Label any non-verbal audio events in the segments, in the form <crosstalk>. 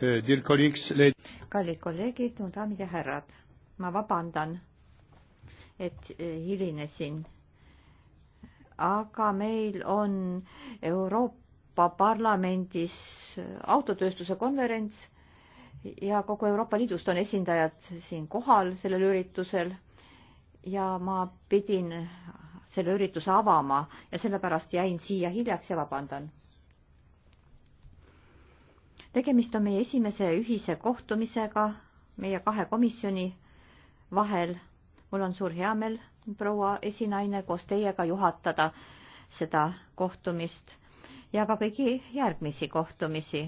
Eh, kallid kolleegid, mu daamid ja härrad, ma vabandan, et eh, hilinesin, aga meil on Euroopa Parlamendis autotööstuse konverents ja kogu Euroopa Liidust on esindajad siin kohal sellel üritusel ja ma pidin selle ürituse avama ja sellepärast jäin siia hiljaks ja vabandan tegemist on meie esimese ühise kohtumisega meie kahe komisjoni vahel. mul on suur heameel, proua esinaine, koos teiega juhatada seda kohtumist ja ka kõigi järgmisi kohtumisi.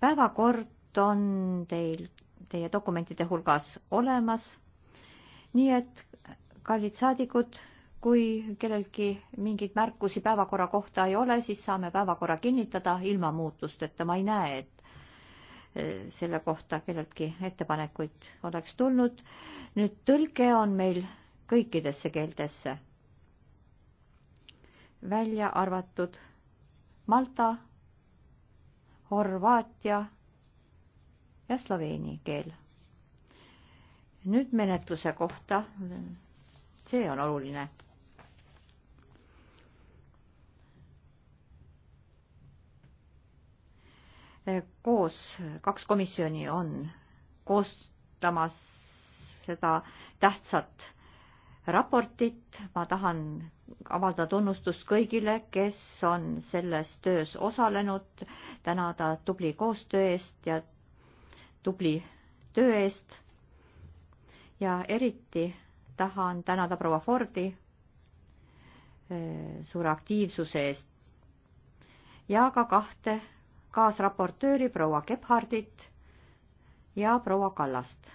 päevakord on teil, teie dokumentide hulgas olemas. nii et, kallid saadikud, kui kellelgi mingeid märkusi päevakorra kohta ei ole, siis saame päevakorra kinnitada ilma muutusteta. ma ei näe, et Äh, selle kohta kelleltki ettepanekuid oleks tulnud. nüüd tõlge on meil kõikidesse keeltesse, välja arvatud Malta, Horvaatia ja sloveeni keel. nüüd menetluse kohta. see on oluline koos, kaks komisjoni on koostamas seda tähtsat raportit. ma tahan avaldada tunnustust kõigile, kes on selles töös osalenud, tänada tubli koostöö eest ja tubli töö eest. ja eriti tahan tänada proua Fordi eh, suure aktiivsuse eest ja ka kahte kaasraportööri proua Gebhardit ja proua Kallast.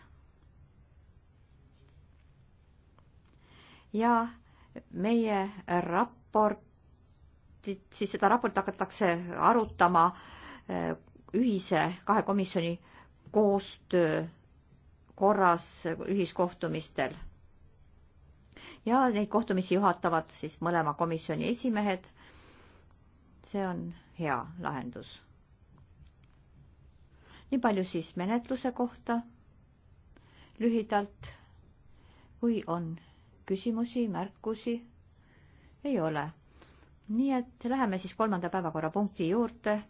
ja meie raportit, siis seda raportit hakatakse arutama eh, ühise kahe komisjoni koostöö korras ühiskohtumistel ja neid kohtumisi juhatavad siis mõlema komisjoni esimehed. see on hea lahendus nii palju siis menetluse kohta lühidalt. kui on küsimusi, märkusi? ei ole. nii et läheme siis kolmanda päevakorrapunkti juurde.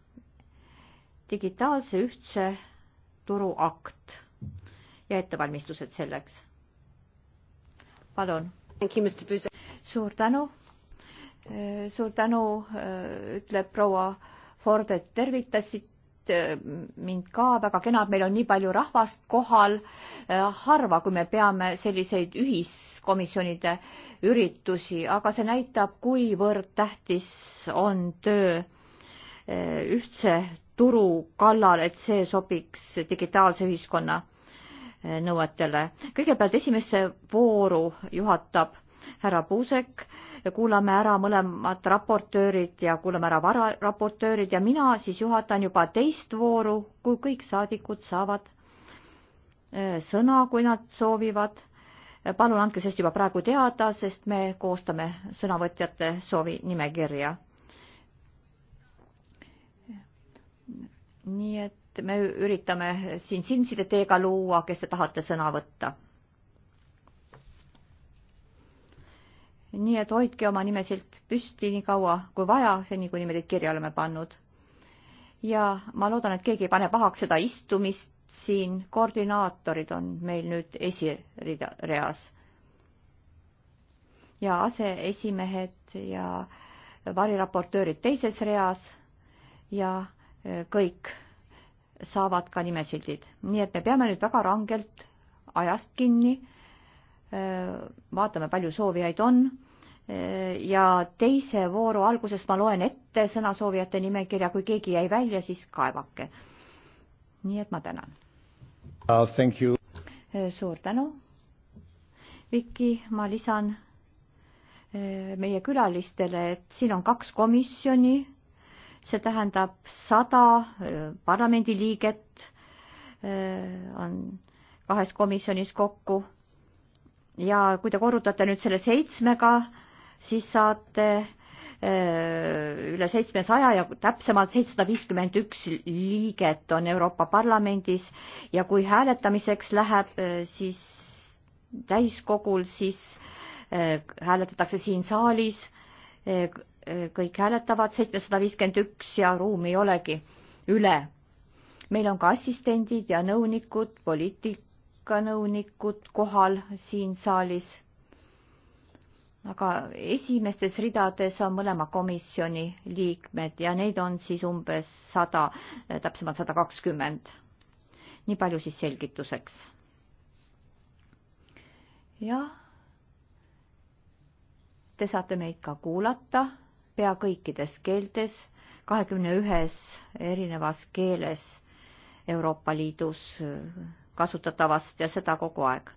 digitaalse ühtse turu akt ja ettevalmistused selleks. palun. suur tänu. suur tänu, ütleb proua Ford, et tervitasite Äh, mind ka väga kena, et meil on nii palju rahvast kohal. Äh, harva, kui me peame selliseid ühiskomisjonide üritusi, aga see näitab, kuivõrd tähtis on töö äh, ühtse turu kallal, et see sobiks digitaalse ühiskonna nõuetele. kõigepealt esimesse vooru juhatab härra Puusek, kuulame ära mõlemad raportöörid ja kuulame ära vararaportöörid ja mina siis juhatan juba teist vooru, kui kõik saadikud saavad äh, sõna, kui nad soovivad. palun andke sellest juba praegu teada, sest me koostame sõnavõtjate soovi nimekirja. nii et me üritame siin silmside teiega luua, kes te tahate sõna võtta nii et hoidke oma nimesid püsti nii kaua kui vaja, seni kuni me teid kirja oleme pannud. ja ma loodan, et keegi ei pane pahaks seda istumist siin, koordinaatorid on meil nüüd esireas. ja aseesimehed ja variraportöörid teises reas ja eh, kõik saavad ka nimesildid, nii et me peame nüüd väga rangelt ajast kinni eh, vaatame, palju soovijaid on ja teise vooru alguses ma loen ette sõnasoovijate nimekirja, kui keegi jäi välja, siis kaevake. nii et ma tänan uh,. Äh, suur tänu. Viki, ma lisan äh, meie külalistele, et siin on kaks komisjoni, see tähendab sada äh, parlamendiliiget on kahes komisjonis kokku. ja kui te korrutate nüüd selle seitsmega, siis saate äh, üle seitsmesaja ja täpsemalt seitsesada viiskümmend üks liiget on Euroopa Parlamendis ja kui hääletamiseks läheb, äh, siis täiskogul, siis äh, hääletatakse siin saalis, kõik hääletavad, seitsmesada viiskümmend üks ja ruumi ei olegi üle. meil on ka assistendid ja nõunikud, poliitikanõunikud kohal siin saalis aga esimestes ridades on mõlema komisjoni liikmed ja neid on siis umbes sada, täpsemalt sada kakskümmend. nii palju siis selgituseks. jah. Te saate meid ka kuulata pea kõikides keeltes, kahekümne ühes erinevas keeles Euroopa Liidus kasutatavast ja seda kogu aeg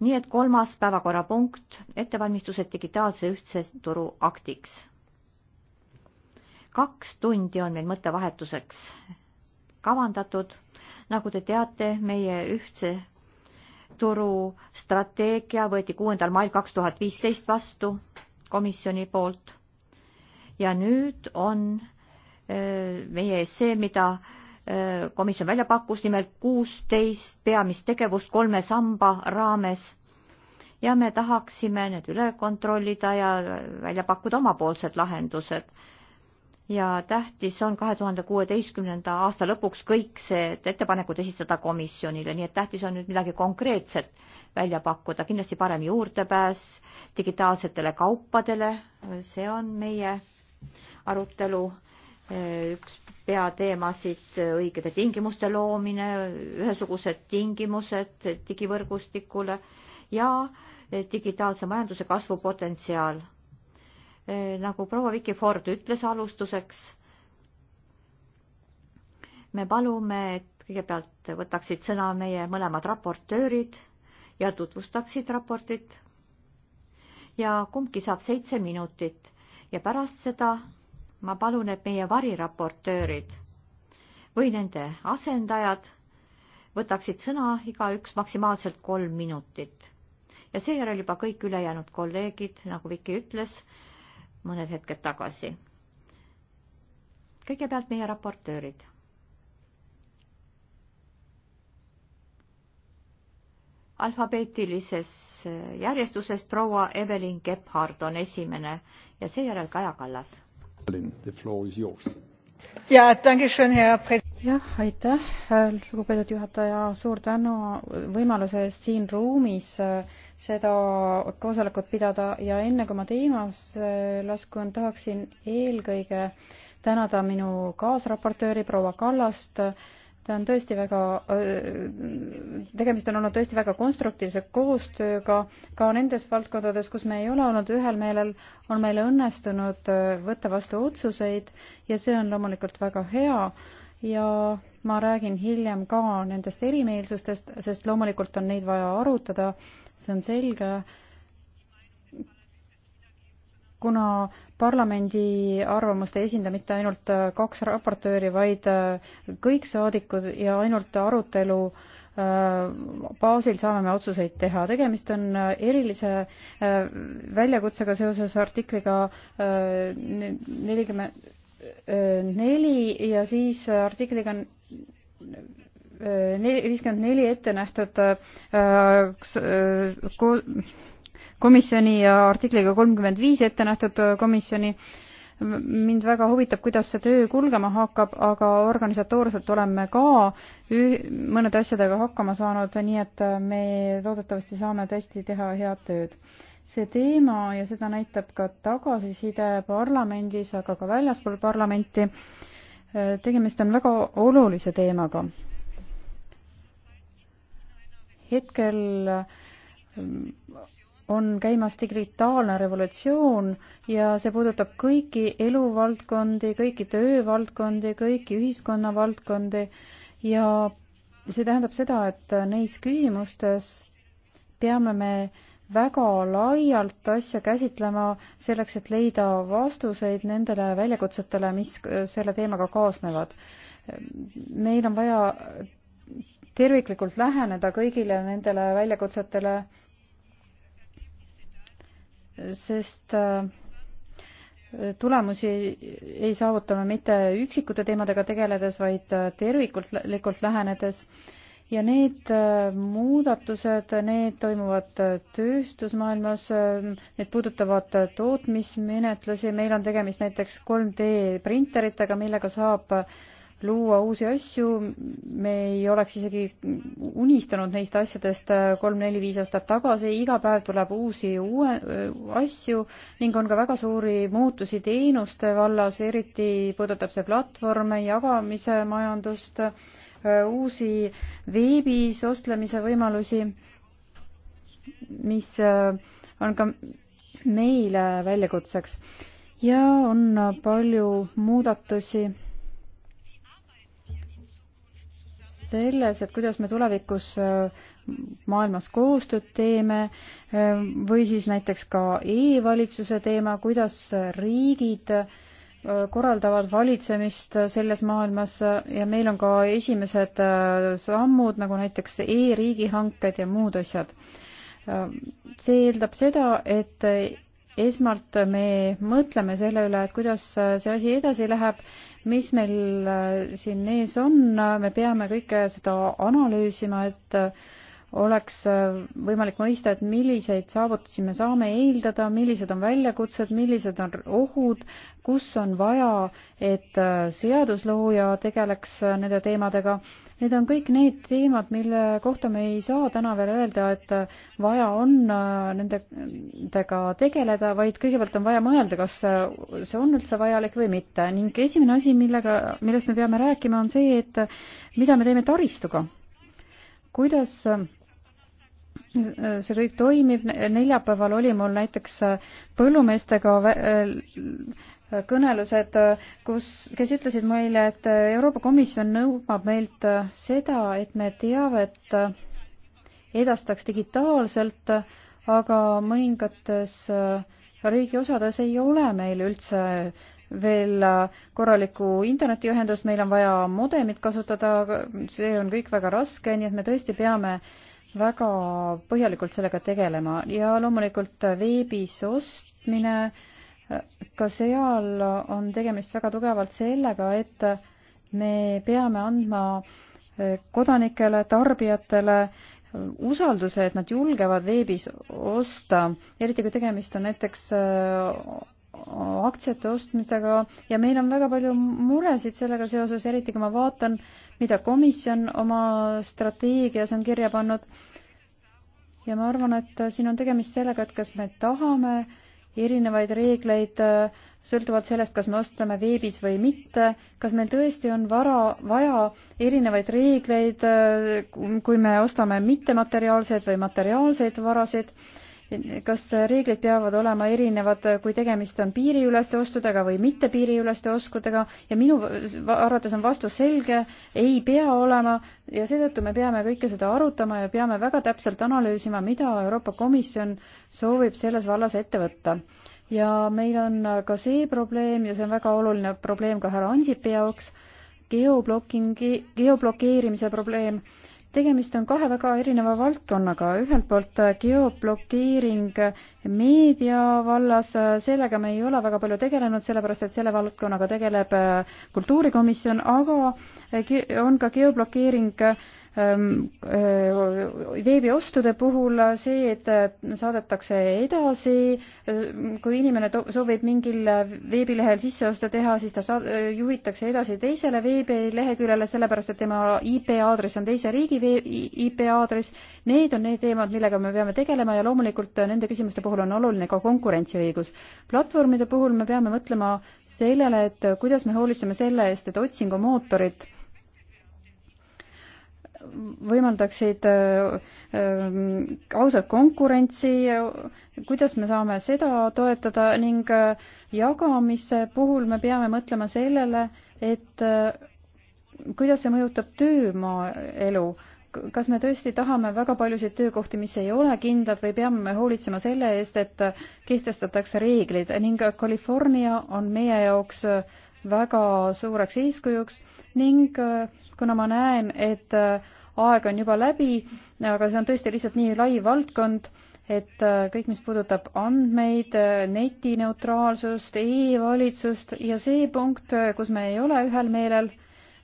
nii et kolmas päevakorrapunkt, ettevalmistused digitaalse ühtse turu aktiks. kaks tundi on meil mõttevahetuseks kavandatud. nagu te teate, meie ühtse turu strateegia võeti kuuendal mail kaks tuhat viisteist vastu komisjoni poolt. ja nüüd on äh, meie ees see, mida komisjon välja pakkus, nimelt kuusteist peamist tegevust kolme samba raames. ja me tahaksime need üle kontrollida ja välja pakkuda omapoolsed lahendused. ja tähtis on kahe tuhande kuueteistkümnenda aasta lõpuks kõik see et ettepanekud esitada komisjonile, nii et tähtis on nüüd midagi konkreetset välja pakkuda, kindlasti parem juurdepääs digitaalsetele kaupadele, see on meie arutelu eh, üks peateemasid, õigete tingimuste loomine, ühesugused tingimused digivõrgustikule ja digitaalse majanduse kasvupotentsiaal. nagu proua Vicky Ford ütles alustuseks, me palume, et kõigepealt võtaksid sõna meie mõlemad raportöörid ja tutvustaksid raportit. ja kumbki saab seitse minutit ja pärast seda ma palun, et meie variraportöörid või nende asendajad võtaksid sõna igaüks maksimaalselt kolm minutit ja seejärel juba kõik ülejäänud kolleegid, nagu Viki ütles mõned hetked tagasi. kõigepealt meie raportöörid. alfabeetilises järjestuses proua Evelyn Gebhard on esimene ja seejärel Kaja Kallas jah, aitäh, lugupeetud juhataja, suur tänu võimaluse eest siin ruumis äh, seda koosolekut pidada ja enne kui ma teemasse äh, laskun, tahaksin eelkõige tänada minu kaasraportööri proua Kallast äh, ta on tõesti väga, äh, tegemist on olnud tõesti väga konstruktiivse koostööga ka nendes valdkondades, kus me ei ole olnud ühel meelel, on meil õnnestunud äh, võtta vastu otsuseid ja see on loomulikult väga hea ja ma räägin hiljem ka nendest erimeelsustest, sest loomulikult on neid vaja arutada, see on selge kuna parlamendi arvamust ei esinda mitte ainult äh, kaks raportööri, vaid äh, kõik saadikud ja ainult arutelu äh, baasil saame me otsuseid teha. tegemist on erilise väljakutsega seoses artikliga nelikümmend neli ja siis artikliga viiskümmend neli ette nähtud komisjoni ja artikliga kolmkümmend viis ette nähtud äh, komisjoni. mind väga huvitab, kuidas see töö kulgema hakkab, aga organisatoorselt oleme ka mõnede asjadega hakkama saanud, nii et äh, me loodetavasti saame tõesti teha head tööd see teema ja seda näitab ka tagasiside parlamendis, aga ka väljaspool parlamenti. Äh, tegemist on väga olulise teemaga. hetkel on käimas digitaalne revolutsioon ja see puudutab kõiki eluvaldkondi, kõiki töövaldkondi, kõiki ühiskonnavaldkondi ja see tähendab seda, et neis küsimustes peame me väga laialt asja käsitlema selleks, et leida vastuseid nendele väljakutsetele, mis selle teemaga kaasnevad. meil on vaja terviklikult läheneda kõigile nendele väljakutsetele sest äh, tulemusi ei saavuta me mitte üksikute teemadega tegeledes, vaid äh, terviklikult lähenedes. ja need äh, muudatused, need toimuvad tööstusmaailmas, need puudutavad tootmismenetlusi, meil on tegemist näiteks 3D printeritega, millega saab äh, luua uusi asju, me ei oleks isegi unistanud neist asjadest kolm-neli-viis aastat tagasi, iga päev tuleb uusi uue asju ning on ka väga suuri muutusi teenuste vallas, eriti puudutab see platvorme, jagamise majandust, uusi veebis ostlemise võimalusi, mis äh, on ka meile väljakutseks ja on palju muudatusi selles, et kuidas me tulevikus äh, maailmas koostööd teeme äh, või siis näiteks ka e-valitsuse teema, kuidas riigid äh, korraldavad valitsemist selles maailmas ja meil on ka esimesed sammud, nagu näiteks e-riigihanked ja muud asjad. see eeldab seda, et esmalt me mõtleme selle üle, et kuidas see asi edasi läheb, mis meil äh, siin ees on, me peame kõike seda analüüsima, et äh, oleks äh, võimalik mõista, et milliseid saavutusi me saame eeldada, millised on väljakutsed, millised on ohud, kus on vaja, et seaduslooja tegeleks nende teemadega Need on kõik need teemad, mille kohta me ei saa täna veel öelda, et vaja on äh, nendega tegeleda, vaid kõigepealt on vaja mõelda, kas äh, see on üldse vajalik või mitte ning esimene asi, millega, millest me peame rääkima, on see, et mida me teeme taristuga. kuidas äh, see kõik toimib, neljapäeval oli mul näiteks põllumeestega kõnelused, kus, kes ütlesid meile, et Euroopa Komisjon nõuab meilt seda, et me teavet edastaks digitaalselt, aga mõningates riigi osades ei ole meil üldse veel korralikku internetiühendust, meil on vaja modemit kasutada, see on kõik väga raske, nii et me tõesti peame väga põhjalikult sellega tegelema ja loomulikult veebis ostmine äh, ka seal on tegemist väga tugevalt sellega, et me peame andma eh, kodanikele, tarbijatele usalduse, et nad julgevad veebis osta, eriti kui tegemist on näiteks eh, aktsiate ostmisega ja meil on väga palju muresid sellega seoses, eriti kui ma vaatan, mida komisjon oma strateegias on kirja pannud. ja ma arvan, et eh, siin on tegemist sellega, et kas me tahame äh, erinevaid reegleid äh, sõltuvalt sellest, kas me ostame veebis või mitte, kas meil tõesti on vara, vaja erinevaid reegleid, äh, kui me ostame mittemateriaalseid või materiaalseid varasid kas reeglid peavad olema erinevad, kui tegemist on piiriüleste ostudega või mitte piiriüleste oskudega ja minu arvates on vastus selge, ei pea olema ja seetõttu me peame kõike seda arutama ja peame väga täpselt analüüsima, mida Euroopa Komisjon soovib selles vallas ette võtta ja meil on ka see probleem ja see on väga oluline probleem ka härra Ansipi jaoks, geoblokingi, geoblokeerimise probleem tegemist on kahe väga erineva valdkonnaga, ühelt poolt äh, geoblokeering meedia vallas, äh, sellega me ei ole väga palju tegelenud, sellepärast et selle valdkonnaga tegeleb äh, kultuurikomisjon, aga on ka geoblokeering Ehm, eh, veebiostude puhul eh, see, et eh, saadetakse edasi, kui inimene soovib mingil veebilehel sisseoste teha, siis ta saad-, juhitakse edasi teisele veebileheküljele, sellepärast et tema IP aadress on teise riigi IP aadress. Need on need teemad, millega me peame tegelema ja loomulikult nende küsimuste puhul on oluline ka konkurentsiõigus. platvormide puhul me peame mõtlema sellele, et kuidas me hoolitseme selle eest, et otsingumootorid võimaldaksid äh, äh, ausat konkurentsi, kuidas me saame seda toetada ning äh, jagamise puhul me peame mõtlema sellele, et kuidas see mõjutab töömaaelu kas me tõesti tahame väga paljusid töökohti, mis ei ole kindlad või peame me hoolitsema selle eest, et kehtestatakse reeglid ning California on meie jaoks väga suureks eeskujuks ning äh, kuna ma näen, et äh, aeg on juba läbi, aga see on tõesti lihtsalt nii lai valdkond, et äh, kõik, mis puudutab andmeid, netineutraalsust e, e-valitsust ja see punkt, kus me ei ole ühel meelel,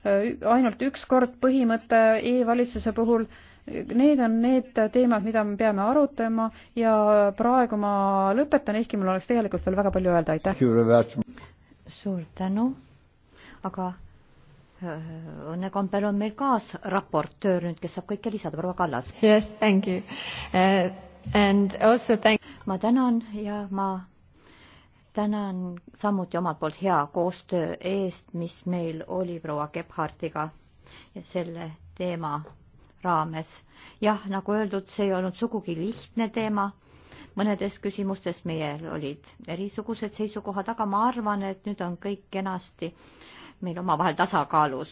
ainult üks kord põhimõte e-valitsuse puhul, need on need teemad, mida me peame arutama ja praegu ma lõpetan, ehkki mul oleks tegelikult veel väga palju öelda, aitäh! suur tänu, aga Äh, õnnekombel on meil kaasraportöör nüüd, kes saab kõike lisada, proua Kallas. Yes, thank you uh,. And also thank ma tänan ja ma tänan samuti omalt poolt hea koostöö eest, mis meil oli proua Gebhardiga selle teema raames. jah, nagu öeldud, see ei olnud sugugi lihtne teema mõnedes küsimustes meil olid erisugused seisukohad, aga ma arvan, et nüüd on kõik kenasti äh, meil omavahel tasakaalus.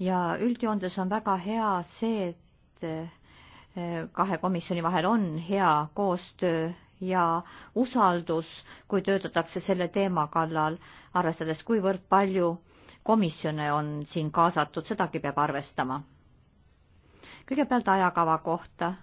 ja üldjoontes on väga hea see, et eh, kahe komisjoni vahel on hea koostöö ja usaldus, kui töötatakse selle teema kallal, arvestades, kuivõrd palju komisjone on siin kaasatud, sedagi peab arvestama. kõigepealt ajakava kohta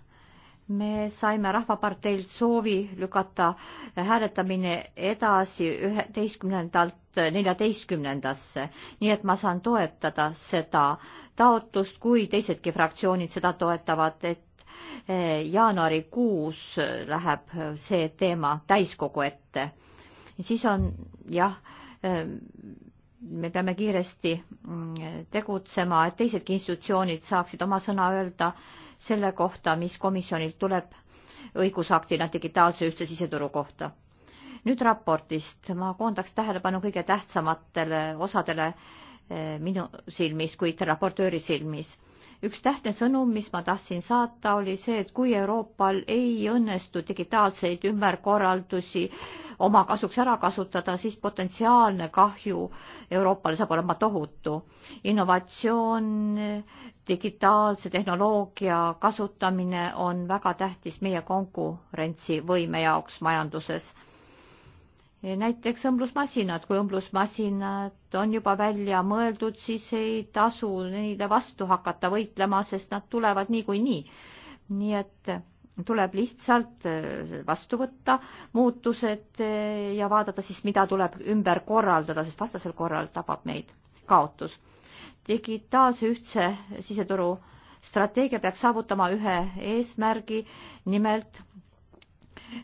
me saime Rahvaparteilt soovi lükata hääletamine edasi üheteistkümnendalt neljateistkümnendasse, nii et ma saan toetada seda taotlust, kui teisedki fraktsioonid seda toetavad, et eh, jaanuarikuus läheb see teema täiskogu ette. siis on jah, eh, me peame kiiresti mm, tegutsema, et teisedki institutsioonid saaksid oma sõna öelda selle kohta, mis komisjonilt tuleb õigusaktina digitaalse ühtse siseturu kohta. nüüd raportist ma koondaks tähelepanu kõige tähtsamatele osadele eh, minu silmis, kuid raportööri silmis üks tähtne sõnum, mis ma tahtsin saata, oli see, et kui Euroopal ei õnnestu digitaalseid ümberkorraldusi oma kasuks ära kasutada, siis potentsiaalne kahju Euroopale saab olema tohutu. innovatsioon, digitaalse tehnoloogia kasutamine on väga tähtis meie konkurentsivõime jaoks majanduses näiteks õmblusmasinad, kui õmblusmasinad on juba välja mõeldud, siis ei tasu neile vastu hakata võitlema, sest nad tulevad niikuinii. Nii. nii et tuleb lihtsalt äh, vastu võtta muutused äh, ja vaadata siis, mida tuleb ümber korraldada, sest vastasel korral tabab meid kaotus. digitaalse ühtse siseturu strateegia peaks saavutama ühe eesmärgi, nimelt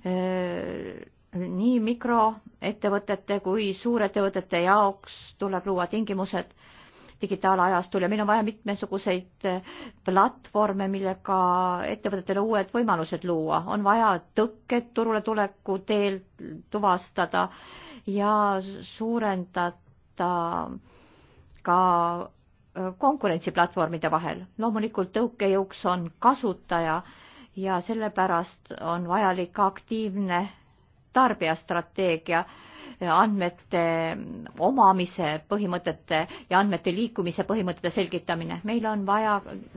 öö, äh, nii mikroettevõtete kui suurettevõtete jaoks tuleb luua tingimused digitaalajastul ja meil on vaja mitmesuguseid platvorme, millega ettevõtetele uued võimalused luua. on vaja tõkked turule tuleku teel tuvastada ja suurendada ka konkurentsiplatvormide vahel. loomulikult tõukejõuks on kasutaja ja sellepärast on vajalik aktiivne tarbijastrateegia andmete omamise põhimõtete ja andmete liikumise põhimõtete selgitamine. meil on vaja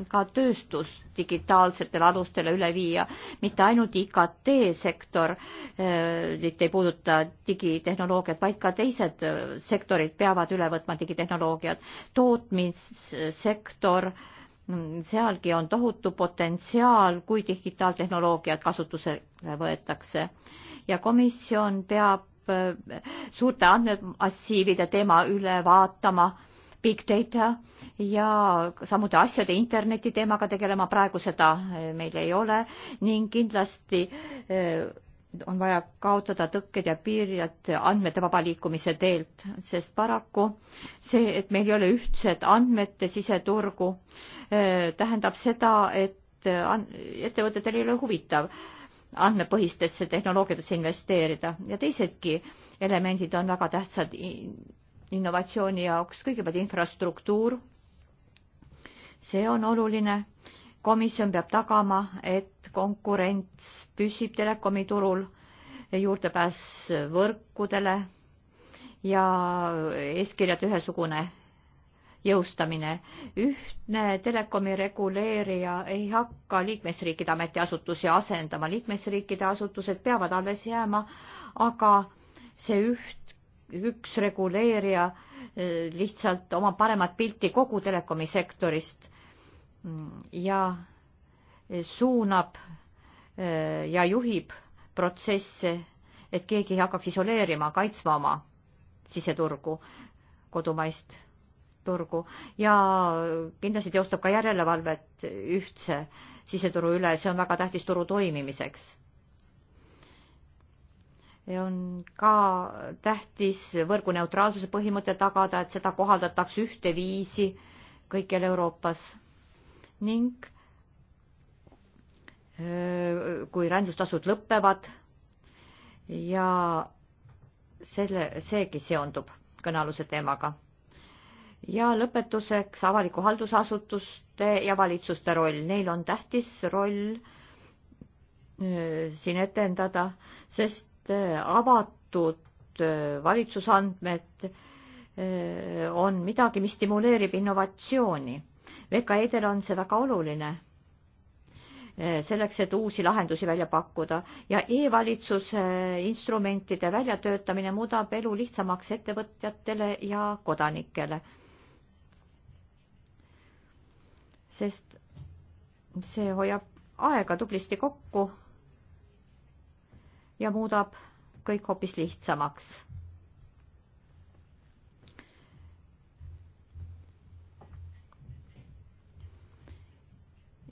ka tööstus digitaalsetele alustele üle viia, mitte ainult IKT sektor, nüüd eh, ei puuduta digitehnoloogiat, vaid ka teised eh, sektorid peavad üle võtma digitehnoloogiat. tootmissektor, mm, sealgi on tohutu potentsiaal, kui digitaaltehnoloogiat kasutusele võetakse ja komisjon peab äh, suurte andmemassiivide teema üle vaatama, big data ja samuti asjade interneti teemaga tegelema, praegu seda äh, meil ei ole ning kindlasti äh, on vaja kaotada tõkked ja piirid andmete vaba liikumise teelt, sest paraku see, et meil ei ole ühtset andmete siseturgu, tähendab seda, et ettevõtetel ei ole huvitav andmepõhistesse tehnoloogiatesse investeerida ja teisedki elemendid on väga tähtsad innovatsiooni jaoks, kõigepealt infrastruktuur, see on oluline, komisjon peab tagama, et konkurents püsib telekomi turul, juurdepääs võrkudele ja eeskirjade ühesugune jõustamine. ühtne telekomi reguleerija ei hakka liikmesriikide ametiasutusi asendama, liikmesriikide asutused peavad alles jääma, aga see üht, üks reguleerija eh, lihtsalt omab paremat pilti kogu telekomi sektorist mm, ja eh, suunab eh, ja juhib protsesse, et keegi ei hakkaks isoleerima, kaitsma oma siseturgu kodumaist turgu ja kindlasti teostab ka järelevalvet ühtse siseturu üle, see on väga tähtis turu toimimiseks. ja on ka tähtis võrgu neutraalsuse põhimõte tagada, et seda kohaldatakse ühteviisi kõikjal Euroopas ning kui rändustasud lõpevad ja selle, seegi seondub kõnealuse teemaga ja lõpetuseks avaliku haldusasutuste ja valitsuste roll. Neil on tähtis roll äh, siin etendada, sest äh, avatud äh, valitsusandmed on midagi, mis stimuleerib innovatsiooni. VKE-del on see väga oluline selleks, et uusi lahendusi välja pakkuda ja e-valitsuse instrumentide väljatöötamine muudab elu lihtsamaks ettevõtjatele ja kodanikele sest see hoiab aega tublisti kokku ja muudab kõik hoopis lihtsamaks.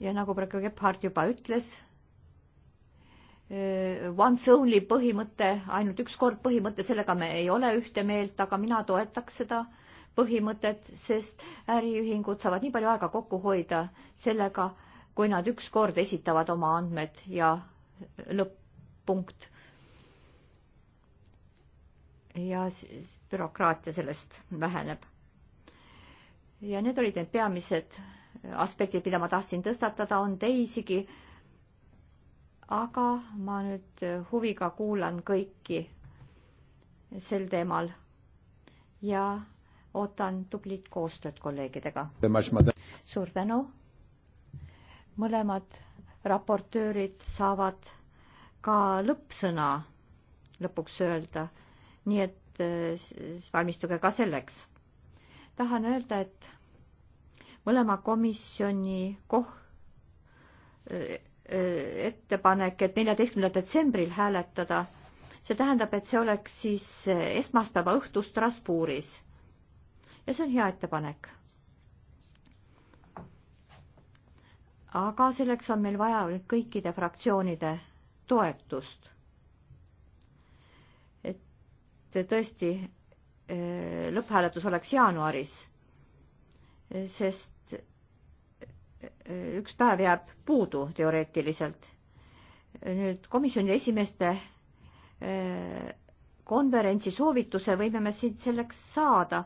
ja nagu praegu Gebhard juba ütles, eh, once only põhimõte, ainult üks kord põhimõte, sellega me ei ole ühte meelt, aga mina toetaks seda äh, põhimõtet, sest äriühingud saavad nii palju aega kokku hoida sellega, kui nad ükskord esitavad oma andmed ja lõpp-punkt. ja siis bürokraatia sellest väheneb. ja need olid need peamised aspektid, mida ma tahtsin tõstatada, on teisigi. aga ma nüüd huviga kuulan kõiki sel teemal ja ootan tublit koostööd kolleegidega. suur tänu. mõlemad raportöörid saavad ka lõppsõna lõpuks öelda, nii et äh, valmistuge ka selleks. tahan öelda, et mõlema komisjoni koh-, äh, äh, ettepanek, et neljateistkümnendal detsembril hääletada, see tähendab, et see oleks siis esmaspäeva õhtu Strasbourgis ja see on hea ettepanek. aga selleks on meil vaja nüüd kõikide fraktsioonide toetust. et tõesti eh, lõpphääletus oleks jaanuaris, sest eh, üks päev jääb puudu teoreetiliselt. nüüd komisjonide esimeeste eh, konverentsi soovituse võime me siit selleks saada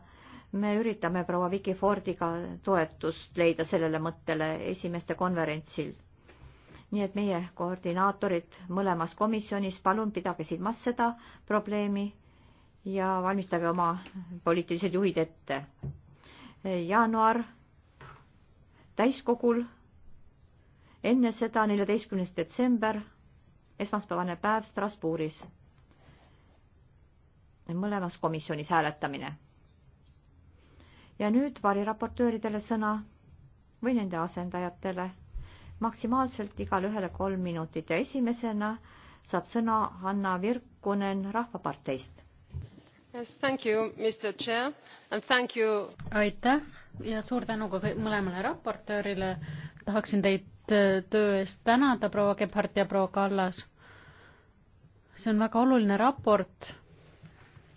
me üritame proua Vicky Fordiga toetust leida sellele mõttele esimeste konverentsil. nii et meie koordinaatorid mõlemas komisjonis, palun pidage silmas seda probleemi ja valmistage oma poliitilised juhid ette. jaanuar täiskogul, enne seda neljateistkümnes detsember, esmaspäevane päev Strasbourgis. mõlemas komisjonis hääletamine ja nüüd variraportööridele sõna või nende asendajatele. maksimaalselt igale ühele kolm minutit ja esimesena saab sõna Hanna Virkunen Rahvaparteist. Yes, thank you, Mr Chair and thank you. aitäh ja suur tänu ka mõlemale raportöörile. tahaksin teid äh, töö eest tänada, proua Gebhardt ja proua Kallas. see on väga oluline raport.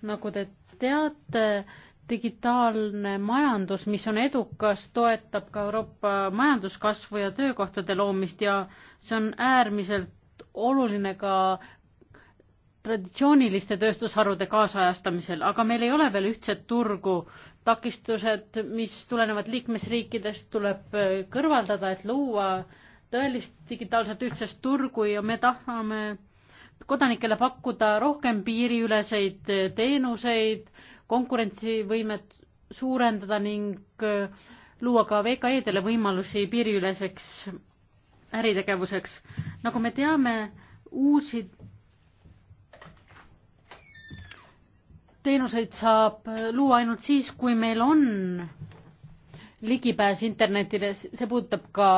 nagu te teate, digitaalne majandus, mis on edukas, toetab ka Euroopa majanduskasvu ja töökohtade loomist ja see on äärmiselt oluline ka traditsiooniliste tööstusharude kaasajastamisel, aga meil ei ole veel ühtset turgu. takistused, mis tulenevad liikmesriikidest, tuleb äh, kõrvaldada, et luua tõelist digitaalset ühtsest turgu ja me tahame kodanikele pakkuda rohkem piiriüleseid äh, teenuseid, konkurentsivõimet suurendada ning äh, luua ka VKE-dele võimalusi piiriüleseks äritegevuseks. nagu me teame, uusi teenuseid saab äh, luua ainult siis, kui meil on ligipääs internetile, see puudutab ka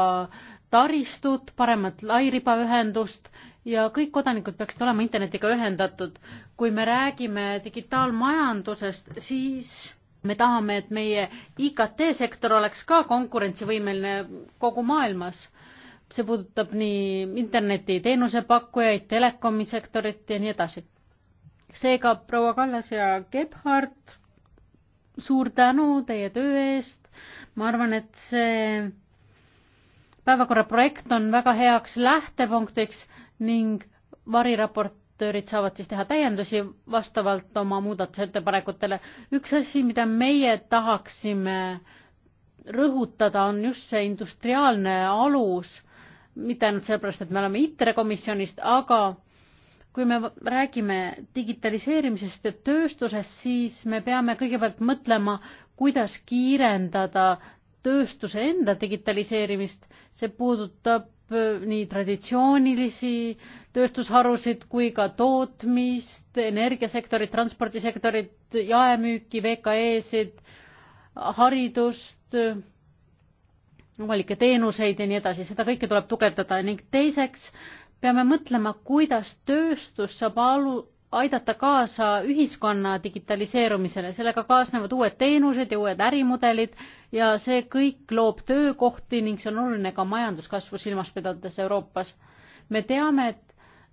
taristut, paremat lairibaühendust ja kõik kodanikud peaksid olema internetiga ühendatud. kui me räägime digitaalmajandusest, siis me tahame, et meie IKT sektor oleks ka konkurentsivõimeline kogu maailmas. see puudutab nii interneti teenusepakkujaid, telekomi sektorit ja nii edasi. seega proua Kallas ja Gebhard, suur tänu teie töö eest. ma arvan, et see päevakorra projekt on väga heaks lähtepunktiks ning variraportöörid saavad siis teha täiendusi vastavalt oma muudatusettepanekutele. üks asi, mida meie tahaksime rõhutada, on just see industriaalne alus, mitte ainult sellepärast, et me oleme ITRE komisjonist, aga kui me räägime digitaliseerimisest ja tööstusest, siis me peame kõigepealt mõtlema, kuidas kiirendada tööstuse enda digitaliseerimist, see puudutab nii traditsioonilisi tööstusharusid kui ka tootmist, energiasektorit, transpordisektorit, jaemüüki, VKE-sid, haridust, avalikke teenuseid ja nii edasi, seda kõike tuleb tugevdada ning teiseks peame mõtlema, kuidas tööstus saab alu, aidata kaasa ühiskonna digitaliseerumisele, sellega kaasnevad uued teenused ja uued ärimudelid ja see kõik loob töökohti ning see on oluline ka majanduskasvu silmas pidades Euroopas. me teame, et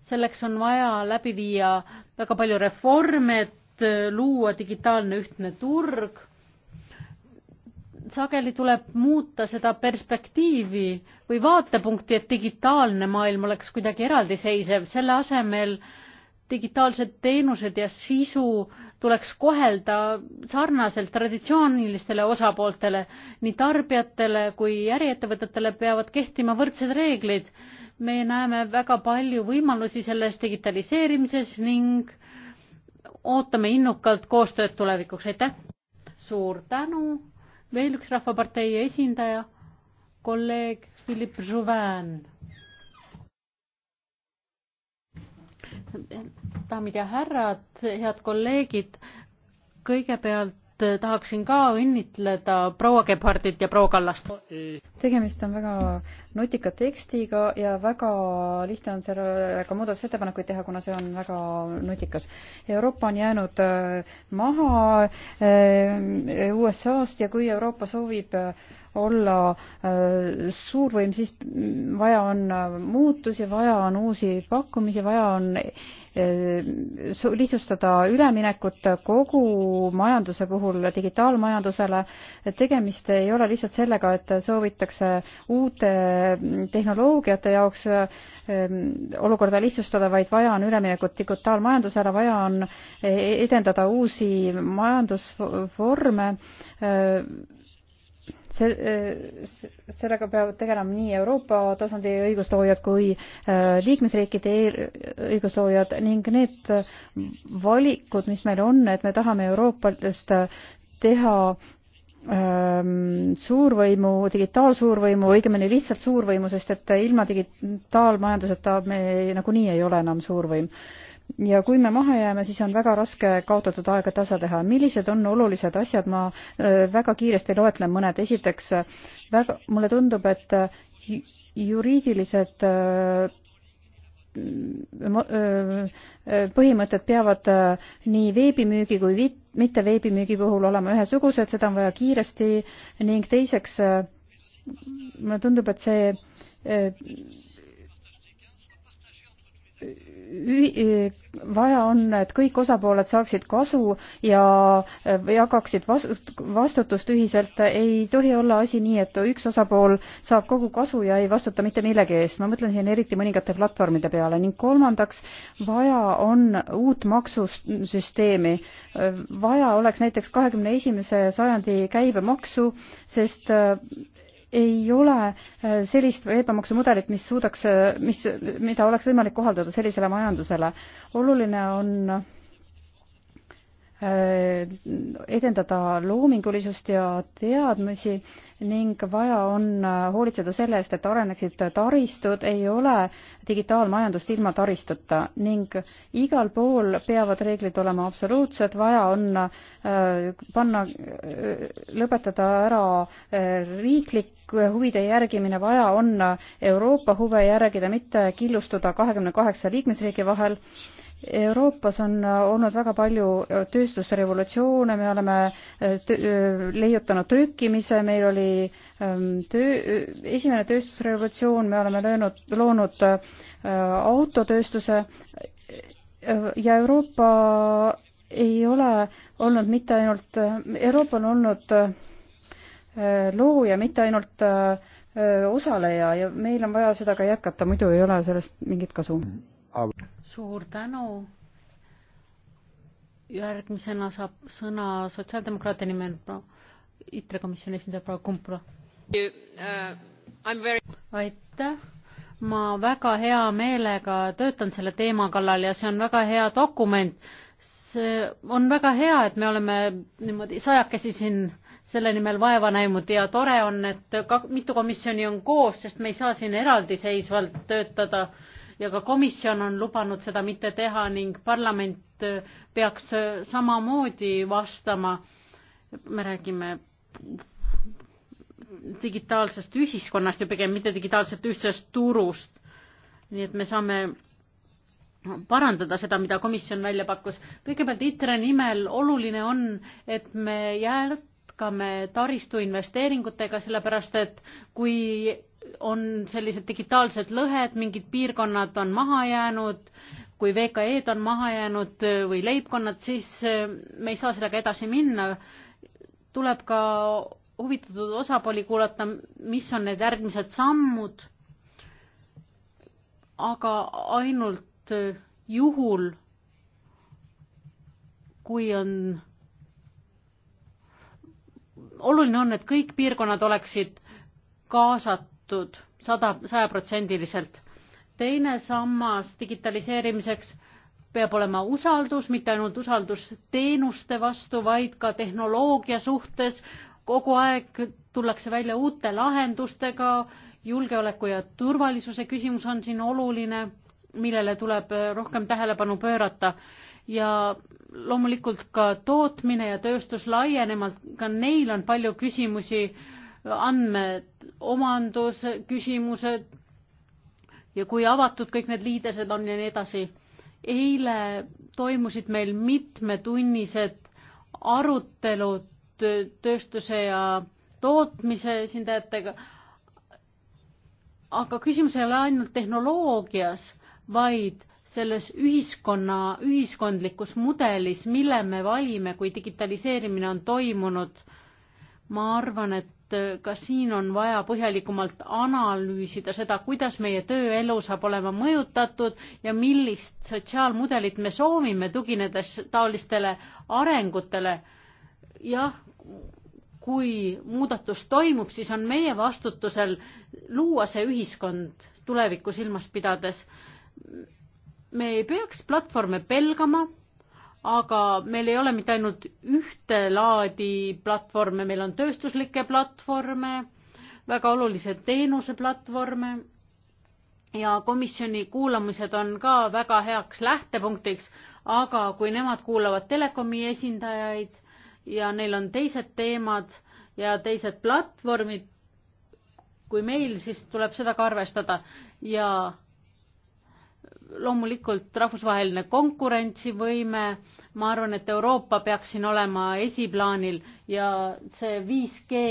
selleks on vaja läbi viia väga palju reforme, et luua digitaalne ühtne turg. sageli tuleb muuta seda perspektiivi või vaatepunkti, et digitaalne maailm oleks kuidagi eraldiseisev, selle asemel äh, digitaalsed teenused ja sisu tuleks kohelda sarnaselt traditsioonilistele osapooltele. nii tarbijatele kui äriettevõtetele peavad kehtima võrdsed reeglid. me näeme väga palju võimalusi selles digitaliseerimises ning ootame innukalt koostööd tulevikuks, aitäh! suur tänu, veel üks Rahvapartei esindaja, kolleeg Philippe Jouvin daamid ja härrad, head kolleegid, kõigepealt Eh, tahaksin ka õnnitleda proua Gebhardit ja proua Kallast. tegemist on väga nutika tekstiga ja väga lihtne on sellega muudatusettepanekuid teha, kuna see on väga nutikas. Euroopa on jäänud eh, maha eh, USA-st ja kui Euroopa soovib olla suurvõim, siis vaja on muutusi, vaja on uusi pakkumisi, vaja on Ehm, lihtsustada üleminekut kogu majanduse puhul digitaalmajandusele. tegemist ei ole lihtsalt sellega, et soovitakse uute tehnoloogiate jaoks ehm, olukorda lihtsustada, vaid vaja on üleminekut digitaalmajandusele, vaja on e-, edendada uusi majandusvorme ehm, Äh, sellega peavad tegelema nii Euroopa tasandi õigusloojad kui äh, liikmesriikide e-, õigusloojad ning need valikud, mis meil on, et me tahame Euroopast teha ähm, suurvõimu, digitaalsuurvõimu, õigemini lihtsalt suurvõimu, sest et ilma digitaalmajanduseta me nagunii ei ole enam suurvõim ja kui me maha jääme, siis on väga raske kaotatud aega tasa teha. millised on olulised asjad, ma väga kiiresti loetlen mõned. esiteks, väga, mulle tundub, et juriidilised põhimõtted peavad nii veebimüügi kui mitte veebimüügi puhul olema ühesugused, seda on vaja kiiresti ning teiseks mulle tundub, et see vaja on, et kõik osapooled saaksid kasu ja äh, jagaksid vastutust ühiselt, ei tohi olla asi nii, et üks osapool saab kogu kasu ja ei vastuta mitte millegi eest, ma mõtlen siin eriti mõningate platvormide peale ning kolmandaks, vaja on uut maksusüsteemi. vaja oleks näiteks kahekümne esimese sajandi käibemaksu, sest äh, ei ole äh, sellist käibemaksumudelit, mis suudaks, äh, mis, mida oleks võimalik kohaldada sellisele majandusele. oluline on Äh, edendada loomingulisust ja teadmisi ning vaja on äh, hoolitseda selle eest, et areneksid taristud, ei ole digitaalmajandust ilma taristuta ning igal pool peavad reeglid olema absoluutsed, vaja on äh, panna, lõpetada ära riiklik huvide järgimine, vaja on Euroopa huve järgida, mitte killustuda kahekümne kaheksa liikmesriigi vahel Euroopas on olnud väga palju tööstusrevolutsioone, me oleme äh, äh, leiutanud trükkimise, meil oli ähm, töö, äh, esimene tööstusrevolutsioon, me oleme löönud, loonud autotööstuse ja Euroopa ei ole olnud mitte ainult, Euroopa on olnud looja, mitte ainult osaleja ja meil on vaja seda ka jätkata, muidu ei ole sellest mingit kasu suur tänu. järgmisena saab sõna sotsiaaldemokraatia nimel ITRE komisjoni esindaja proua Kumpula. aitäh, ma väga hea meelega töötan selle teema kallal ja see on väga hea dokument. see on väga hea, et me oleme niimoodi sajakesi siin selle nimel vaeva näinud ja tore on, et ka mitu komisjoni on koos, sest me ei saa siin eraldiseisvalt töötada äh, ja ka komisjon on lubanud seda mitte teha ning parlament peaks samamoodi vastama. me räägime digitaalsest ühiskonnast ja pigem mitte digitaalsest ühtsest turust. nii et me saame parandada seda, mida komisjon välja pakkus. kõigepealt ITRE nimel oluline on, et me jätkame taristuinvesteeringutega, sellepärast et kui on sellised digitaalsed lõhed, mingid piirkonnad on maha jäänud, kui VKE-d on maha jäänud või leibkonnad, siis eh, me ei saa sellega edasi minna. tuleb ka huvitatud osapooli kuulata, mis on need järgmised sammud. aga ainult eh, juhul, kui on oluline on, et kõik piirkonnad oleksid kaasatud tagatud sada, sajaprotsendiliselt. teine sammas digitaliseerimiseks peab olema usaldus, mitte ainult usaldus teenuste vastu, vaid ka tehnoloogia suhtes. kogu aeg tullakse välja uute lahendustega, julgeoleku ja turvalisuse küsimus on siin oluline, millele tuleb rohkem tähelepanu pöörata ja loomulikult ka tootmine ja tööstus laienemalt, ka neil on palju küsimusi andmed omandusküsimused ja kui avatud kõik need liidesed on ja nii edasi. eile toimusid meil mitmetunnised arutelud tööstuse ja tootmise esindajatega. aga küsimus ei ole ainult tehnoloogias, vaid selles ühiskonna, ühiskondlikus mudelis, mille me valime, kui digitaliseerimine on toimunud. ma arvan, et Äh, ka siin on vaja põhjalikumalt analüüsida seda, kuidas meie tööelu saab olema mõjutatud ja millist sotsiaalmudelit me soovime, tuginedes taolistele arengutele. jah, kui muudatus toimub, siis on meie vastutusel luua see ühiskond tulevikku silmas pidades. me ei peaks platvorme pelgama aga meil ei ole mitte ainult ühte laadi platvorme, meil on tööstuslikke platvorme, väga olulised teenuseplatvorme ja komisjoni kuulamised on ka väga heaks lähtepunktiks, aga kui nemad kuulavad telekomi esindajaid ja neil on teised teemad ja teised platvormid kui meil, siis tuleb seda ka arvestada ja loomulikult rahvusvaheline konkurentsivõime, ma arvan, et Euroopa peaks siin olema esiplaanil ja see 5G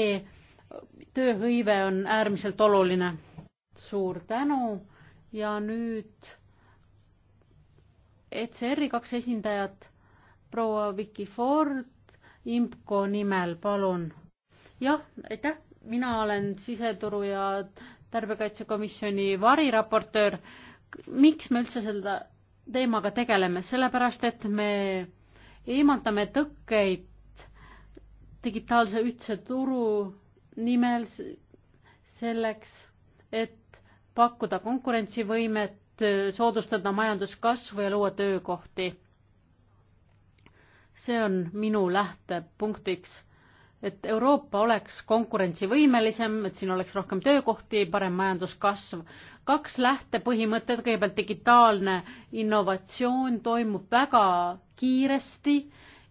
tööhõive on äärmiselt oluline. suur tänu ja nüüd ECR-i kaks esindajat, proua Vicky Ford IMCO nimel, palun. jah, aitäh, mina olen siseturu ja tarbijakaitsekomisjoni variraportöör miks me üldse seda teemaga tegeleme, sellepärast et me eemaldame tõkkeid digitaalse ühtse turu nimel selleks, et pakkuda konkurentsivõimet, soodustada majanduskasvu ja luua töökohti. see on minu lähtepunktiks et Euroopa oleks konkurentsivõimelisem, et siin oleks rohkem töökohti, parem majanduskasv. kaks lähtepõhimõtet, kõigepealt digitaalne innovatsioon toimub väga kiiresti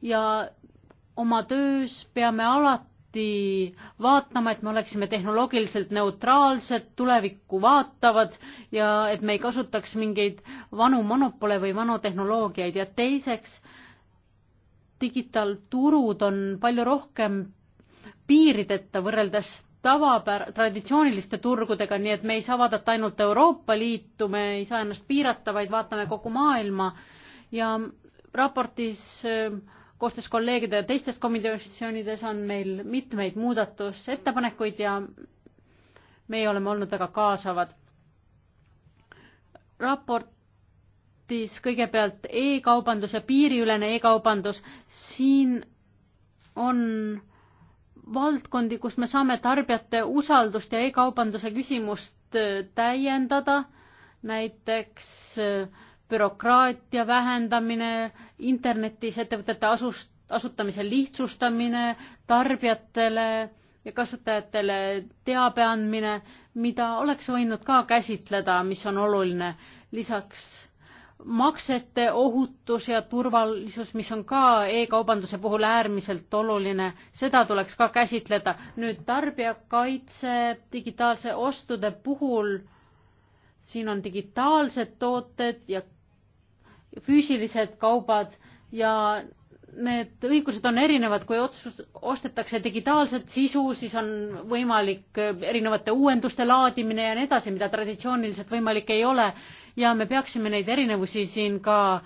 ja oma töös peame alati vaatama, et me oleksime tehnoloogiliselt neutraalsed, tulevikku vaatavad ja et me ei kasutaks mingeid vanu monopole või vanu tehnoloogiaid ja teiseks, digitaalturud on palju rohkem piirideta võrreldes tavapär-, traditsiooniliste turgudega, nii et me ei saa vaadata ainult Euroopa Liitu, me ei saa ennast piirata, vaid vaatame kogu maailma ja raportis äh, koostöös kolleegide ja teistes komisjonides on meil mitmeid muudatusettepanekuid ja meie oleme olnud väga kaasavad. raportis kõigepealt e-kaubandus ja piiriülene e-kaubandus, siin on valdkondi, kus me saame tarbijate usaldust ja e-kaubanduse küsimust äh, täiendada, näiteks äh, bürokraatia vähendamine, internetis ettevõtete asust, asutamise lihtsustamine, tarbijatele ja kasutajatele teabe andmine, mida oleks võinud ka käsitleda, mis on oluline. lisaks maksete ohutus ja turvalisus, mis on ka e-kaubanduse puhul äärmiselt oluline, seda tuleks ka käsitleda. nüüd tarbijakaitse digitaalse ostude puhul, siin on digitaalsed tooted ja füüsilised kaubad ja need õigused on erinevad, kui otsus, ostetakse digitaalset sisu, siis on võimalik erinevate uuenduste laadimine ja nii edasi, mida traditsiooniliselt võimalik ei ole ja me peaksime neid erinevusi siin ka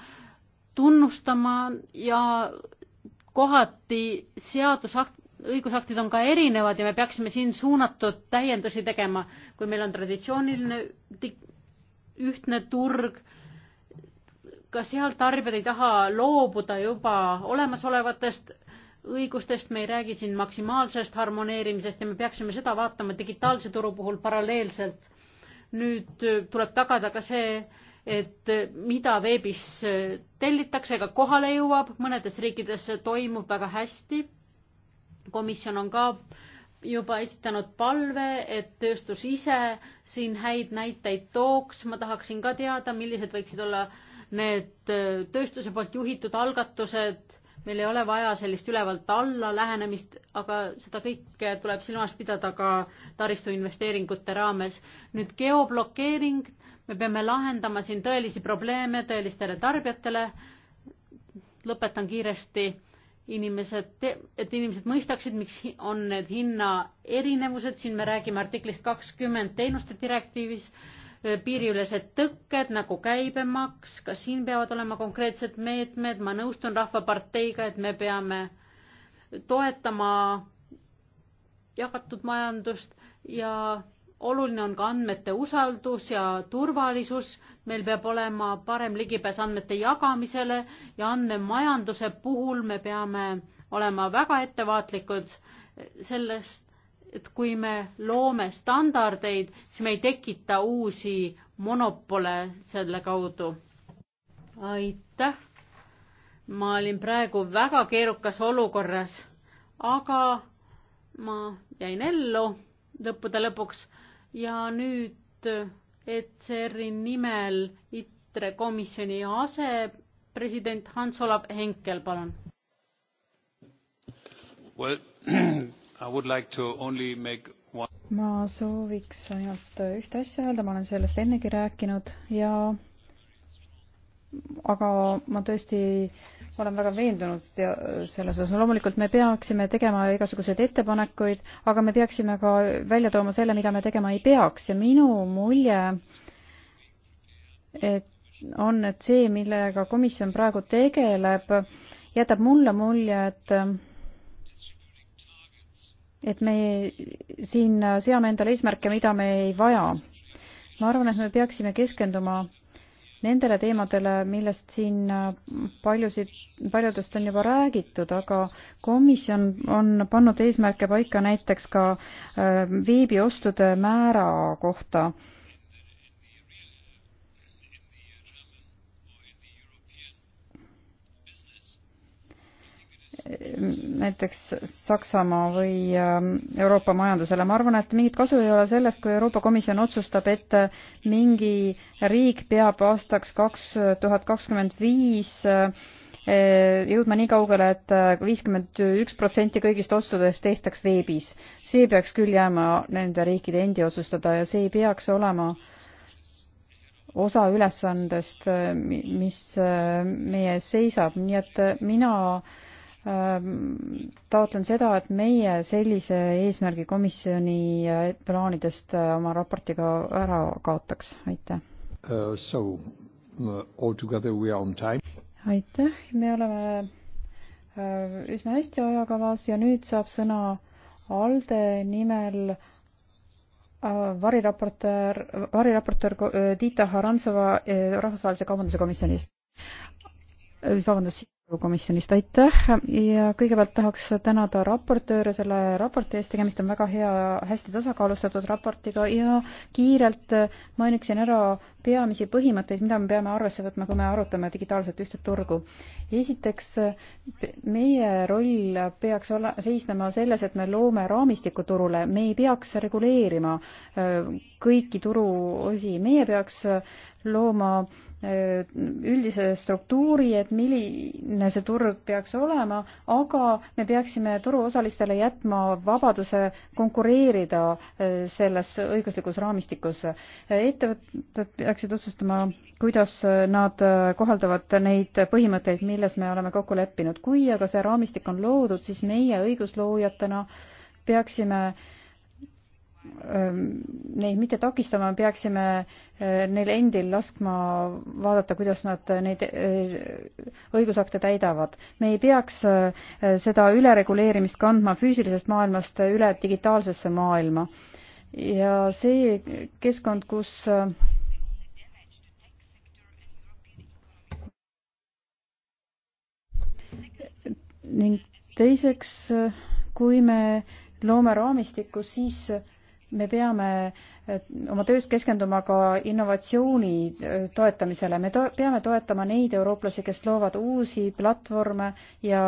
tunnustama ja kohati seadusakt, õigusaktid on ka erinevad ja me peaksime siin suunatud täiendusi tegema, kui meil on traditsiooniline ühtne turg, ka seal tarbijad ei taha loobuda juba olemasolevatest õigustest, me ei räägi siin maksimaalsest harmoneerimisest ja me peaksime seda vaatama digitaalse turu puhul paralleelselt nüüd äh, tuleb tagada ka see, et äh, mida veebis äh, tellitakse, ka kohale jõuab, mõnedes riikides see toimub väga hästi. komisjon on ka juba esitanud palve, et tööstus ise siin häid näiteid tooks, ma tahaksin ka teada, millised võiksid olla need tööstuse poolt juhitud algatused meil ei ole vaja sellist ülevalt alla lähenemist, aga seda kõike tuleb silmas pidada ka taristuinvesteeringute raames. nüüd geoblokeering, me peame lahendama siin tõelisi probleeme tõelistele tarbijatele. lõpetan kiiresti, inimesed, et inimesed mõistaksid, miks on need hinnaerinevused, siin me räägime artiklist kakskümmend teenuste direktiivis piiriülesed tõkked nagu käibemaks, ka siin peavad olema konkreetsed meetmed, ma nõustun Rahvaparteiga, et me peame toetama jagatud majandust ja oluline on ka andmete usaldus ja turvalisus, meil peab olema parem ligipääs andmete jagamisele ja andmemajanduse puhul me peame olema väga ettevaatlikud sellest et kui me loome standardeid, siis me ei tekita uusi monopole selle kaudu. aitäh. ma olin praegu väga keerukas olukorras, aga ma jäin ellu lõppude lõpuks ja nüüd ECR-i nimel ITRE komisjoni asepresident Hans-Olav Henkel, palun well <clears throat> Like make... ma sooviks ainult ühte asja öelda, ma olen sellest ennegi rääkinud ja aga ma tõesti olen väga veendunud selles osas. loomulikult me peaksime tegema igasuguseid ettepanekuid, aga me peaksime ka välja tooma selle, mida me tegema ei peaks ja minu mulje et on, et see, millega komisjon praegu tegeleb, jätab mulle mulje, et et me siin seame endale eesmärke, mida me ei vaja. ma arvan, et me peaksime keskenduma nendele teemadele, millest siin paljusid, paljudest on juba räägitud, aga komisjon on pannud eesmärke paika näiteks ka äh, veebiostude määra kohta näiteks Saksamaa või ähm, Euroopa majandusele. ma arvan, et mingit kasu ei ole sellest, kui Euroopa Komisjon otsustab, et äh, mingi riik peab aastaks kaks tuhat kakskümmend viis äh, äh, jõudma nii kaugele et, et viiskümmend üks protsenti kõigist otsudest tehtaks veebis. see peaks küll jääma nende riikide endi otsustada ja see ei peaks olema osa ülesandest, mis meie ees seisab, nii et mina äh, Ähm, taotlen seda, et meie sellise eesmärgi komisjoni plaanidest äh, oma raportiga ära kaotaks, aitäh uh,. So uh, all together we are on time. aitäh, me oleme äh, üsna hästi ajakavas ja nüüd saab sõna ALDE nimel äh, variraportöör, variraportöör Tiita Harantsova Rahvusvahelise Kaubanduse Komisjonist. vabandust komisjonist, aitäh ja kõigepealt tahaks tänada raportööre selle raporti eest, tegemist on väga hea, hästi tasakaalustatud raportiga ja kiirelt mainiksin ära peamisi põhimõtteid, mida me peame arvesse võtma, kui me arutame digitaalset ühtset turgu. esiteks, meie roll peaks ole, seisnema selles, et me loome raamistiku turule, me ei peaks reguleerima äh, kõiki turuosi, meie peaks äh, looma äh, üldise struktuuri, et milline see turg peaks olema, aga me peaksime turuosalistele jätma vabaduse konkureerida äh, selles õiguslikus raamistikus. Äh, ettevõtted peaksid otsustama, kuidas nad kohaldavad neid põhimõtteid, milles me oleme kokku leppinud. kui aga see raamistik on loodud, siis meie õigusloojatena peaksime äh, neid mitte takistama, peaksime neil endil laskma vaadata, kuidas nad neid õigusakte täidavad. me ei peaks seda ülereguleerimist kandma füüsilisest maailmast üle digitaalsesse maailma. ja see keskkond, kus ning teiseks, kui me loome raamistiku, siis me peame oma töös keskenduma ka innovatsiooni äh, toetamisele. me to peame toetama neid eurooplasi, kes loovad uusi platvorme ja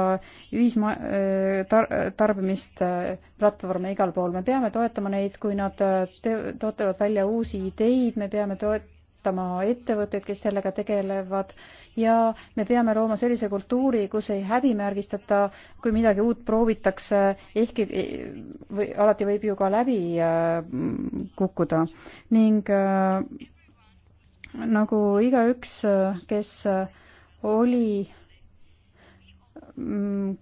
ühisma-, äh, tar-, tarbimist äh, platvorme igal pool. me peame toetama neid, kui nad te-, tootevad välja uusi ideid, me peame toet-, toetama ettevõtteid, kes sellega tegelevad ja me peame looma sellise kultuuri, kus ei häbimärgistata, kui midagi uut proovitakse, ehkki või, alati võib ju ka läbi äh, kukkuda ning äh, nagu igaüks, kes oli mm,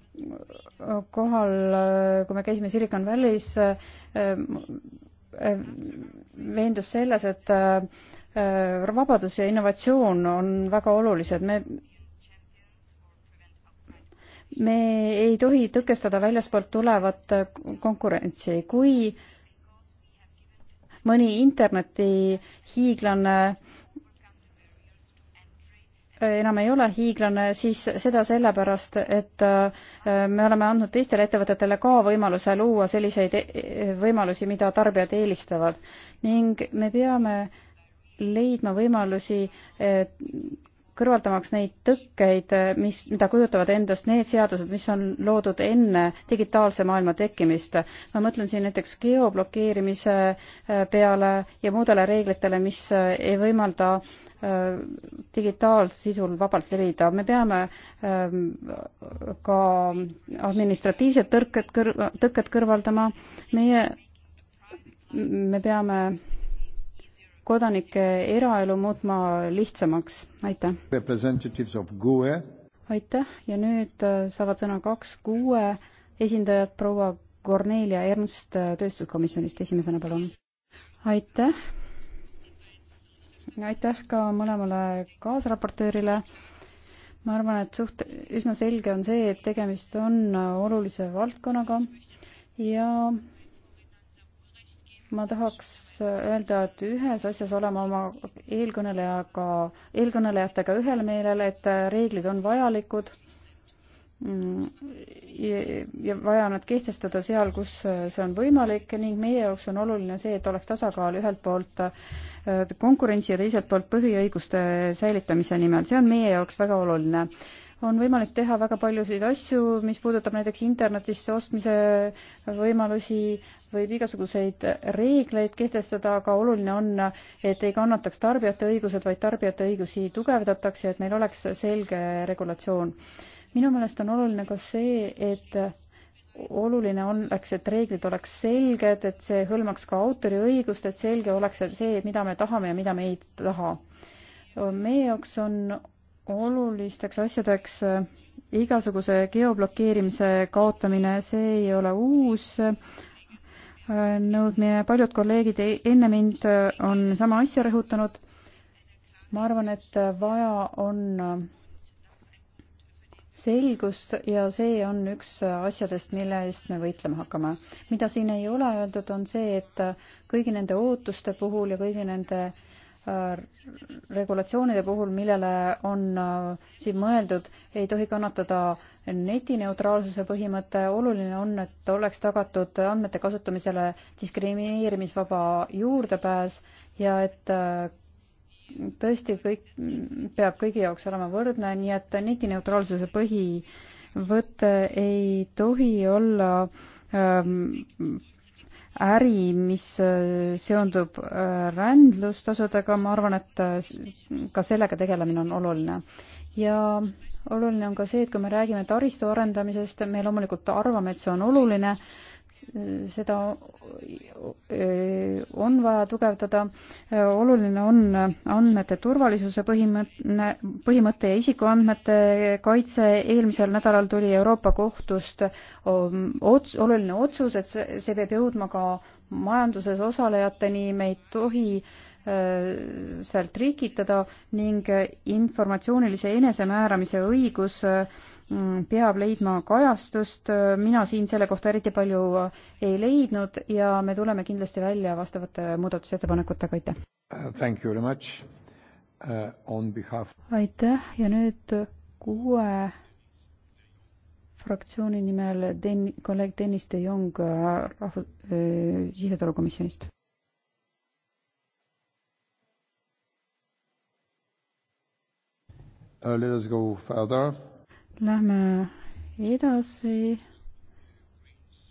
kohal, äh, kui me käisime Silicon Valley's, veendus selles, et Äh, vabadus ja innovatsioon on väga olulised, me me ei tohi tõkestada väljaspoolt tulevat konkurentsi, kui mõni interneti hiiglane äh, enam ei ole hiiglane, siis seda sellepärast, et äh, me oleme andnud teistele ettevõtetele ka võimaluse luua selliseid võimalusi, mida tarbijad eelistavad ning me peame leidma võimalusi eh, kõrvaldamaks neid tõkkeid, eh, mis, mida kujutavad endast need seadused, mis on loodud enne digitaalse maailma tekkimist. ma mõtlen siin näiteks geoblokeerimise eh, peale ja muudele reeglitele, mis ei võimalda digitaalsisul vabalt levida. me peame ka administratiivsed tõrked, tõkked kõrvaldama. meie, me peame kodanike eraelu muutma lihtsamaks, aitäh! E. aitäh ja nüüd äh, saavad sõna kaks kuue esindajat, proua Kornelia Ernst äh, Tööstuskomisjonist, esimesena palun. aitäh! aitäh ka mõlemale kaasraportöörile. ma arvan, et suht üsna selge on see, et tegemist on äh, olulise valdkonnaga ja ma tahaks öelda, et ühes asjas oleme oma eelkõnelejaga, eelkõnelejatega ühel meelel, et reeglid on vajalikud mm, ja, ja vaja nad kehtestada seal, kus see on võimalik ning meie jaoks on oluline see, et oleks tasakaal ühelt poolt äh, konkurentsi ja teiselt poolt põhiõiguste säilitamise nimel, see on meie jaoks väga oluline on võimalik teha väga paljusid asju, mis puudutab näiteks internetisse ostmise võimalusi, võib igasuguseid reegleid kehtestada, aga oluline on, et ei kannataks tarbijate õigused, vaid tarbijate õigusi tugevdatakse, et meil oleks selge regulatsioon. minu meelest on oluline ka see, et oluline oleks, et reeglid oleks selged, et see hõlmaks ka autoriõigust, et selge oleks see, mida me tahame ja mida me ei taha. meie jaoks on olulisteks asjadeks äh, igasuguse geoblokeerimise kaotamine, see ei ole uus äh, nõudmine, paljud kolleegid e-, enne mind äh, on sama asja rõhutanud. ma arvan, et vaja on selgust ja see on üks asjadest, mille eest me võitlema hakkame. mida siin ei ole öeldud, on see, et kõigi nende ootuste puhul ja kõigi nende äh, Äh, regulatsioonide puhul, millele on äh, siin mõeldud, ei tohi kannatada netineutraalsuse põhimõte, oluline on, et oleks tagatud andmete kasutamisele diskrimineerimisvaba juurdepääs ja et äh, tõesti kõik, peab kõigi jaoks olema võrdne, nii et netineutraalsuse põhivõte ei tohi olla ähm, äri, mis äh, seondub äh, rändlustasudega, ma arvan, et äh, ka sellega tegelemine on oluline. ja oluline on ka see, et kui me räägime taristu arendamisest, me loomulikult arvame, et see on oluline, seda on vaja tugevdada. oluline on andmete turvalisuse põhimõte, põhimõte ja isikuandmete kaitse. eelmisel nädalal tuli Euroopa Kohtust ots-, oluline otsus, et see peab jõudma ka majanduses osalejateni, me ei tohi sealt rikitada ning informatsioonilise enesemääramise õigus äh, peab leidma kajastust, mina siin selle kohta eriti palju ei leidnud ja me tuleme kindlasti välja vastavate muudatusettepanekutega, aitäh! Uh, thank you very much uh, on behalf aitäh ja nüüd kuue fraktsiooni nimel ten-, kolleeg Tõnis de Jong äh, rahvu- äh,, siseturukomisjonist. Uh, let us go further Lähme edasi.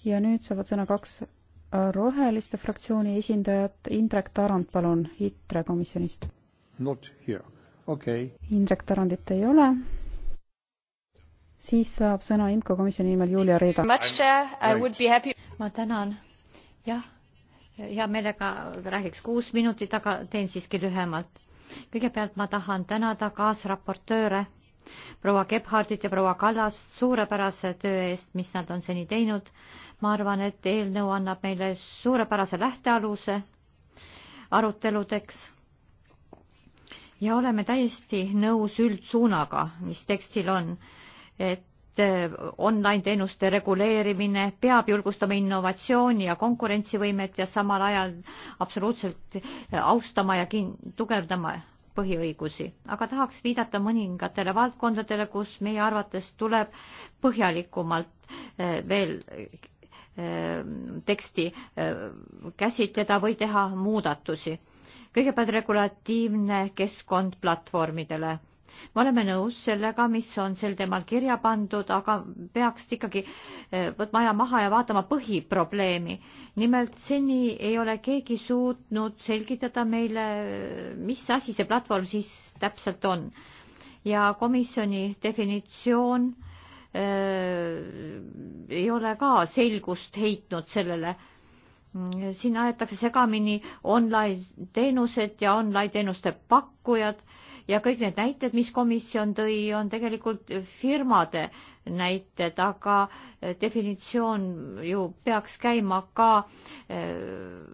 ja nüüd saavad sõna kaks äh, roheliste fraktsiooni esindajat. Indrek Tarand, palun, ITRE komisjonist. Not here, okei okay.. Indrek Tarandit ei ole. siis saab sõna IMCO komisjoni nimel Julia Reeda. ma tänan. jah, hea meelega räägiks kuus minutit, aga teen siiski lühemalt. kõigepealt ma tahan tänada kaasraportööre proua Gebhardit ja proua Kallast suurepärase töö eest, mis nad on seni teinud. ma arvan, et eelnõu annab meile suurepärase lähtealuse aruteludeks. ja oleme täiesti nõus üldsuunaga, mis tekstil on, et äh, online-teenuste reguleerimine peab julgustama innovatsiooni ja konkurentsivõimet ja samal ajal absoluutselt äh, austama ja tugevdama põhiõigusi, aga tahaks viidata mõningatele valdkondadele, kus meie arvates tuleb põhjalikumalt eh, veel eh, teksti eh, käsitleda või teha muudatusi. kõigepealt regulatiivne keskkond platvormidele me oleme nõus sellega, mis on sel teemal kirja pandud, aga peaks ikkagi eh, võtma aja maha ja vaatama põhiprobleemi. nimelt seni ei ole keegi suutnud selgitada meile, mis asi see platvorm siis täpselt on. ja komisjoni definitsioon öö, eh, ei ole ka selgust heitnud sellele siin aetakse segamini online teenused ja online teenuste pakkujad ja kõik need näited, mis komisjon tõi, on tegelikult firmade näited, aga eh, definitsioon ju peaks käima ka eh,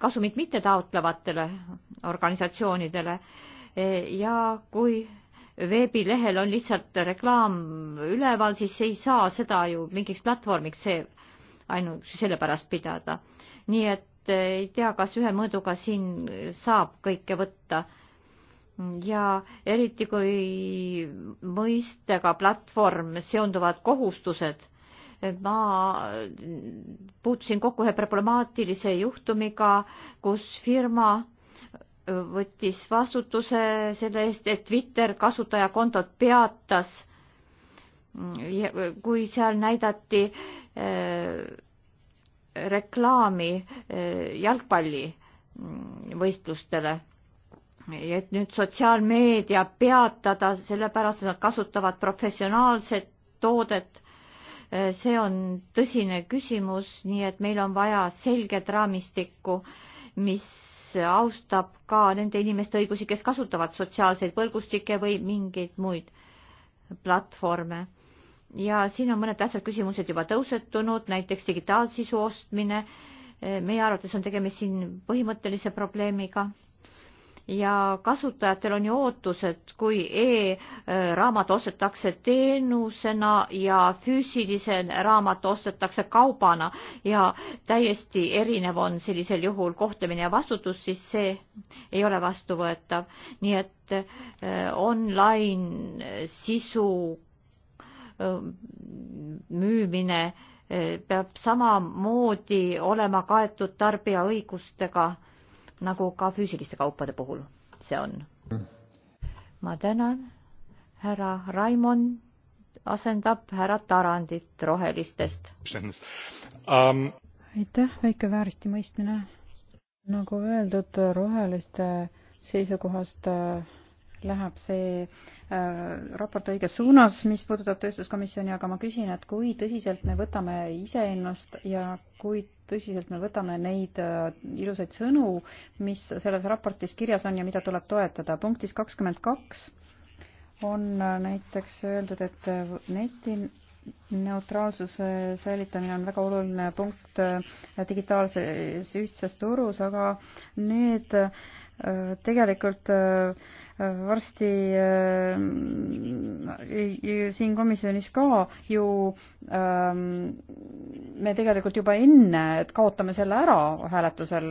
kasumit mitte taotlevatele organisatsioonidele eh, ja kui veebilehel on lihtsalt reklaam üleval, siis ei saa seda ju mingiks platvormiks see ainuüksi sellepärast pidada. nii et ei tea, kas ühe mõõduga siin saab kõike võtta ja eriti kui mõistega platvorm seonduvad kohustused. ma puutusin kokku ühe problemaatilise juhtumiga, kus firma võttis vastutuse selle eest, et Twitter kasutajakontot peatas, kui seal näidati äh, reklaami äh, jalgpallivõistlustele mm, et nüüd sotsiaalmeedia peatada, sellepärast et nad kasutavad professionaalset toodet, eh, see on tõsine küsimus, nii et meil on vaja selget raamistikku, mis austab ka nende inimeste õigusi, kes kasutavad sotsiaalseid võrgustikke või mingeid muid platvorme. ja siin on mõned tähtsad küsimused juba tõusetunud, näiteks digitaalsisu ostmine, eh, meie arvates on tegemist siin põhimõttelise probleemiga ja kasutajatel on ju ootus, et kui e-raamat ostetakse teenusena ja füüsilise raamatu ostetakse kaubana ja täiesti erinev on sellisel juhul kohtlemine ja vastutus, siis see ei ole vastuvõetav. nii et e, online sisu e, müümine e, peab samamoodi olema kaetud tarbija õigustega nagu ka füüsiliste kaupade puhul see on. Mm. ma tänan, härra Raimond asendab härra Tarandit rohelistest um.... aitäh, väike vääristimõistmine. nagu öeldud, roheliste seisukohast äh, läheb see äh, raport õiges suunas, mis puudutab tööstuskomisjoni, aga ma küsin, et kui tõsiselt me võtame iseennast ja kui tõsiselt me võtame neid äh, ilusaid sõnu, mis selles raportis kirjas on ja mida tuleb toetada. punktis kakskümmend kaks on äh, näiteks öeldud, et äh, neti neutraalsuse säilitamine on väga oluline punkt äh, digitaalses ühtses turus, aga need äh, tegelikult äh, varsti äh, siin komisjonis ka ju ähm, me tegelikult juba enne kaotame selle ära hääletusel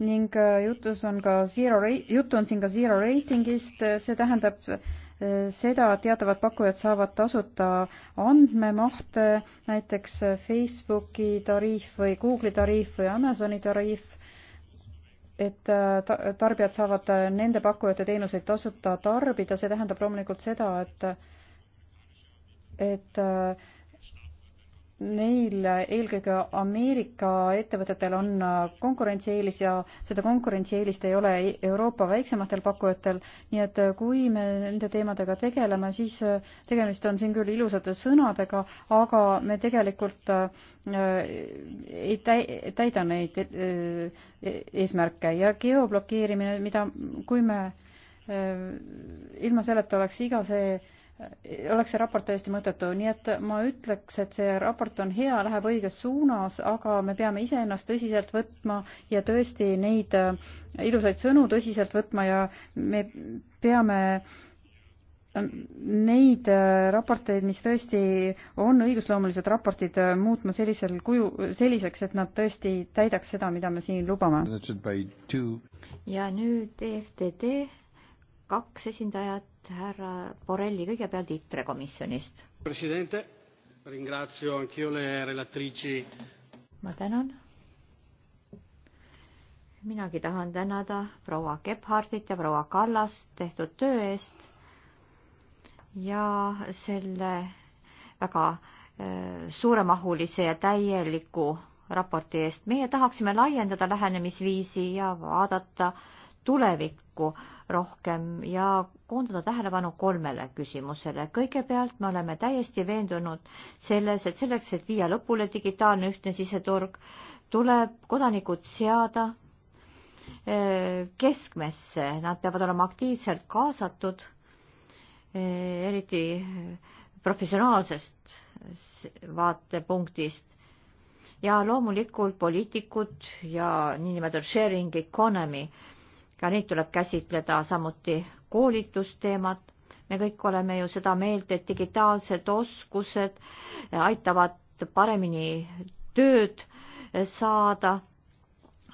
ning äh, jutus on ka zero, juttu on siin ka zero reitingist, see tähendab äh, seda, et teatavad pakkujad saavad tasuta andmemahte, näiteks Facebooki tariif või Google'i tariif või Amazoni tariif et äh, tarbijad saavad äh, nende pakkujate teenuseid tasuta tarbida, see tähendab loomulikult seda, et et äh, neil eelkõige Ameerika ettevõtetel on äh, konkurentsieelis ja seda konkurentsieelist ei ole e-, Euroopa väiksematel pakkujatel, nii et äh, kui me nende teemadega tegeleme, siis äh, tegemist on siin küll ilusate sõnadega, aga me tegelikult ei täida neid e-, eesmärke ja geoblokeerimine, mida, kui me ilma selleta oleks iga see oleks see raport täiesti mõttetu, nii et ma ütleks, et see raport on hea, läheb õiges suunas, aga me peame iseennast tõsiselt võtma ja tõesti neid äh, ilusaid sõnu tõsiselt võtma ja me peame ähm, neid äh, raporteid, mis tõesti on õigusloomulised raportid, äh, muutma sellisel kuju, selliseks, et nad tõesti täidaks seda, mida me siin lubame. ja nüüd EFTD, kaks esindajat nüüd härra Borrelli kõigepealt ITRE komisjonist. ma tänan. minagi tahan tänada proua Gebhardit ja proua Kallast tehtud töö eest ja selle väga äh, suuremahulise ja täieliku raporti eest. meie tahaksime laiendada lähenemisviisi ja vaadata tulevikku rohkem ja koondada tähelepanu kolmele küsimusele. kõigepealt me oleme täiesti veendunud selles, et selleks, et viia lõpule digitaalne ühtne siseturg, tuleb kodanikud seada eh, keskmesse, nad peavad olema aktiivselt kaasatud, eh, eriti professionaalsest vaatepunktist ja loomulikult poliitikud ja niinimetatud sharing economy ka neid tuleb käsitleda, samuti koolitusteemad. me kõik oleme ju seda meelt, et digitaalsed oskused aitavad paremini tööd saada.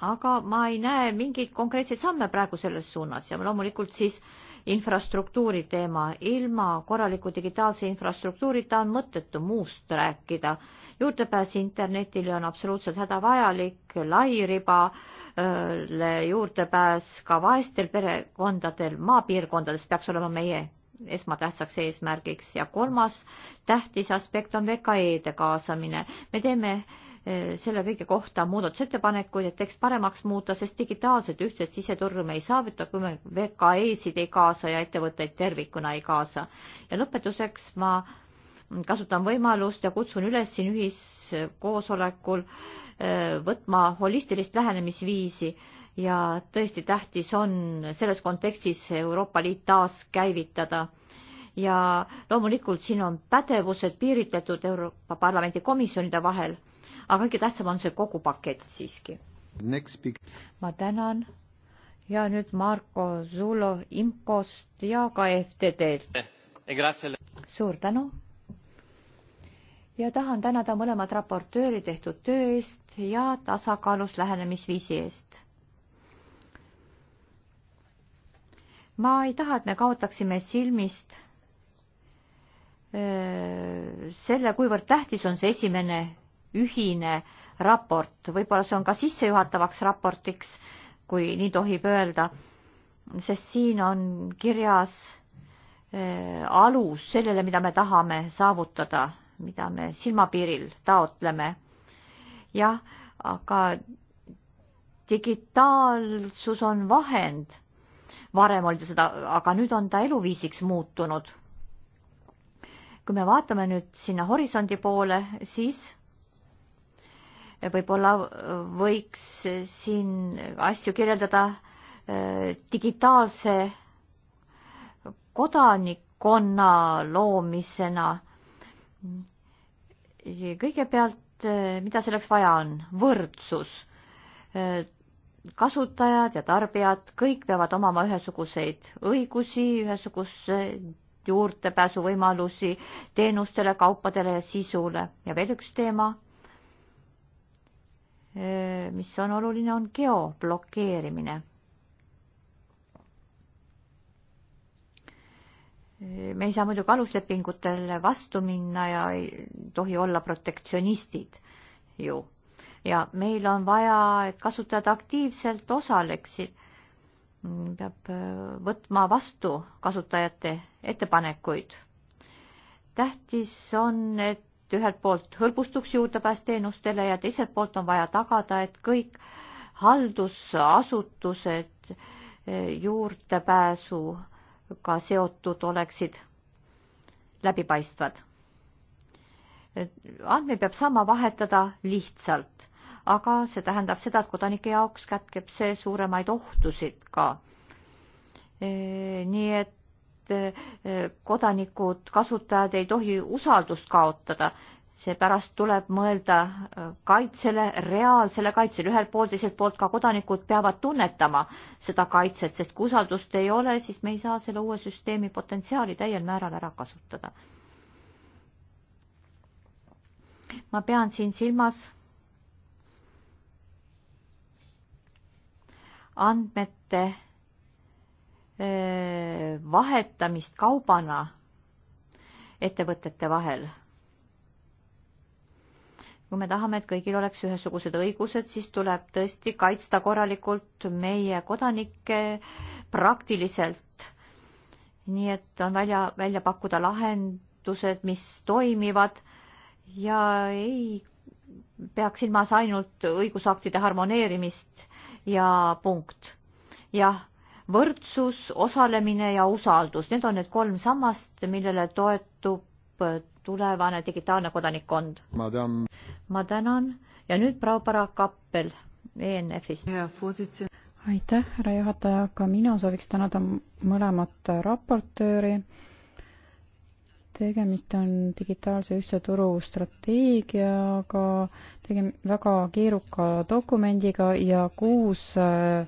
aga ma ei näe mingeid konkreetseid samme praegu selles suunas ja loomulikult siis infrastruktuuri teema. ilma korraliku digitaalse infrastruktuurita on mõttetu muust rääkida. juurdepääs internetile on absoluutselt hädavajalik, lairiba äh, juurdepääs ka vaestel perekondadel maapiirkondades peaks olema meie esmatähtsaks eesmärgiks ja kolmas tähtis aspekt on VKE-de kaasamine. me teeme selle kõige kohta muudatusettepanekuid, et tekst paremaks muuta, sest digitaalset ühtset siseturgu me ei saavuta, kui me VKE-sid ei kaasa ja ettevõtteid tervikuna ei kaasa. ja lõpetuseks ma kasutan võimalust ja kutsun üles siin ühiskoosolekul äh, Äh, võtma holistilist lähenemisviisi ja tõesti tähtis on selles kontekstis Euroopa Liit taaskäivitada. ja loomulikult siin on pädevused piiritletud Euroopa Parlamendi komisjonide vahel, aga kõige tähtsam on see kogu pakett siiski. ma tänan ja nüüd Marko Zulo IMCO-st ja ka FTD-lt. Eh, eh, suur tänu ja tahan tänada mõlemad raportööri tehtud töö eest ja tasakaalus lähenemisviisi eest. ma ei taha, et me kaotaksime silmist selle, kuivõrd tähtis on see esimene ühine raport, võib-olla see on ka sissejuhatavaks raportiks, kui nii tohib öelda, sest siin on kirjas alus sellele, mida me tahame saavutada mida me silmapiiril taotleme. jah, aga digitaalsus on vahend. varem oli ta seda, aga nüüd on ta eluviisiks muutunud. kui me vaatame nüüd sinna horisondi poole, siis võib-olla võiks siin asju kirjeldada äh, digitaalse kodanikkonna loomisena kõigepealt, eh, mida selleks vaja on? võrdsus. Eh, kasutajad ja tarbijad, kõik peavad omama ühesuguseid õigusi, ühesuguse juurdepääsuvõimalusi teenustele, kaupadele ja sisule. ja veel üks teema, eh, mis on oluline, on geoblokeerimine me ei saa muidugi aluslepingutele vastu minna ja ei tohi olla protektsionistid ju. ja meil on vaja, et kasutajad aktiivselt osaleksid. peab äh, võtma vastu kasutajate ettepanekuid. tähtis on, et ühelt poolt hõlbustuks juurdepääs teenustele ja teiselt poolt on vaja tagada, et kõik haldusasutused äh, juurdepääsu ka seotud oleksid läbipaistvad. andmeid peab saama vahetada lihtsalt, aga see tähendab seda, et kodanike jaoks kätkeb see suuremaid ohtusid ka. E, nii et e, kodanikud, kasutajad ei tohi usaldust kaotada seepärast tuleb mõelda äh, kaitsele, reaalsele kaitsele, ühelt poolt, teiselt poolt ka kodanikud peavad tunnetama seda kaitset, sest kui usaldust ei ole, siis me ei saa selle uue süsteemi potentsiaali täiel määral ära kasutada. ma pean siin silmas andmete äh, vahetamist kaubana ettevõtete vahel kui me tahame, et kõigil oleks ühesugused õigused, siis tuleb tõesti kaitsta korralikult meie kodanikke praktiliselt. nii et on välja, välja pakkuda lahendused, mis toimivad ja ei peaks silmas ainult õigusaktide harmoneerimist ja punkt. jah, võrdsus, osalemine ja usaldus, need on need kolm sammast, millele toetub tulevane digitaalne kodanikkond. ma tänan ja nüüd Barbara Kappel ENF-ist. aitäh, härra juhataja, ka mina sooviks tänada mõlemat raportööri. tegemist on digitaalse ühtse turu strateegiaga, tegem-, väga keeruka dokumendiga ja kuus äh,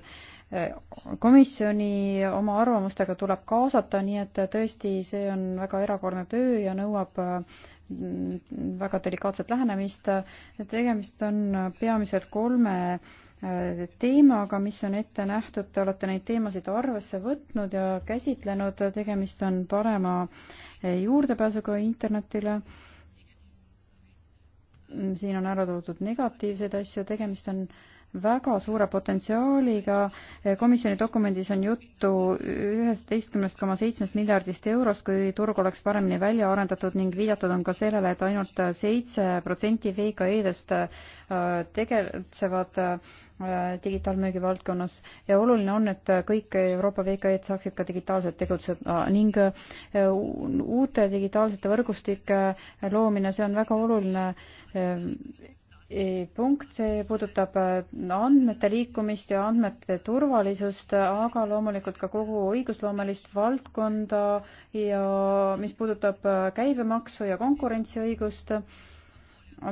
komisjoni oma arvamustega tuleb kaasata, nii et tõesti, see on väga erakordne töö ja nõuab mm, väga delikaatset lähenemist. tegemist on peamiselt kolme äh, teemaga, mis on ette nähtud, te olete neid teemasid arvesse võtnud ja käsitlenud, tegemist on parema äh, juurdepääsuga internetile. Mm, siin on ära toodud negatiivseid asju, tegemist on äh, väga suure potentsiaaliga. komisjoni dokumendis on juttu üheteistkümnest koma seitsmest miljardist eurost, kui turg oleks paremini välja arendatud ning viidatud on ka sellele, et ainult seitse protsenti VKE-dest äh, tegutsevad äh, digitaalmüügi valdkonnas ja oluline on, et kõik Euroopa VKE-d saaksid ka digitaalselt tegutseda ning äh, uute digitaalsete võrgustike loomine, see on väga oluline E, punkt, see puudutab äh, andmete liikumist ja andmete turvalisust, aga loomulikult ka kogu õigusloomelist valdkonda ja mis puudutab äh, käibemaksu ja konkurentsiõigust,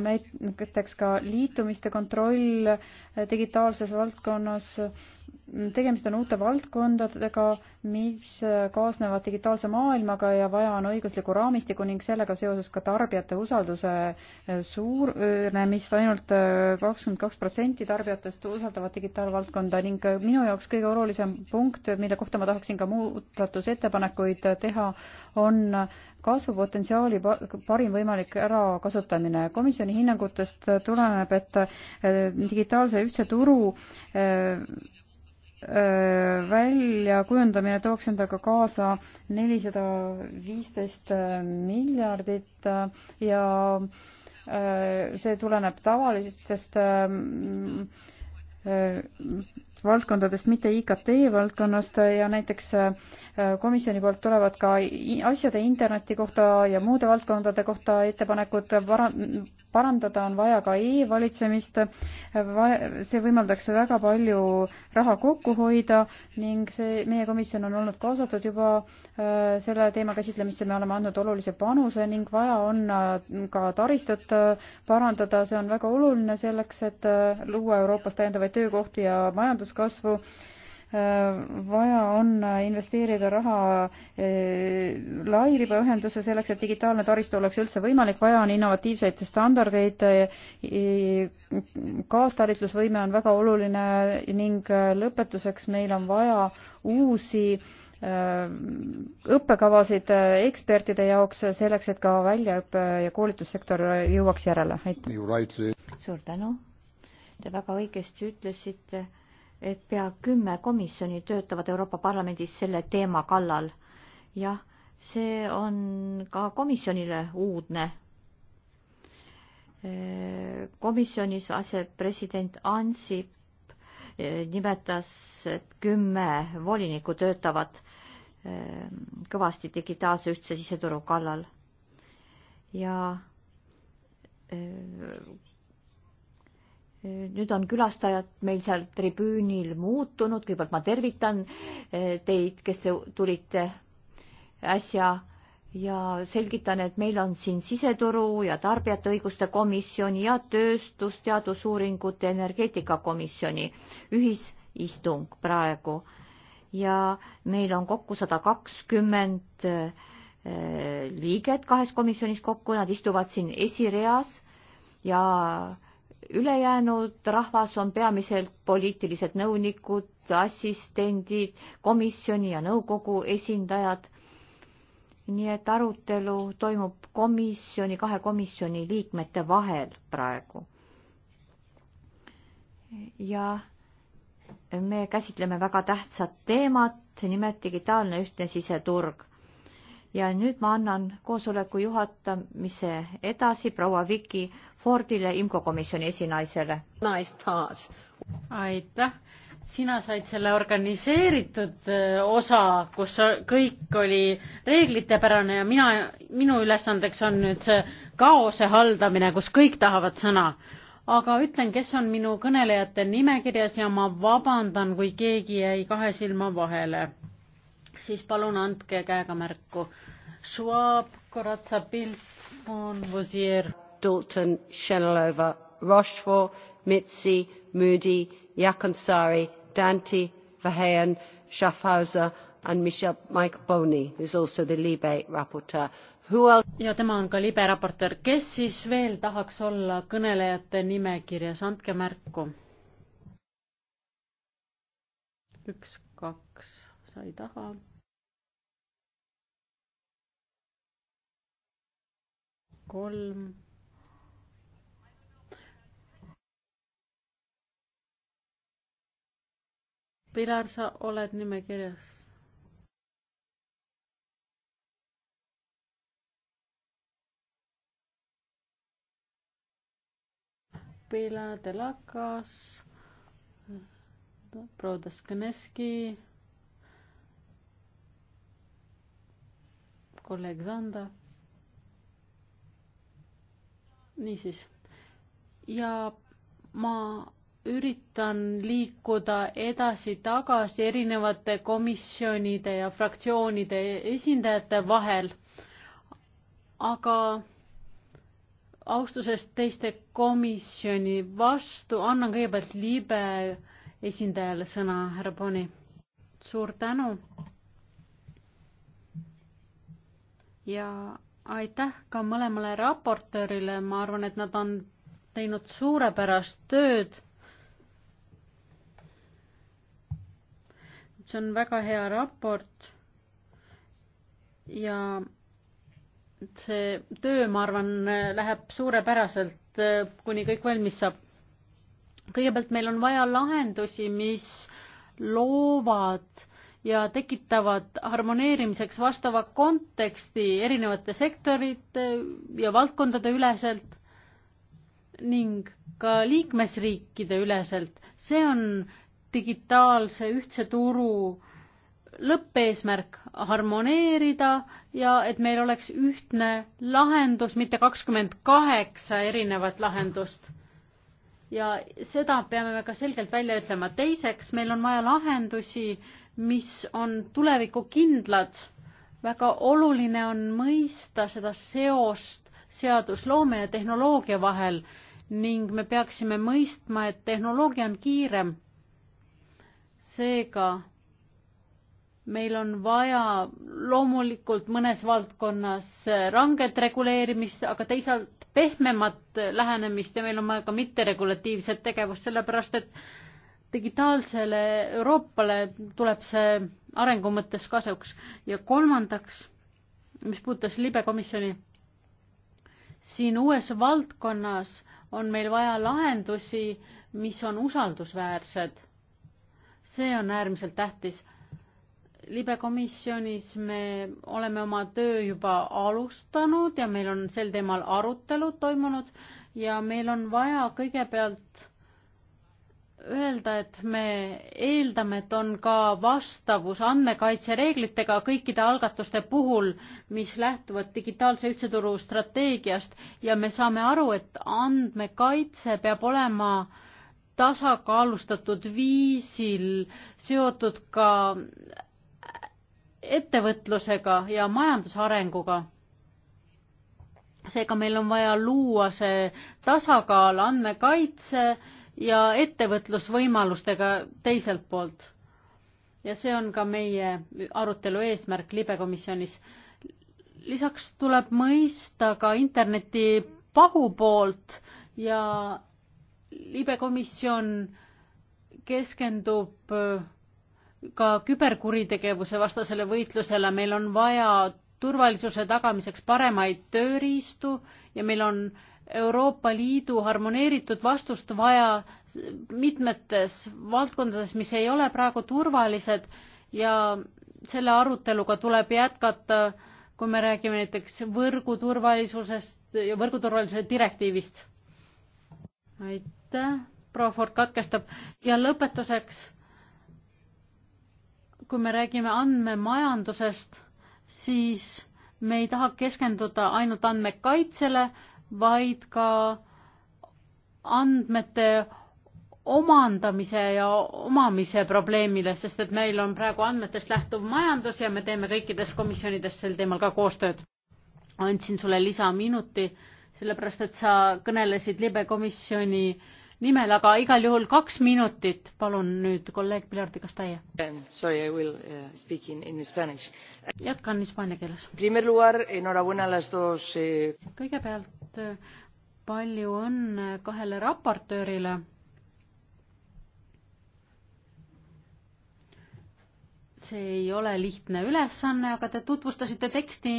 näiteks ka liitumiste kontroll äh, digitaalses valdkonnas tegemist on uute valdkondadega, mis kaasnevad digitaalse maailmaga ja vaja on õiguslikku raamistikku ning sellega seoses ka tarbijate usalduse eh, suurenemist, ainult eh, kakskümmend kaks protsenti tarbijatest usaldavad digitaalvaldkonda ning eh, minu jaoks kõige olulisem punkt, mille kohta ma tahaksin ka muudatusettepanekuid teha, on kasvupotentsiaali parim võimalik ärakasutamine. komisjoni hinnangutest tuleneb, et digitaalse ühtse turu väljakujundamine tooks endaga kaasa nelisada viisteist miljardit ja see tuleneb tavalistest valdkondadest, mitte IKT valdkonnast ja näiteks komisjoni poolt tulevad ka asjade interneti kohta ja muude valdkondade kohta ettepanekud, parandada, on vaja ka e-valitsemist. see võimaldaks väga palju raha kokku hoida ning see, meie komisjon on olnud kaasatud juba äh, selle teema käsitlemisse, me oleme andnud olulise panuse ning vaja on äh, ka taristut äh, parandada, see on väga oluline selleks, et luua Euroopas täiendavaid töökohti ja majanduskasvu Äh, vaja on investeerida raha äh, lairibaühenduse selleks, et digitaalne taristu oleks üldse võimalik, vaja on innovatiivseid standardeid, äh, kaastalitlusvõime on väga oluline ning lõpetuseks meil on vaja uusi õppekavasid ekspertide jaoks, selleks et ka väljaõppe ja koolitussektor jõuaks järele. suur tänu. Te väga õigesti ütlesite et pea kümme komisjoni töötavad Euroopa Parlamendis selle teema kallal. jah, see on ka komisjonile uudne. komisjonis asepresident Ansip nimetas, et kümme volinikku töötavad kõvasti digitaalse ühtse siseturu kallal. ja nüüd on külastajad meil seal tribüünil muutunud, kõigepealt ma tervitan eh, teid, kes te tulite äsja ja selgitan, et meil on siin siseturu ja tarbijate õiguste komisjoni ja tööstus, teadusuuringute, energeetikakomisjoni ühisistung praegu. ja meil on kokku sada kakskümmend eh, liiget kahes komisjonis kokku, nad istuvad siin esireas ja ülejäänud rahvas on peamiselt poliitilised nõunikud, assistendid, komisjoni ja nõukogu esindajad. nii et arutelu toimub komisjoni, kahe komisjoni liikmete vahel praegu. ja me käsitleme väga tähtsat teemat, nimelt digitaalne ühtne siseturg. ja nüüd ma annan koosoleku juhatamise edasi proua Viki Fordile, IMCO komisjoni esinaisele. aitäh, sina said selle organiseeritud osa, kus kõik oli reeglitepärane ja mina, minu ülesandeks on nüüd see kaose haldamine, kus kõik tahavad sõna aga ütlen, kes on minu kõnelejate nimekirjas ja ma vabandan, kui keegi jäi kahe silma vahele. siis palun andke käega märku. Schwab, Koratsa, Pilt, Von Vosier dalton shenalov rochefort mizzi moody jaakonsaari danti verheyen schaffhauser and michael boni who is also the libe rapporteur. ja tema on ka libe raportöör. kes siis veel tahaks olla kõnelejate nimekirjas, andke märku. üks, kaks, sai taha. kolm Pilar, sa oled nimekirjas. Pilar Delakas, proua Daskaneski, kolleeg Zanda. niisiis, ja ma üritan liikuda edasi-tagasi erinevate komisjonide ja fraktsioonide esindajate vahel, aga austusest teiste komisjoni vastu annan kõigepealt libe esindajale sõna, härra Boni. suur tänu. ja aitäh ka mõlemale raportöörile, ma arvan, et nad on teinud suurepärast tööd see on väga hea raport ja see töö, ma arvan, läheb suurepäraselt, äh, kuni kõik valmis saab. kõigepealt meil on vaja lahendusi, mis loovad ja tekitavad harmoneerimiseks vastava konteksti erinevate sektorite ja valdkondade üleselt ning ka liikmesriikide üleselt. see on digitaalse ühtse turu lõppeesmärk harmoneerida ja et meil oleks ühtne lahendus, mitte kakskümmend kaheksa erinevat lahendust. ja seda peame me ka selgelt välja ütlema. teiseks, meil on vaja lahendusi, mis on tulevikukindlad. väga oluline on mõista seda seost seadusloome ja tehnoloogia vahel ning me peaksime mõistma, et tehnoloogia on kiirem seega meil on vaja loomulikult mõnes valdkonnas ranget reguleerimist, aga teisalt pehmemat lähenemist ja meil on vaja ka mitteregulatiivset tegevust, sellepärast et digitaalsele Euroopale tuleb see arengu mõttes kasuks. ja kolmandaks, mis puudutas libekomisjoni, siin uues valdkonnas on meil vaja lahendusi, mis on usaldusväärsed see on äärmiselt tähtis. libekomisjonis me oleme oma töö juba alustanud ja meil on sel teemal arutelud toimunud ja meil on vaja kõigepealt öelda, et me eeldame, et on ka vastavus andmekaitsereeglitega kõikide algatuste puhul, mis lähtuvad digitaalse ühtse turu strateegiast ja me saame aru, et andmekaitse peab olema äh, tasakaalustatud viisil seotud ka ettevõtlusega ja majandusarenguga. seega meil on vaja luua see tasakaal andmekaitse ja ettevõtlusvõimalustega teiselt poolt. ja see on ka meie arutelu eesmärk libekomisjonis. lisaks tuleb mõista ka interneti pahupoolt ja libekomisjon keskendub äh, ka küberkuritegevuse vastasele võitlusele, meil on vaja turvalisuse tagamiseks paremaid tööriistu ja meil on Euroopa Liidu harmoneeritud vastust vaja mitmetes valdkondades, mis ei ole praegu turvalised ja selle aruteluga tuleb jätkata, kui me räägime näiteks võrguturvalisusest ja võrguturvalisuse direktiivist. aitäh aitäh, proua Ford katkestab ja lõpetuseks, kui me räägime andmemajandusest, siis me ei taha keskenduda ainult andmekaitsele, vaid ka andmete omandamise ja omamise probleemile, sest et meil on praegu andmetest lähtuv majandus ja me teeme kõikides komisjonides sel teemal ka koostööd. andsin sulle lisaminuti, sellepärast et sa kõnelesid libekomisjoni äh, nimel, aga igal juhul kaks minutit, palun nüüd kolleeg Pilardi, kas teie? Sorry, I will uh, speak in, in spanish. jätkan hispaania keeles. Primer lugar, enhorabuena las dos. Eh. kõigepealt palju õnne kahele raportöörile see ei ole lihtne ülesanne, aga te tutvustasite teksti,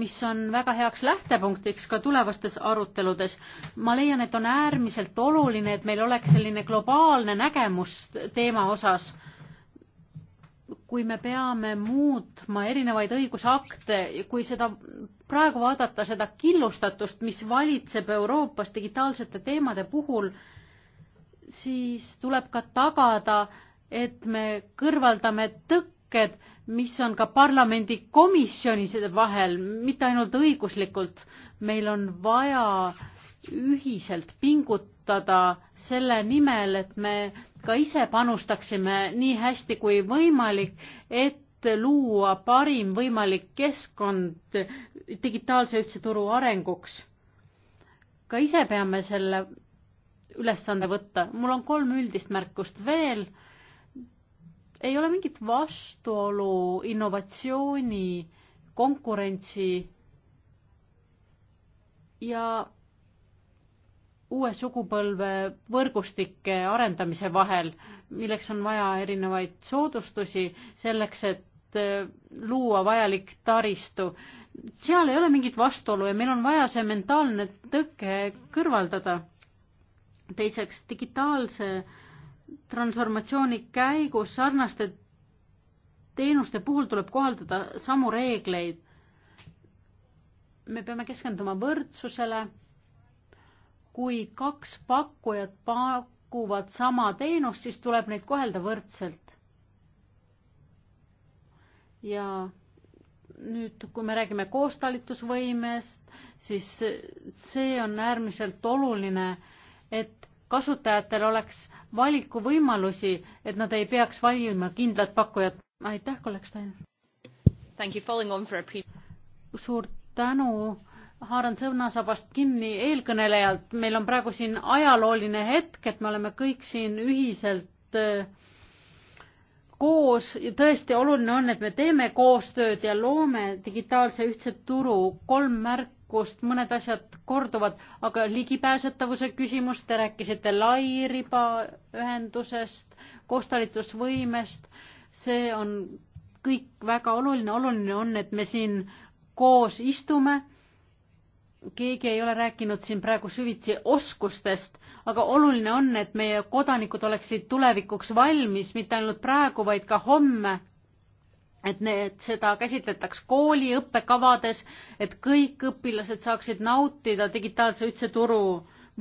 mis on väga heaks lähtepunktiks ka tulevastes aruteludes. ma leian, et on äärmiselt oluline, et meil oleks selline globaalne nägemus teema osas. kui me peame muutma erinevaid õigusakte, kui seda praegu vaadata, seda killustatust, mis valitseb Euroopas digitaalsete teemade puhul, siis tuleb ka tagada et me kõrvaldame tõkke lõkked, mis on ka parlamendi komisjonide vahel, mitte ainult õiguslikult. meil on vaja ühiselt pingutada selle nimel, et me ka ise panustaksime nii hästi kui võimalik, et luua parim võimalik keskkond digitaalse ühtse turu arenguks. ka ise peame selle ülesande võtta. mul on kolm üldist märkust veel ei ole mingit vastuolu innovatsiooni, konkurentsi ja uue sugupõlve võrgustike arendamise vahel, milleks on vaja erinevaid soodustusi selleks, et eh, luua vajalik taristu. seal ei ole mingit vastuolu ja meil on vaja see mentaalne tõke kõrvaldada. teiseks digitaalse transformatsiooni käigus sarnaste teenuste puhul tuleb kohaldada samu reegleid. me peame keskenduma võrdsusele. kui kaks pakkujat pakuvad sama teenust, siis tuleb neid kohelda võrdselt. ja nüüd, kui me räägime koostalitusvõimest, siis see on äärmiselt oluline, et kasutajatel oleks valikuvõimalusi, et nad ei peaks valima kindlat pakkujat. aitäh, kolleeg Stein! suur tänu, haaran sõnasabast kinni eelkõnelejalt, meil on praegu siin ajalooline hetk, et me oleme kõik siin ühiselt äh, koos ja tõesti oluline on, et me teeme koostööd ja loome digitaalse ühtse turu kolm märki kust mõned asjad korduvad, aga ligipääsetavuse küsimus, te rääkisite lairibaühendusest, koostalitusvõimest, see on kõik väga oluline, oluline on, et me siin koos istume. keegi ei ole rääkinud siin praegu süvitsi oskustest, aga oluline on, et meie kodanikud oleksid tulevikuks valmis, mitte ainult praegu, vaid ka homme et need, seda käsitletaks kooli õppekavades, et kõik õpilased saaksid nautida digitaalse ühtse turu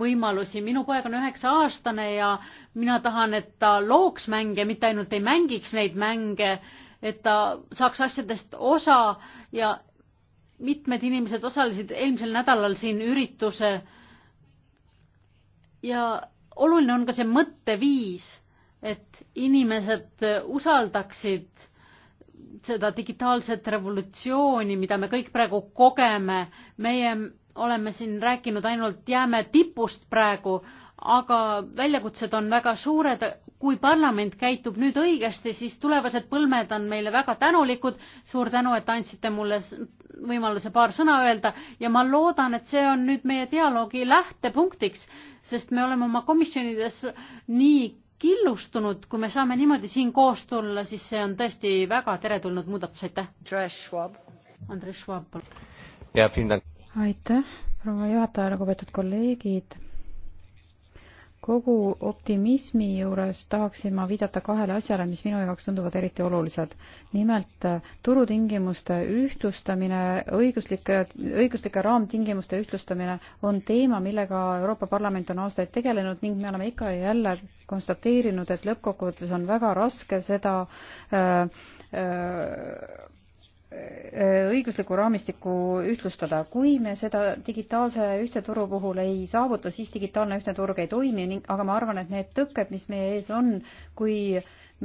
võimalusi. minu poeg on üheksa aastane ja mina tahan, et ta looks mänge, mitte ainult ei mängiks neid mänge, et ta saaks asjadest osa ja mitmed inimesed osalesid eelmisel nädalal siin ürituse. ja oluline on ka see mõtteviis, et inimesed usaldaksid seda digitaalset revolutsiooni, mida me kõik praegu kogeme, meie oleme siin rääkinud ainult jääme tipust praegu, aga väljakutsed on väga suured. kui parlament käitub nüüd õigesti, siis tulevased põlved on meile väga tänulikud. suur tänu, et andsite mulle võimaluse paar sõna öelda ja ma loodan, et see on nüüd meie dialoogi lähtepunktiks, sest me oleme oma komisjonides nii killustunud, kui me saame niimoodi siin koos tulla, siis see on tõesti väga teretulnud muudatus, aitäh. Andres Schwab, palun. aitäh, proua juhataja, lugupeetud kolleegid kogu optimismi juures tahaksin ma viidata kahele asjale, mis minu jaoks tunduvad eriti olulised. nimelt äh, turutingimuste ühtlustamine, õiguslike, õiguslike raamtingimuste ühtlustamine on teema, millega Euroopa Parlament on aastaid tegelenud ning me oleme ikka ja jälle konstateerinud, et lõppkokkuvõttes on väga raske seda öö, äh, öö, äh, Äh, õigusliku raamistiku ühtlustada. kui me seda digitaalse ühtse turu puhul ei saavuta, siis digitaalne ühtne turg ei toimi ning, aga ma arvan, et need tõkked, mis meie ees on, kui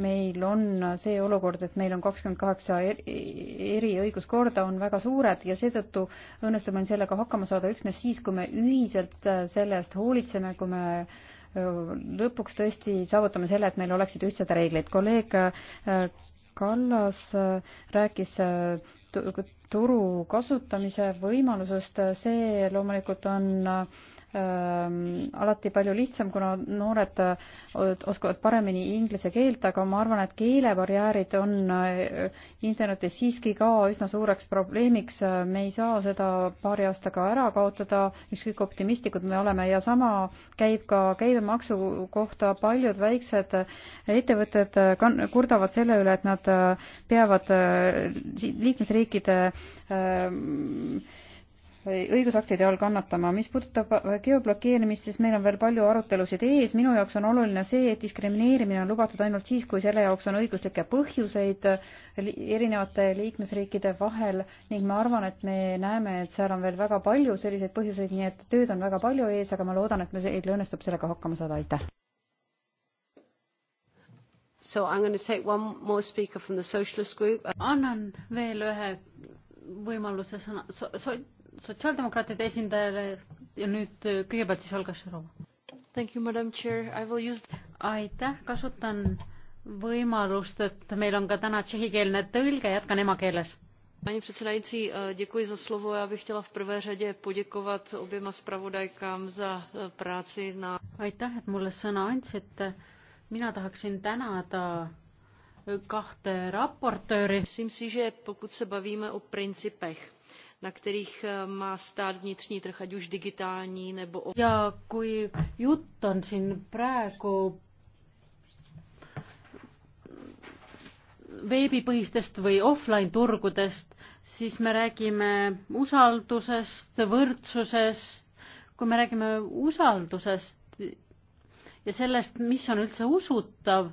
meil on see olukord, et meil on kakskümmend kaheksa eri õiguskorda, on väga suured ja seetõttu õnnestub meil sellega hakkama saada üksnes siis, kui me ühiselt selle eest hoolitseme, kui me äh, lõpuks tõesti saavutame selle, et meil oleksid ühtsed reeglid. kolleeg äh, Kallas äh, rääkis äh, turu kasutamise võimalusest, see loomulikult on äh, Ehm, alati palju lihtsam, kuna noored oskavad paremini inglise keelt, aga ma arvan, et keelebarjäärid on internetis siiski ka üsna suureks probleemiks. me ei saa seda paari aastaga ära kaotada, ükskõik optimistlikud me oleme ja sama käib ka käibemaksu kohta. paljud väiksed ettevõtted kurdavad selle üle, et nad peavad liikmesriikide õigusaktide all kannatama. mis puudutab geoblokeerimist, siis meil on veel palju arutelusid ees. minu jaoks on oluline see, et diskrimineerimine on lubatud ainult siis, kui selle jaoks on õiguslikke põhjuseid erinevate liikmesriikide vahel ning ma arvan, et me näeme, et seal on veel väga palju selliseid põhjuseid, nii et tööd on väga palju ees, aga ma loodan, et meil õnnestub sellega hakkama saada. aitäh! So I'm going to take one more speaker from the socialist group. annan veel ühe võimaluse sõna so,. So, sotsiaaldemokraatide esindajale ja nüüd kõigepealt siis Olga Šarova. Use... aitäh, kasutan võimalust, et meil on ka täna tšehhikeelne tõlge, jätkan emakeeles. Paní předsedající, eh, děkuji za slovo. Já bych chtěla v prvé řadě poděkovat oběma zpravodajkám za eh, práci na... Aitäh, et mulle sõna andsite. Mina tahaksin tänada eh, kahte raportööri. Myslím si, že pokud se bavíme o principech, na kterých eh, má stát vnitřní trh, ať už digitální nebo... Ja kui jutt on siin praegu veebipõhistest või offline turgudest, siis me räägime usaldusest, võrdsusest, kui me räägime usaldusest ja sellest, mis on üldse usutav,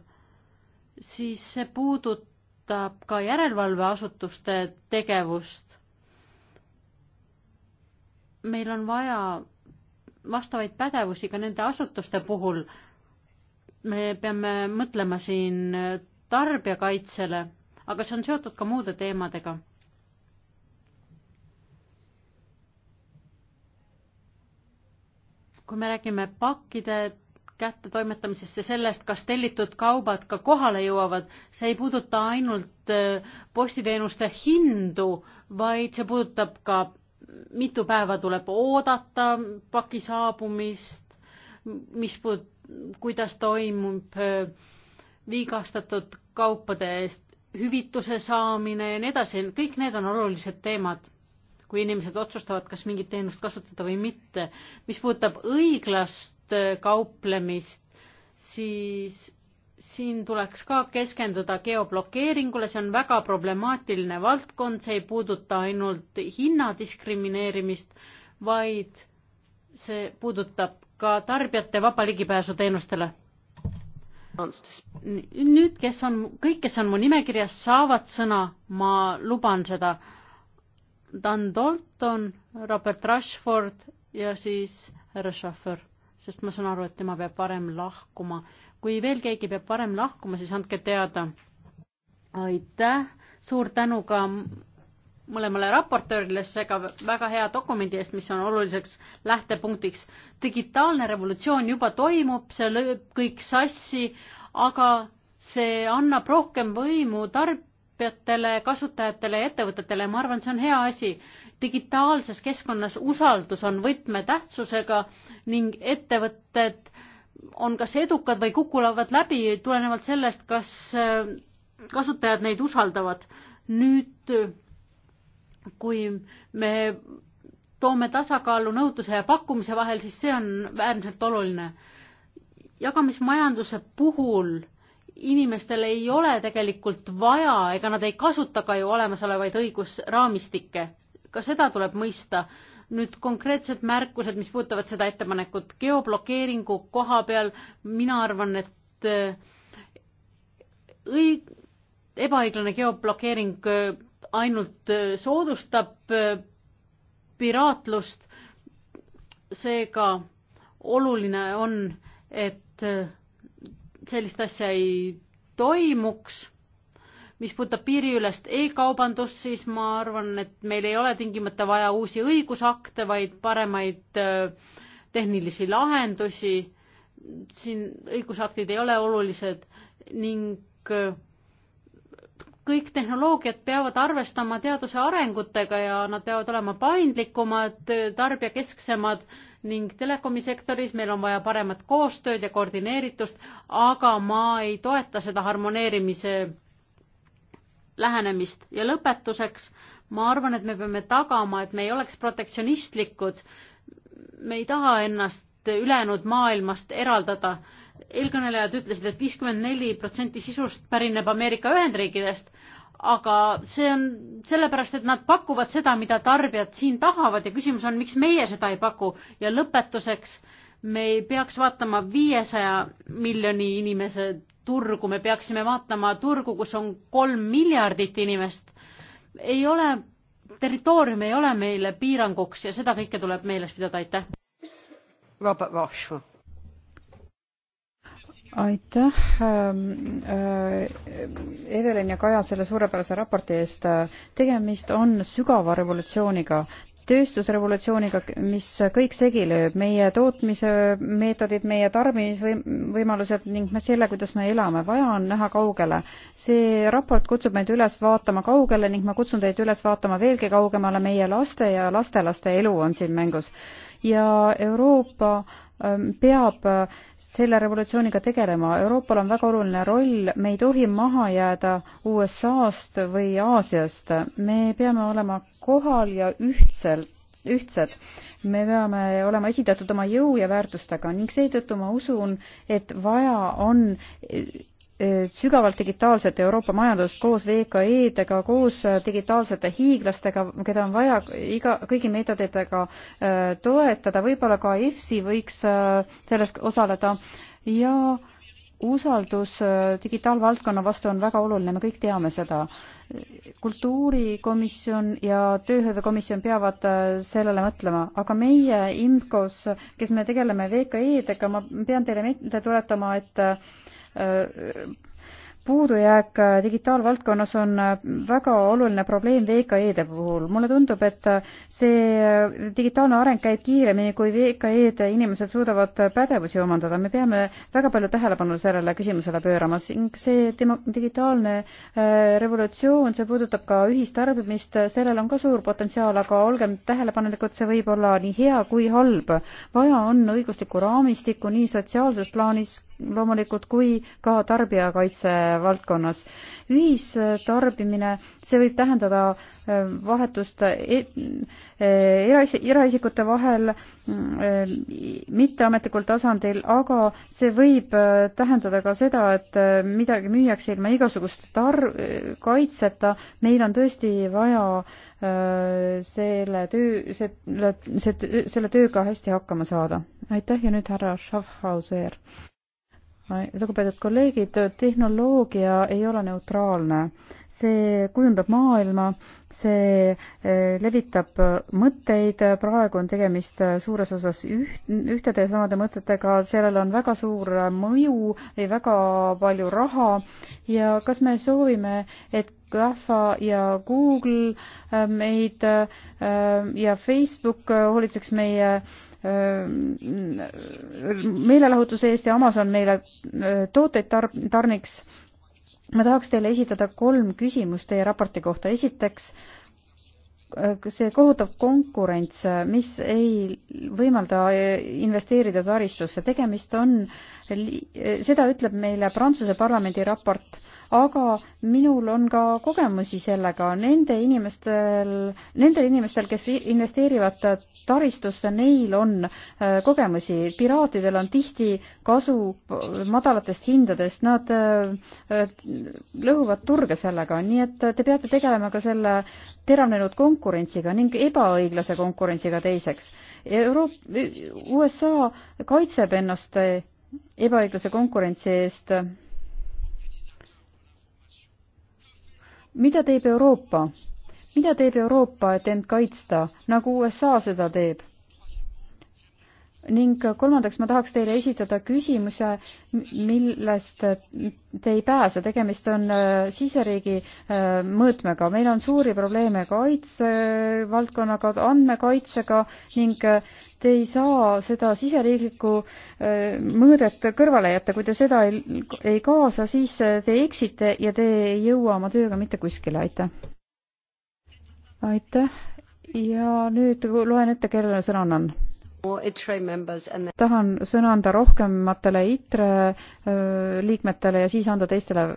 siis see puudutab ka järelevalveasutuste tegevust meil on vaja vastavaid pädevusi ka nende asutuste puhul. me peame mõtlema siin tarbijakaitsele, aga see on seotud ka muude teemadega. kui me räägime pakkide kättetoimetamisest ja sellest, kas tellitud kaubad ka kohale jõuavad, see ei puuduta ainult äh, postiteenuste hindu, vaid see puudutab ka mitu päeva tuleb oodata paki saabumist, mis puud-, kuidas toimub äh, vigastatud kaupade eest hüvituse saamine ja nii edasi, kõik need on olulised teemad, kui inimesed otsustavad, kas mingit teenust kasutada või mitte. mis puudutab õiglast äh, kauplemist, siis siin tuleks ka keskenduda geoblokeeringule, see on väga problemaatiline valdkond, see ei puuduta ainult hinna diskrimineerimist, vaid see puudutab ka tarbijate vaba ligipääsu teenustele. nüüd, kes on, kõik, kes on mu nimekirjas, saavad sõna, ma luban seda. Dan Dalton, Robert Rushford ja siis härra Schaffer, sest ma saan aru, et tema peab varem lahkuma kui veel keegi peab varem lahkuma, siis andke teada. aitäh, suur tänu ka mõlemale raportöörile seega väga hea dokumendi eest, mis on oluliseks lähtepunktiks. digitaalne revolutsioon juba toimub, see lööb kõik sassi, aga see annab rohkem võimu tarbijatele, kasutajatele ja ettevõtetele ja ma arvan, see on hea asi. digitaalses keskkonnas usaldus on võtmetähtsusega ning ettevõtted äh, on kas edukad või kukulevad läbi tulenevalt sellest, kas äh, kasutajad neid usaldavad. nüüd, kui me toome tasakaalu nõudluse ja pakkumise vahel, siis see on äärmiselt oluline. jagamismajanduse puhul inimestel ei ole tegelikult vaja, ega nad ei kasuta ka ju olemasolevaid õigusraamistikke, ka seda tuleb mõista nüüd konkreetsed märkused, mis puudutavad seda ettepanekut geoblokeeringu koha peal, mina arvan, et äh, õig-, ebaõiglane geoblokeering äh, ainult äh, soodustab piraatlust, seega oluline on, et sellist asja ei toimuks mis puudutab piiriülest e-kaubandust, siis ma arvan, et meil ei ole tingimata vaja uusi õigusakte, vaid paremaid äh, tehnilisi lahendusi. siin õigusaktid ei ole olulised ning äh, kõik tehnoloogiad peavad arvestama teaduse arengutega ja nad peavad olema paindlikumad, äh, tarbijakesksemad ning telekomi sektoris meil on vaja paremat koostööd ja koordineeritust, aga ma ei toeta seda harmoneerimise lähenemist ja lõpetuseks ma arvan, et me peame tagama, et me ei oleks protektsionistlikud. me ei taha ennast ülejäänud maailmast eraldada. eelkõnelejad ütlesid et, et viiskümmend neli protsenti sisust pärineb Ameerika Ühendriikidest, aga see on sellepärast, et nad pakuvad seda, mida tarbijad siin tahavad ja küsimus on, miks meie seda ei paku ja lõpetuseks me ei peaks vaatama viiesaja miljoni inimese turgu, me peaksime vaatama turgu, kus on kolm miljardit inimest. ei ole, territoorium ei ole meile piiranguks ja seda kõike tuleb meeles pidada, aitäh. Robert Roche aitäh ähm, äh, Evelin ja Kaja selle suurepärase raporti eest. tegemist on sügava revolutsiooniga tööstusrevolutsiooniga, mis kõik segi lööb, meie tootmise meetodid, meie tarbimisvõimalused ning me selle, kuidas me elame, vaja on näha kaugele. see raport kutsub meid üles vaatama kaugele ning ma kutsun teid üles vaatama veelgi kaugemale, meie laste ja lastelaste elu on siin mängus. ja Euroopa peab äh, selle revolutsiooniga tegelema. Euroopal on väga oluline roll, me ei tohi maha jääda USA-st või Aasiast. me peame olema kohal ja ühtselt, ühtsed. me peame olema esitatud oma jõu ja väärtustega ning seetõttu ma usun, et vaja on sügavalt digitaalset Euroopa majandust koos VKE-dega, koos äh, digitaalsete hiiglastega, keda on vaja iga, kõigi meetoditega äh, toetada, võib-olla ka EFSI võiks äh, selles osaleda ja usaldus digitaalvaldkonna vastu on väga oluline, me kõik teame seda. kultuurikomisjon ja tööhõivekomisjon peavad sellele mõtlema, aga meie IMCO-s, kes me tegeleme VKE-dega, ma pean teile meelde tuletama, et puudujääk digitaalvaldkonnas on väga oluline probleem VKE-de puhul. mulle tundub, et see digitaalne areng käib kiiremini, kui VKE-de inimesed suudavad pädevusi omandada. me peame väga palju tähelepanu sellele küsimusele pöörama. see demo-, digitaalne äh, revolutsioon, see puudutab ka ühistarbimist, sellel on ka suur potentsiaal, aga olgem tähelepanelikud, see võib olla nii hea kui halb. vaja on õiguslikku raamistikku nii sotsiaalses plaanis loomulikult kui ka tarbijakaitse valdkonnas. ühistarbimine, see võib tähendada ähm, vahetust e-, äh, eraisikute vahel ähm, mitteametlikul tasandil, aga see võib äh, tähendada ka seda, et äh, midagi müüakse ilma igasugust tar-, kaitseta. meil on tõesti vaja selle töö, selle, see, selle tööga hästi hakkama saada. aitäh ja nüüd härra Schaffhauser lugupeetud kolleegid, tehnoloogia ei ole neutraalne. see kujundab maailma, see eh, levitab mõtteid, praegu on tegemist suures osas üht, ühtede ja samade mõtetega, sellel on väga suur mõju, väga palju raha ja kas me soovime, et GAFA ja Google eh, meid eh, ja Facebook hoolitseks meie äh, meelelahutuse eest ja Amazon meile tooteid tar-, tarniks. ma tahaks teile esitada kolm küsimust teie raporti kohta. esiteks, see kohutav konkurents, mis ei võimalda investeerida taristusse, tegemist on, seda ütleb meile Prantsuse parlamendi raport aga minul on ka kogemusi sellega, nende inimestel, nendel inimestel, kes investeerivad taristusse, neil on äh, kogemusi, piraatidel on tihti kasu madalatest hindadest, nad äh, äh, lõhuvad turge sellega, nii et te peate tegelema ka selle teravnenud konkurentsiga ning ebaõiglase konkurentsiga teiseks. Euroop-, USA kaitseb ennast ebaõiglase konkurentsi eest mida teeb Euroopa? mida teeb Euroopa, et end kaitsta, nagu USA seda teeb? ning kolmandaks ma tahaks teile esitada küsimuse, millest te ei pääse, tegemist on äh, siseriigi äh, mõõtmega. meil on suuri probleeme kaitsevaldkonnaga, andmekaitsega ning äh, te ei saa seda siseriiklikku mõõdet kõrvale jätta, kui te seda ei, ei kaasa, siis te eksite ja te ei jõua oma tööga mitte kuskile, aitäh. aitäh ja nüüd loen ette, kellele sõna annan tahan sõna anda rohkematele ITRE liikmetele ja siis anda teistele.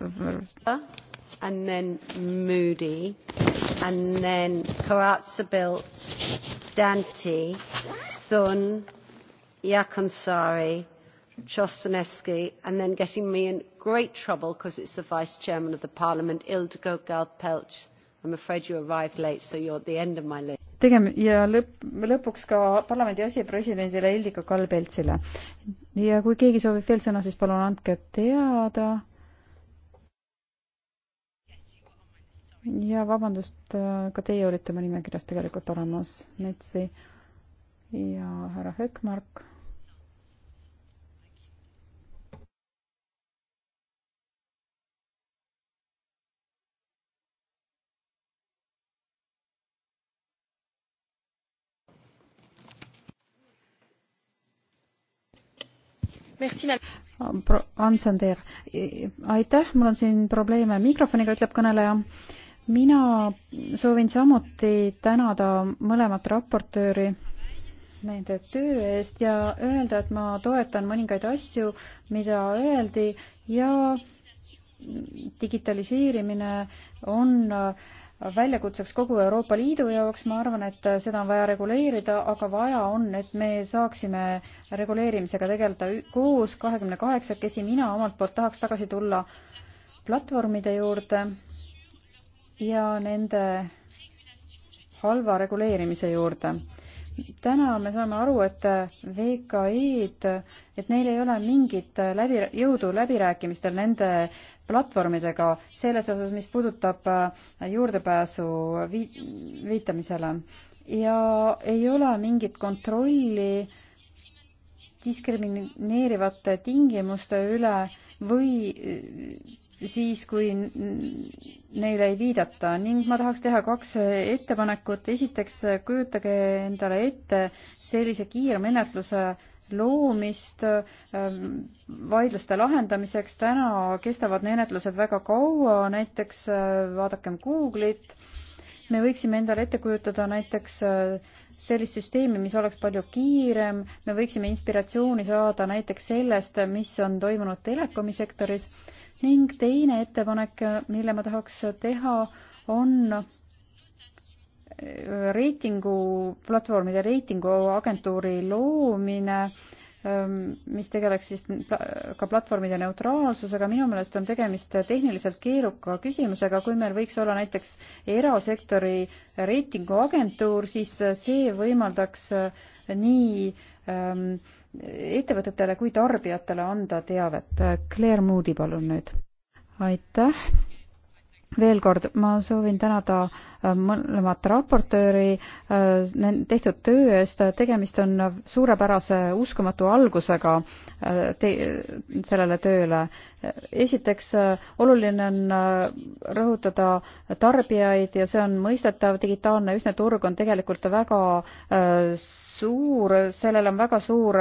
And then Moody and then Karatsabilt, Dante, Thun, Yakonsari, Chostanescu, and then getting me in great trouble because it's the Vice Chairman of the Parliament, Ildiko Galpelch. I'm afraid you arrived late, so you're at the end of my list tegem- ja lõpp, lõpuks ka parlamendi asepresidendile Ildiko Kalbeltsile. ja kui keegi soovib veel sõna, siis palun andke teada. ja vabandust, ka teie olite mu nimekirjas tegelikult olemas, Metsi ja härra Hökmark Ansender, aitäh, mul on siin probleeme mikrofoniga, ütleb kõneleja. mina soovin samuti tänada mõlemat raportööri nende töö eest ja öelda, et ma toetan mõningaid asju, mida öeldi ja digitaliseerimine on äh, väljakutseks kogu Euroopa Liidu jaoks, ma arvan, et seda on vaja reguleerida, aga vaja on, et me saaksime reguleerimisega tegeleda koos kahekümne kaheksakesi, mina omalt poolt tahaks tagasi tulla platvormide juurde ja nende halva reguleerimise juurde täna me saame aru, et VKI-d, et neil ei ole mingit läbi, jõudu läbirääkimistel nende platvormidega selles osas, mis puudutab äh, juurdepääsu viit, viitamisele ja ei ole mingit kontrolli diskrimineerivate tingimuste üle või siis, kui neile ei viidata ning ma tahaks teha kaks ettepanekut. esiteks, kujutage endale ette sellise kiirmenetluse loomist ähm, vaidluste lahendamiseks. täna kestavad menetlused väga kaua, näiteks äh, vaadakem Google'it. me võiksime endale ette kujutada näiteks äh, sellist süsteemi, mis oleks palju kiirem, me võiksime inspiratsiooni saada näiteks sellest, mis on toimunud telekomi sektoris ning teine ettepanek, mille ma tahaks teha, on äh, reitingu, platvormide reitinguagentuuri loomine ähm, mis tegeleks siis ka platvormide neutraalsusega. minu meelest on tegemist tehniliselt keeruka küsimusega, kui meil võiks olla näiteks erasektori reitinguagentuur, siis see võimaldaks äh, nii ähm, ettevõtetele kui tarbijatele anda teavet. Claire Moody, palun nüüd. aitäh veel kord, ma soovin tänada äh, mõlemat raportööri äh, tehtud töö eest, tegemist on suurepärase uskumatu algusega äh, te, sellele tööle. esiteks, oluline on rõhutada tarbijaid ja see on mõistetav, digitaalne ühtne turg on tegelikult väga suur, sellel on väga suur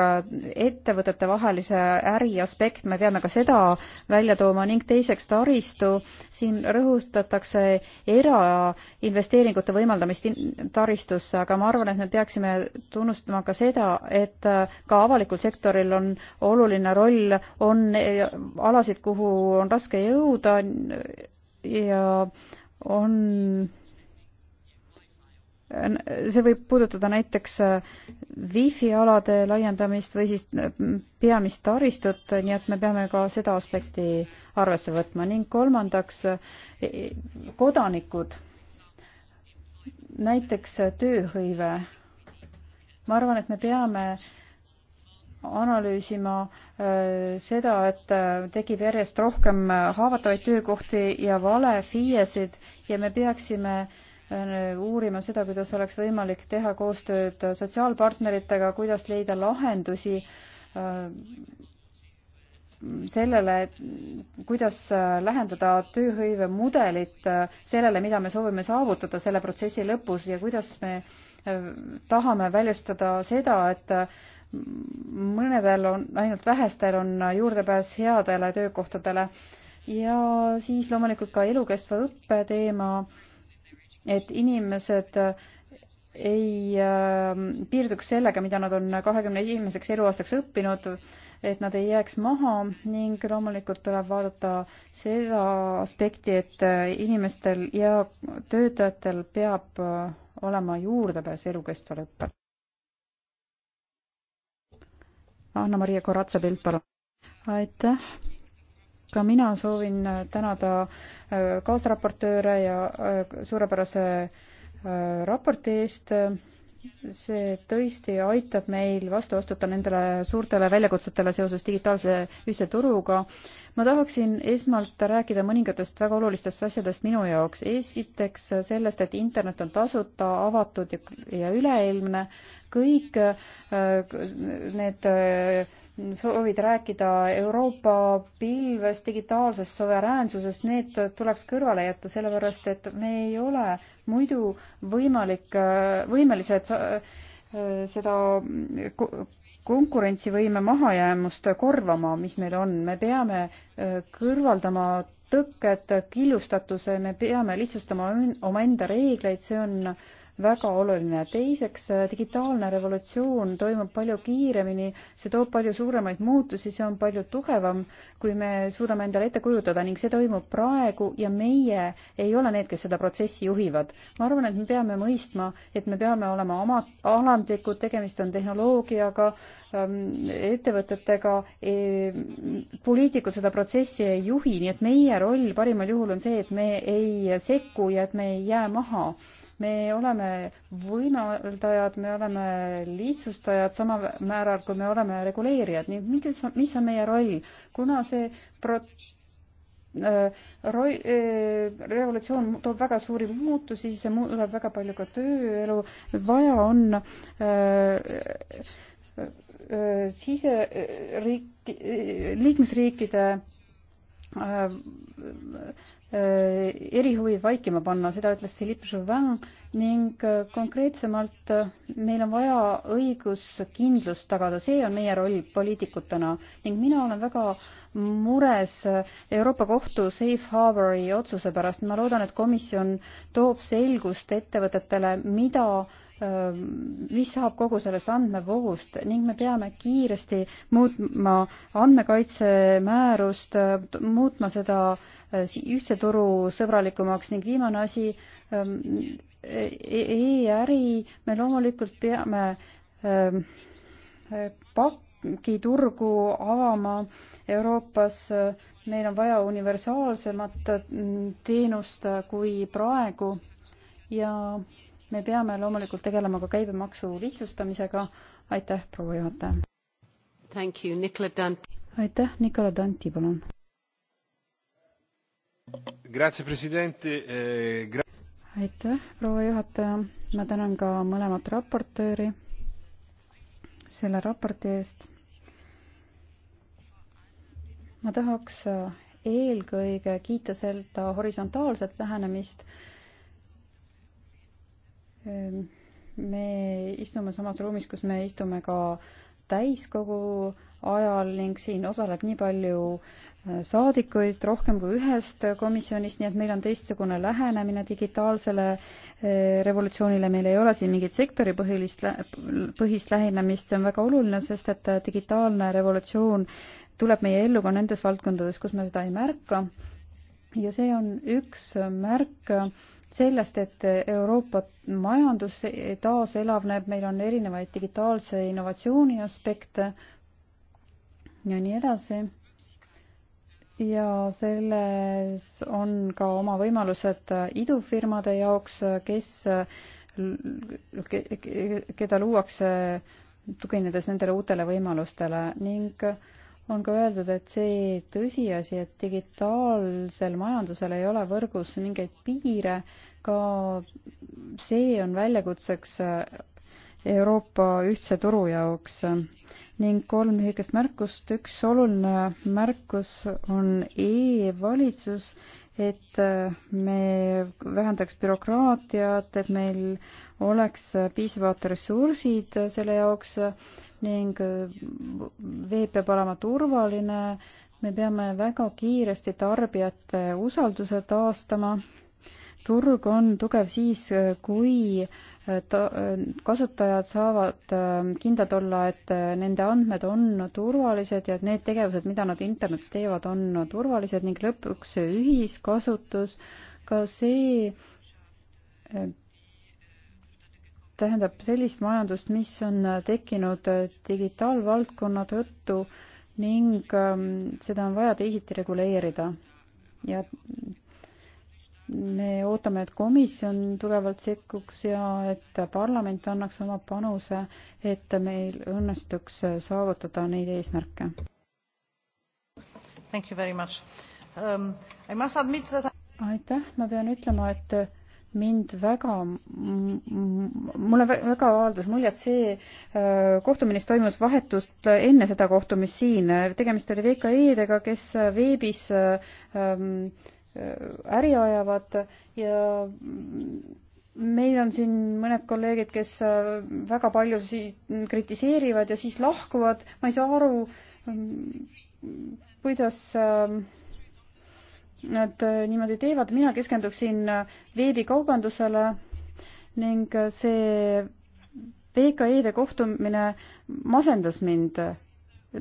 ettevõtetevahelise äri aspekt, me peame ka seda välja tooma ning teiseks taristu, siin rõhus rõhutatakse erainvesteeringute võimaldamist taristusse, aga ma arvan, et me peaksime tunnustama ka seda, et äh, ka avalikul sektoril on oluline roll, on äh, alasid, kuhu on raske jõuda ja on see võib puudutada näiteks äh, wifi alade laiendamist või siis äh, peamist taristut, nii et me peame ka seda aspekti arvesse võtma ning kolmandaks äh, kodanikud, näiteks tööhõive. ma arvan, et me peame analüüsima seda, et tekib järjest rohkem haavatavaid töökohti ja vale FIE-sid ja me peaksime äh, uurima seda, kuidas oleks võimalik teha koostööd sotsiaalpartneritega, kuidas leida lahendusi äh, sellele, kuidas äh, lähendada tööhõive mudelit äh, sellele, mida me soovime saavutada selle protsessi lõpus ja kuidas me tahame väljastada seda, et mõnedel on, ainult vähestel on juurdepääs headele töökohtadele ja siis loomulikult ka elukestva õppe teema et inimesed ei ähm, piirduks sellega, mida nad on kahekümne esimeseks eluaastaks õppinud, et nad ei jääks maha ning loomulikult tuleb vaadata seda aspekti, et äh, inimestel ja töötajatel peab äh, olema juurdepääs elukestvale õppele. Anna-Maria Koratsa-Pilt, palun. aitäh ka mina soovin äh, tänada äh, kaasraportööre ja äh, suurepärase raporti eest. see tõesti aitab meil vastu astuda nendele suurtele väljakutsetele seoses digitaalse ühise turuga. ma tahaksin esmalt rääkida mõningatest väga olulistest asjadest minu jaoks. esiteks sellest, et internet on tasuta, avatud ja üleilmne. kõik need soovid rääkida Euroopa pilvest, digitaalsest suveräänsusest, need tuleks kõrvale jätta, sellepärast et me ei ole muidu võimalik, võimelised äh, seda konkurentsivõime mahajäämust korvama, mis meil on, me peame äh, kõrvaldama tõkked, killustatuse, me peame lihtsustama omaenda reegleid, see on äh, väga oluline. teiseks, äh, digitaalne revolutsioon toimub palju kiiremini, see toob palju suuremaid muutusi, see on palju tugevam, kui me suudame endale ette kujutada ning see toimub praegu ja meie ei ole need, kes seda protsessi juhivad. ma arvan, et me peame mõistma, et me peame olema oma, alandlikud, tegemist on tehnoloogiaga, ähm, ettevõtetega, e, poliitikud seda protsessi ei juhi, nii et meie roll parimal juhul on see, et me ei sekku ja et me ei jää maha me oleme võimaldajad, me oleme lihtsustajad samal määral, kui me oleme reguleerijad, nii et mis on, mis on meie roll, kuna see pro-, äh, roi-, äh, revolutsioon toob väga suuri muutusi, see muudab väga palju ka tööelu, vaja on äh, äh, siseriik, liikmesriikide äh, Äh, äh, erihuvid vaikima panna, seda ütles Philippe Jouvin ning äh, konkreetsemalt meil on vaja õiguskindlust tagada, see on meie roll poliitikutena ning mina olen väga mures Euroopa Kohtu safe harbori otsuse pärast. ma loodan, et komisjon toob selgust ettevõtetele, mida mis saab kogu sellest andmevoost ning me peame kiiresti muutma andmekaitsemäärust, muutma seda ühtse turu sõbralikumaks ning viimane asi e, e-äri, me loomulikult peame pakiturgu avama Euroopas, meil on vaja universaalsemat teenust kui praegu ja me peame loomulikult tegelema ka käibemaksu lihtsustamisega. aitäh, proua juhataja. aitäh, Nicola Danti, palun. Eh, aitäh, proua juhataja. ma tänan ka mõlemat raportööri selle raporti eest. ma tahaks eelkõige kiita seda horisontaalset lähenemist Ehm, me istume samas ruumis, kus me istume ka täiskogu ajal ning siin osaleb nii palju äh, saadikuid rohkem kui ühest komisjonist, nii et meil on teistsugune lähenemine digitaalsele äh, revolutsioonile, meil ei ole siin mingit sektoripõhilist, põhist lähenemist, see on väga oluline, sest et äh, digitaalne revolutsioon tuleb meie ellu ka nendes valdkondades, kus me seda ei märka. ja see on üks märk sellest, et Euroopa majandus taas elavneb, meil on erinevaid digitaalse innovatsiooni aspekte ja nii edasi. ja selles on ka oma võimalused idufirmade jaoks, kes, keda luuakse tuginedes nendele uutele võimalustele ning äh, on ka öeldud, et see tõsiasi, et digitaalsel majandusel ei ole võrgus mingeid piire, ka see on väljakutseks Euroopa ühtse turu jaoks. ning kolm lühikest märkust, üks oluline märkus on e-valitsus, et me vähendaks bürokraatiat, et meil oleks piisavad ressursid selle jaoks ning äh, vee peab olema turvaline, me peame väga kiiresti tarbijate usalduse taastama. turg on tugev siis, äh, kui äh, ta, kasutajad saavad kindlad olla, et nende andmed on turvalised ja et need tegevused, mida nad internetis teevad, on turvalised ning lõpuks ühiskasutus, ka see tähendab sellist majandust, mis on tekkinud digitaalvaldkonna tõttu ning ähm, seda on vaja teisiti reguleerida. ja me ootame, et komisjon tugevalt sekkuks ja et parlament annaks oma panuse, et meil õnnestuks saavutada neid eesmärke. Um, that... aitäh, ma pean ütlema, et mind väga, mulle väga avaldas muljet see äh, kohtumine, mis toimus vahetult enne seda kohtumist siin. tegemist oli VKE-dega, kes veebis ähm, äh, äri ajavad ja meil on siin mõned kolleegid, kes äh, väga palju siin kritiseerivad ja siis lahkuvad. ma ei saa aru, ähm, kuidas äh, nad äh, niimoodi teevad, mina keskenduksin äh, veebikaubandusele ning äh, see VKE-de kohtumine masendas mind.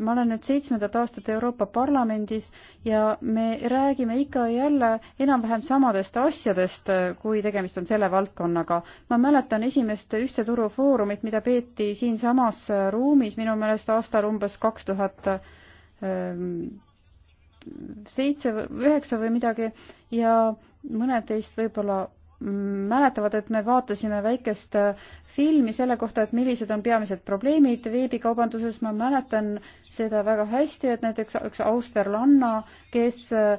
ma olen nüüd seitsmendat aastat Euroopa Parlamendis ja me räägime ikka ja jälle enam-vähem samadest asjadest, kui tegemist on selle valdkonnaga. ma mäletan esimest Ühtse Turu foorumit, mida peeti siinsamas ruumis minu meelest aastal umbes kaks tuhat ähm, seitse, üheksa või midagi ja mõned teist võib-olla mäletavad, et me vaatasime väikest äh, filmi selle kohta, et millised on peamised probleemid veebikaubanduses. ma mäletan seda väga hästi, et näiteks üks austerlanna, kes äh,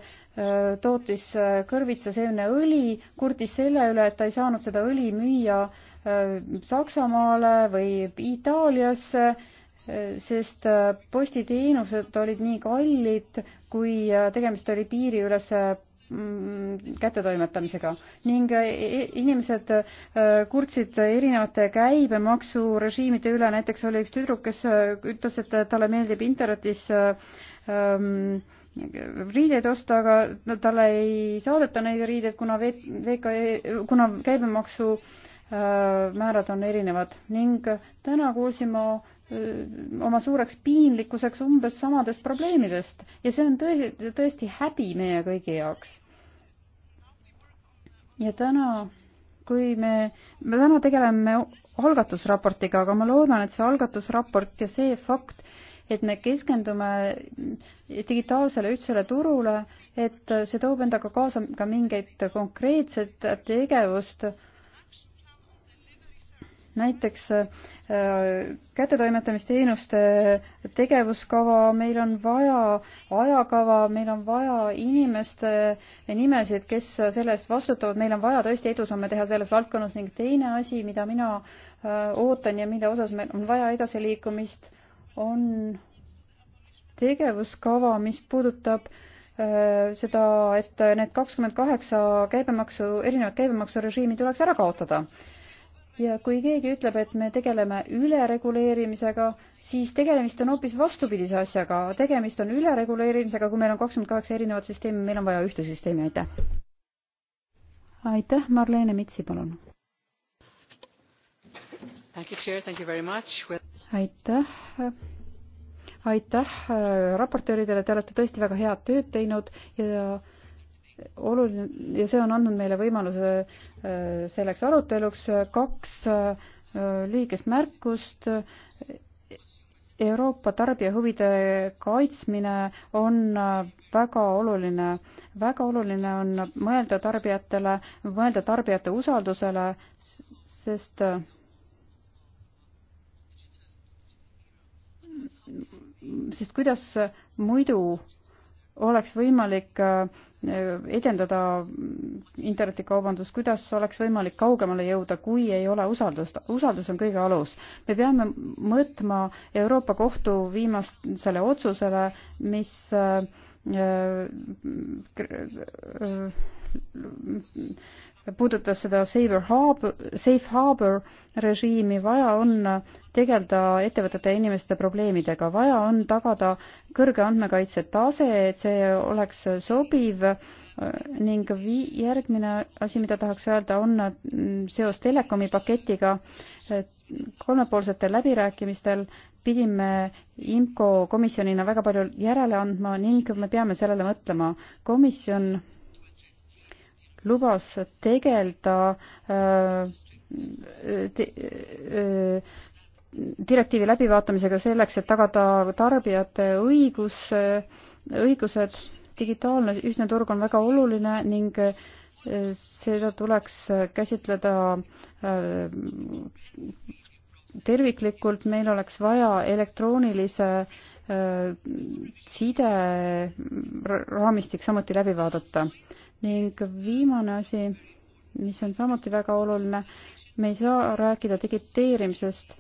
tootis äh, kõrvitsaseemneõli, kurtis selle üle, et ta ei saanud seda õli müüa Saksamaale või Itaaliasse sest äh, postiteenused olid nii kallid, kui äh, tegemist oli piiriülese mm, kättetoimetamisega ning äh, inimesed kurtsid erinevate käibemaksurežiimide üle, näiteks oli üks tüdruk, kes ütles, et talle meeldib internetis ähm, riideid osta, aga no talle ei saadeta neid riideid, kuna VKE, kuna käibemaksu äh, määrad on erinevad ning täna kuulsin ma oma suureks piinlikkuseks umbes samadest probleemidest ja see on tõesti, tõesti häbi meie kõigi jaoks. ja täna, kui me, me täna tegeleme algatusraportiga, aga ma loodan, et see algatusraport ja see fakt, et me keskendume digitaalsele ühtsele turule, et see toob endaga kaasa ka mingit konkreetset tegevust äh, näiteks äh, kättetoimetamisteenuste tegevuskava, meil on vaja ajakava, meil on vaja inimeste nimesid, kes selle eest vastutavad, meil on vaja tõesti edusamme teha selles valdkonnas ning teine asi, mida mina äh, ootan ja mille osas meil on vaja edasiliikumist, on tegevuskava, mis puudutab äh, seda, et need kakskümmend kaheksa käibemaksu, erinevat käibemaksurežiimi tuleks ära kaotada ja kui keegi ütleb, et me tegeleme ülereguleerimisega, siis tegemist on hoopis vastupidise asjaga. tegemist on ülereguleerimisega, kui meil on kakskümmend kaheksa erinevat süsteemi, meil on vaja ühte süsteemi, aitäh. aitäh, Marlene Mitsi, palun. aitäh, aitäh äh, raportööridele, te olete tõesti väga head tööd teinud ja oluline ja see on andnud meile võimaluse äh, selleks aruteluks. kaks äh, lühikest märkust. Euroopa tarbija huvide kaitsmine on äh, väga oluline. väga oluline on mõelda tarbijatele, mõelda tarbijate usaldusele, sest sest kuidas muidu oleks võimalik äh, edendada internetikaubandust, kuidas oleks võimalik kaugemale jõuda, kui ei ole usaldust. usaldus on kõige alus. me peame mõõtma Euroopa Kohtu viimasele otsusele, mis äh, äh, äh puudutas seda Saber Harbor, Safe Harbor režiimi, vaja on tegeleda ettevõtete ja inimeste probleemidega, vaja on tagada kõrge andmekaitse tase, et see oleks sobiv ning vii-, järgmine asi, mida tahaks öelda, on mm, seos telekomi paketiga. kolmepoolsetel läbirääkimistel pidime IMCO komisjonina väga palju järele andma ning me peame sellele mõtlema. komisjon lubas tegeleda äh, te, äh, direktiivi läbivaatamisega selleks, et tagada tarbijate õigus, õigused. digitaalne ühtne turg on väga oluline ning äh, seda tuleks käsitleda terviklikult, meil oleks vaja elektroonilise side raamistik samuti läbi vaadata ning viimane asi, mis on samuti väga oluline, me ei saa rääkida digiteerimisest,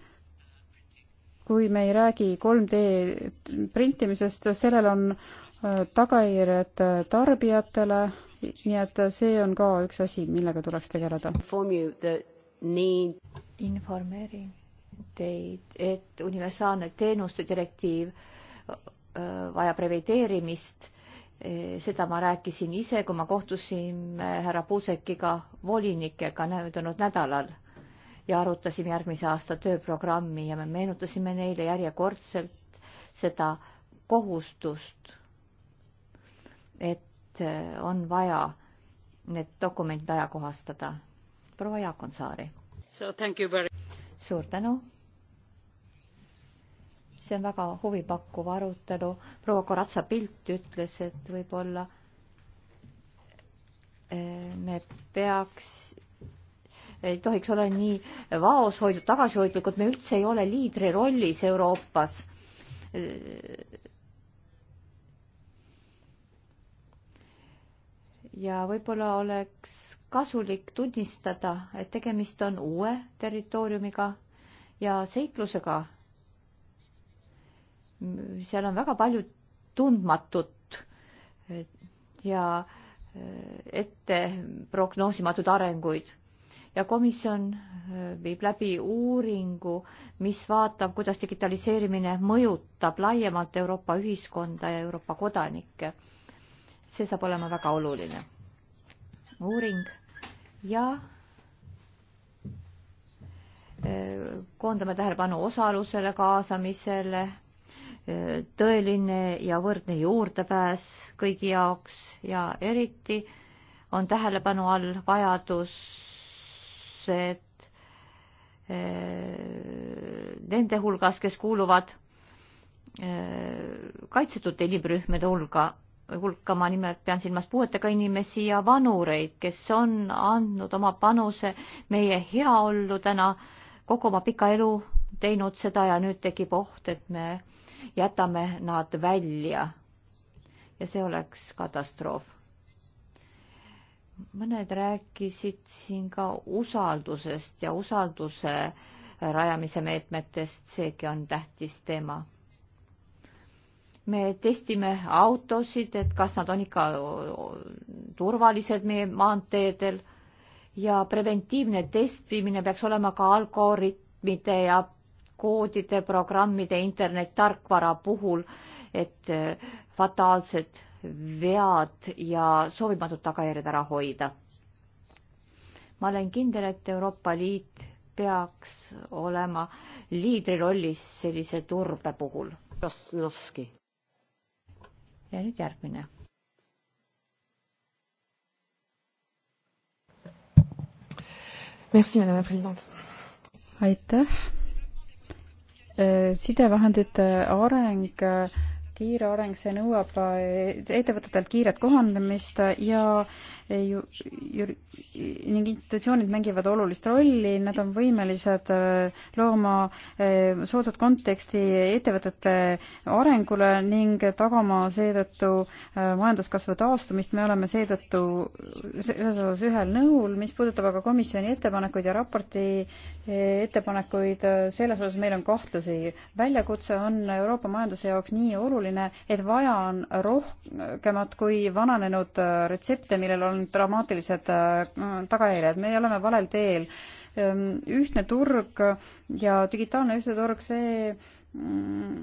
kui me ei räägi 3D printimisest, sellel on äh, tagajärjed äh, tarbijatele, nii et see on ka üks asi, millega tuleks tegeleda. informeerin teid, et universaalne teenuste direktiiv äh, vajab revideerimist Eh, seda ma rääkisin ise, kui ma kohtusin eh, härra Puusekiga volinikega möödunud nädalal ja arutasime järgmise aasta tööprogrammi ja me meenutasime neile järjekordselt seda kohustust, et eh, on vaja need dokumendid ajakohastada. proua Jaakonsaari. suur tänu see on väga huvipakkuv arutelu. proua Koratsa Pilt ütles, et võib-olla eh, me peaks, ei tohiks olla nii vaoshoidlikud, tagasihoidlikud, me üldse ei ole liidri rollis Euroopas. Eh, ja võib-olla oleks kasulik tunnistada, et tegemist on uue territooriumiga ja seiklusega seal on väga palju tundmatut ja ette prognoosimatud arenguid ja komisjon viib läbi uuringu, mis vaatab, kuidas digitaliseerimine mõjutab laiemalt Euroopa ühiskonda ja Euroopa kodanikke. see saab olema väga oluline uuring ja eh, koondame tähelepanu osalusele, kaasamisele tõeline ja võrdne juurdepääs kõigi jaoks ja eriti on tähelepanu all vajadused eh, nende hulgas, kes kuuluvad eh, kaitsetud inimrühmade hulga, hulka ma nimelt pean silmas puuetega inimesi ja vanureid, kes on andnud oma panuse meie heaollu täna kogu oma pika elu teinud seda ja nüüd tekib oht, et me äh, jätame nad välja. ja see oleks katastroof. mõned rääkisid siin ka usaldusest ja usalduse rajamise meetmetest, seegi on tähtis teema me testime autosid, et kas nad on ikka turvalised meie maanteedel ja preventiivne testimine peaks olema ka algoritmide ja koodide, programmide, internettarkvara puhul, et äh, fataalsed vead ja soovimatud tagajärjed ära hoida. ma olen kindel, et Euroopa Liit peaks olema liidrirollis sellise turbe puhul. ja nüüd järgmine Merci, Madame la Présidente. Aitäh, sidevahendite areng, kiire areng, see nõuab eh, ettevõtetelt kiiret kohanemist ja äh, ning institutsioonid mängivad olulist rolli, nad on võimelised äh, looma äh, soodsat konteksti ettevõtete arengule ning tagama seetõttu äh, majanduskasvu taastumist, me oleme seetõttu selles osas ühel nõul, mis puudutab aga komisjoni ettepanekuid ja raporti ettepanekuid, selles osas meil on kahtlusi. väljakutse on Euroopa majanduse jaoks nii oluline, et vaja on rohkemat kui vananenud retsepte, millel on on dramaatilised äh, tagajärjed, me oleme valel teel. Ähm, ühtne turg ja digitaalne ühtne turg, see mm,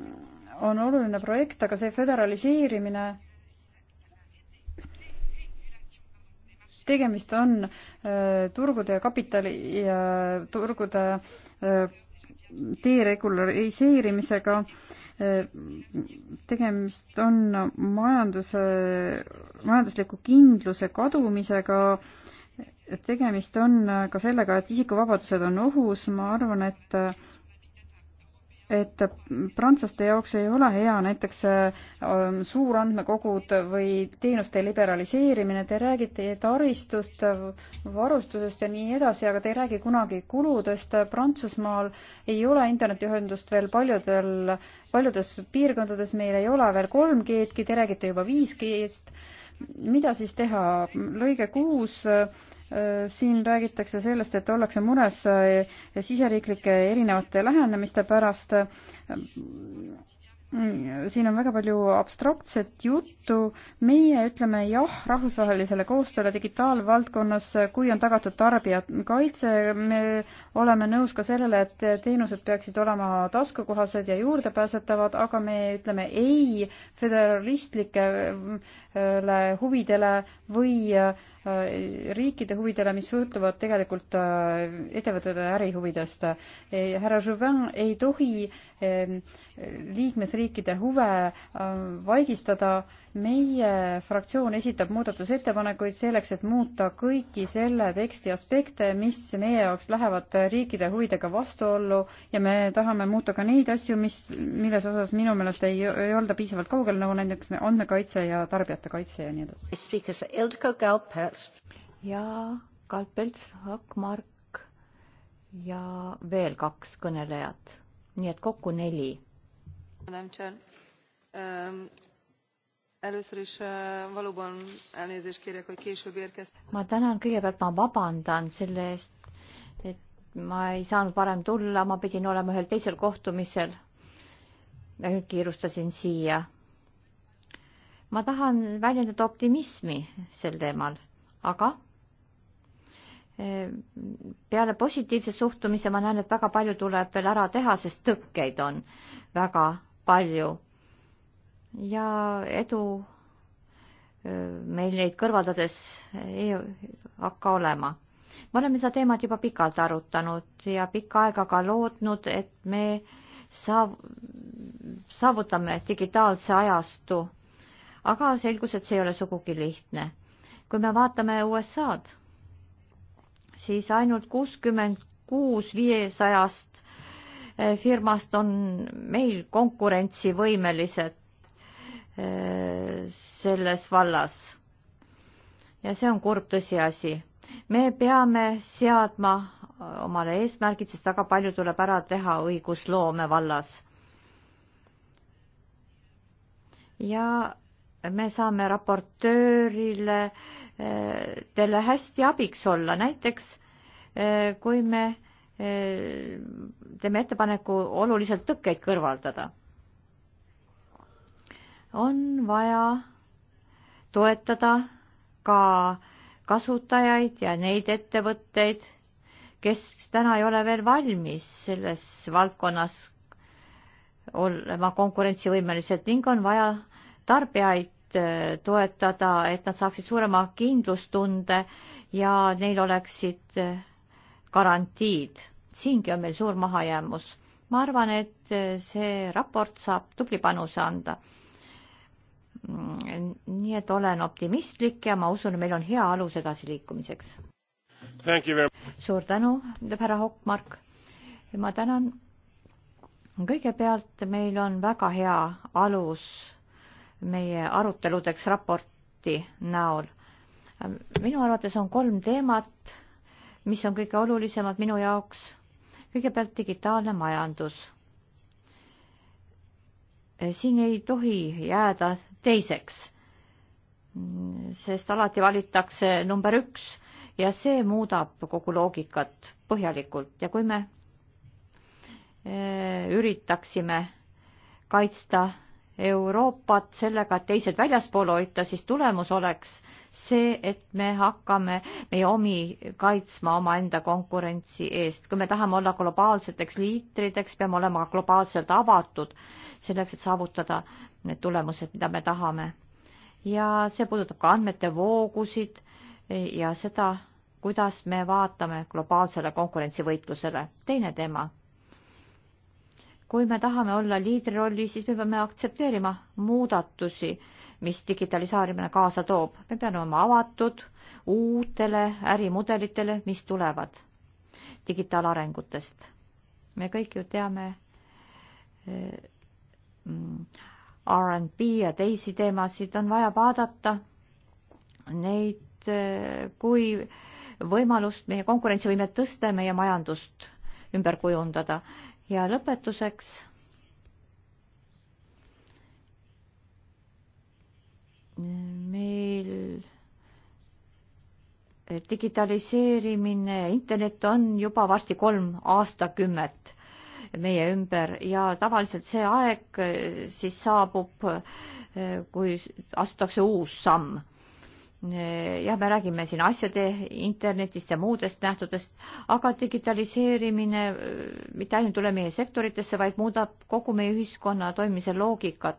on oluline projekt, aga see föderaliseerimine tegemist on äh, turgude ja kapitali ja turgude äh, dereguliseerimisega äh, tegemist on majanduse, majandusliku kindluse kadumisega, tegemist on ka sellega, et isikuvabadused on ohus, ma arvan, et et prantslaste jaoks ei ole hea näiteks äh, suurandmekogud või teenuste liberaliseerimine, te räägite taristust, varustusest ja nii edasi, aga te ei räägi kunagi kuludest. Prantsusmaal ei ole internetiühendust veel paljudel, paljudes piirkondades, meil ei ole veel 3G-dki, te räägite juba 5G-st. mida siis teha? lõige kuus 6 Äh, siin räägitakse sellest, et ollakse mures äh, siseriiklike erinevate lähenemiste pärast siin on väga palju abstraktset juttu, meie ütleme jah rahvusvahelisele koostööle digitaalvaldkonnas, kui on tagatud tarbijakaitse, me oleme nõus ka sellele, et teenused peaksid olema taskukohased ja juurdepääsetavad, aga me ütleme ei föderalistlikele huvidele või äh, riikide huvidele, mis sõltuvad tegelikult äh, ettevõtete ärihuvidest. härra Jouvin ei tohi äh, liikmesriikidele liikmesriikide huve äh, vaigistada. meie fraktsioon esitab muudatusettepanekuid selleks, et muuta kõiki selle teksti aspekte, mis meie jaoks lähevad riikide huvidega vastuollu ja me tahame muuta ka neid asju, mis, milles osas minu meelest ei, ei olda piisavalt kaugel, nagu näiteks andmekaitse ja tarbijate kaitse ja nii edasi. ja Kalpelts, Hakmark ja veel kaks kõnelejat nii et kokku neli Um, uh, ma tänan, kõigepealt ma vabandan selle eest, et ma ei saanud varem tulla, ma pidin olema ühel teisel kohtumisel. ja nüüd kiirustasin siia. ma tahan väljendada optimismi sel teemal, aga e, peale positiivse suhtumise ma näen, et väga palju tuleb veel ära teha, sest tõkkeid on väga palju ja edu meil neid kõrvaldades ei hakka olema. me oleme seda teemat juba pikalt arutanud ja pikka aega ka lootnud, et me saav-, saavutame digitaalse ajastu. aga selgus, et see ei ole sugugi lihtne. kui me vaatame USA-d, siis ainult kuuskümmend kuus viiesajast firmast on meil konkurentsivõimelised eh, selles vallas. ja see on kurb tõsiasi. me peame seadma omale eesmärgid, sest väga palju tuleb ära teha õigusloome vallas. ja me saame raportöörile eh, teile hästi abiks olla, näiteks eh, kui me Ehm, teeme ettepaneku oluliselt tõkkeid kõrvaldada. on vaja toetada ka kasutajaid ja neid ettevõtteid, kes täna ei ole veel valmis selles valdkonnas olema konkurentsivõimelised ning on vaja tarbijaid eh, toetada, et nad saaksid suurema kindlustunde ja neil oleksid eh, garantiid. siingi on meil suur mahajäämus. ma arvan, et see raport saab tubli panuse anda. Mm, nii et olen optimistlik ja ma usun, et meil on hea alus edasiliikumiseks. suur tänu, ütleb härra Hokkmark. ma tänan. kõigepealt meil on väga hea alus meie aruteludeks raporti näol. minu arvates on kolm teemat mis on kõige olulisemad minu jaoks. kõigepealt digitaalne majandus. Eh, siin ei tohi jääda teiseks, sest alati valitakse number üks ja see muudab kogu loogikat põhjalikult ja kui me eh, üritaksime kaitsta Euroopat sellega, et teised väljaspool hoida, siis tulemus oleks see, et me hakkame meie omi kaitsma omaenda konkurentsi eest. kui me tahame olla globaalseteks liitrideks, peame olema globaalselt avatud selleks, et saavutada need tulemused, mida me tahame. ja see puudutab ka andmete voogusid ja seda, kuidas me vaatame globaalsele konkurentsivõitlusele. teine teema kui me tahame olla liidrirollis, siis me peame aktsepteerima muudatusi, mis digitaliseerimine kaasa toob. me peame olema avatud uutele ärimudelitele, mis tulevad digitaalarengutest. me kõik ju teame eh, RB ja teisi teemasid, on vaja vaadata neid eh, kui võimalust meie konkurentsivõimet tõsta ja meie majandust ümber kujundada ja lõpetuseks meil digitaliseerimine, internet on juba varsti kolm aastakümmet meie ümber ja tavaliselt see aeg eh, siis saabub, eh, kui astutakse uus samm Eh, jah, me räägime siin asjade internetist ja muudest nähtudest, aga digitaliseerimine eh, mitte ainult ei tule meie sektoritesse, vaid muudab kogu meie ühiskonna toimimise loogikat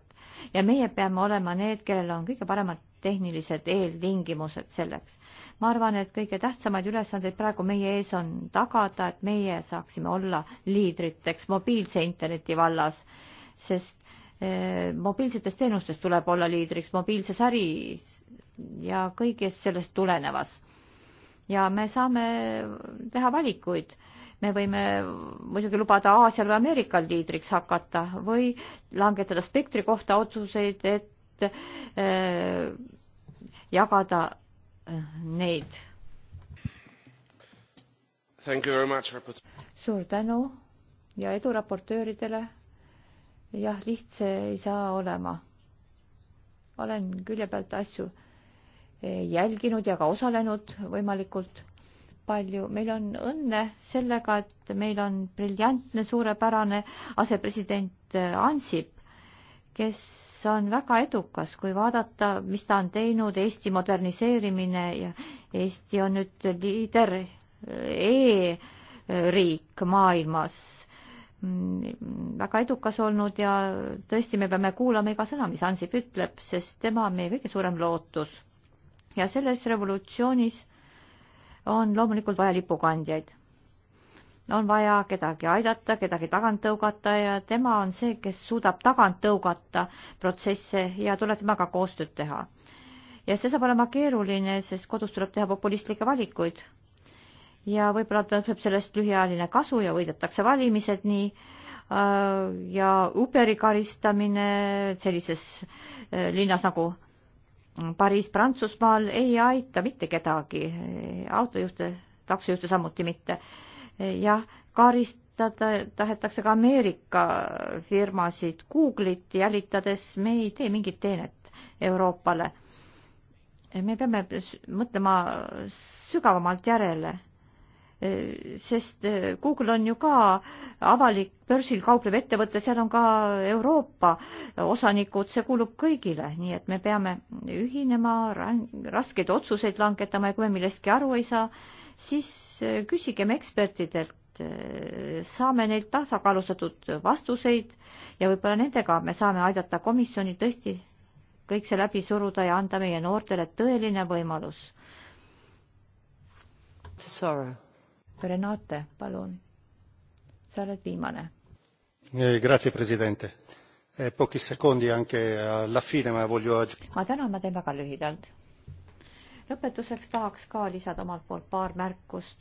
ja meie peame olema need, kellel on kõige paremad tehnilised eeltingimused selleks. ma arvan, et kõige tähtsamaid ülesandeid praegu meie ees on tagada, et meie saaksime olla liidriteks mobiilse interneti vallas, sest eh, mobiilsetest teenustest tuleb olla liidriks, mobiilses äris ja kõigest sellest tulenevas. ja me saame teha valikuid. me võime muidugi lubada Aasial või Ameerikal liidriks hakata või langetada spektri kohta otsuseid, et äh, jagada äh, neid. suur tänu ja edu raportööridele. jah, lihtsa ei saa olema olen külje pealt asju Eh, jälginud ja ka osalenud võimalikult palju. meil on õnne sellega, et meil on briljantne, suurepärane asepresident eh, Ansip, kes on väga edukas, kui vaadata, mis ta on teinud, Eesti moderniseerimine ja Eesti on nüüd liider eh, e-riik maailmas. Mm, väga edukas olnud ja tõesti, me peame kuulama iga sõna, mis Ansip ütleb, sest tema on meie kõige suurem lootus ja selles revolutsioonis on loomulikult vaja lipukandjaid. on vaja kedagi aidata, kedagi tagant tõugata ja tema on see, kes suudab tagant tõugata protsesse ja tuleb temaga koostööd teha. ja see saab olema keeruline, sest kodus tuleb teha populistlikke valikuid. ja võib-olla tõuseb sellest lühiajaline kasu ja võidetakse valimised nii äh, ja Uberi karistamine sellises äh, linnas nagu Pariis Prantsusmaal ei aita mitte kedagi, autojuhte, taksojuhte samuti mitte. jah, karistada tahetakse ka Ameerika firmasid Google'it jälitades, me ei tee mingit teenet Euroopale. me peame mõtlema sügavamalt järele Äh, sest äh, Google on ju ka avalik börsil kauplev ettevõte, seal on ka Euroopa osanikud, see kuulub kõigile, nii et me peame ühinema, raskeid otsuseid langetama ja kui me millestki aru ei saa, siis äh, küsigem ekspertidelt, saame neilt tasakaalustatud vastuseid ja võib-olla nendega me saame aidata komisjonil tõesti kõik see läbi suruda ja anda meie noortele tõeline võimalus. Sorrow Renate, palun, sa oled viimane. Eh, grazie, president. Eh, pochi secondi anche alla fine, ma voglio ma tänan, ma teen väga lühidalt. lõpetuseks tahaks ka lisada omalt poolt paar märkust.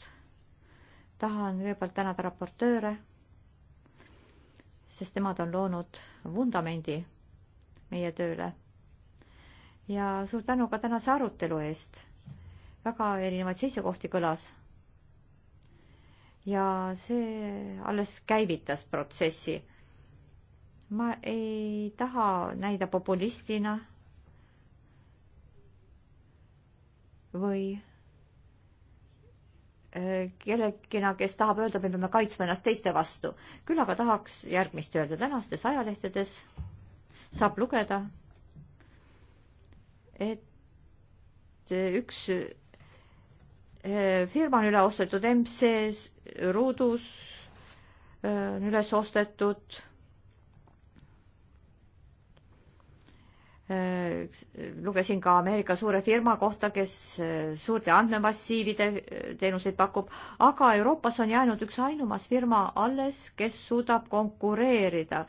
tahan kõigepealt tänada raportööre, sest nemad on loonud vundamendi meie tööle. ja suur tänu ka tänase arutelu eest. väga erinevaid seisukohti kõlas ja see alles käivitas protsessi. ma ei taha näida populistina või äh, kellegina, kes tahab öelda, me peame kaitsma ennast teiste vastu. küll aga tahaks järgmist öelda. tänastes ajalehtedes saab lugeda, et üks Eh, firma on üle ostetud MC-s, ruudus eh, on üles ostetud. Eh, lugesin ka Ameerika suure firma kohta, kes suurte andmemassiivide teenuseid pakub, aga Euroopas on jäänud üks ainumas firma alles, kes suudab konkureerida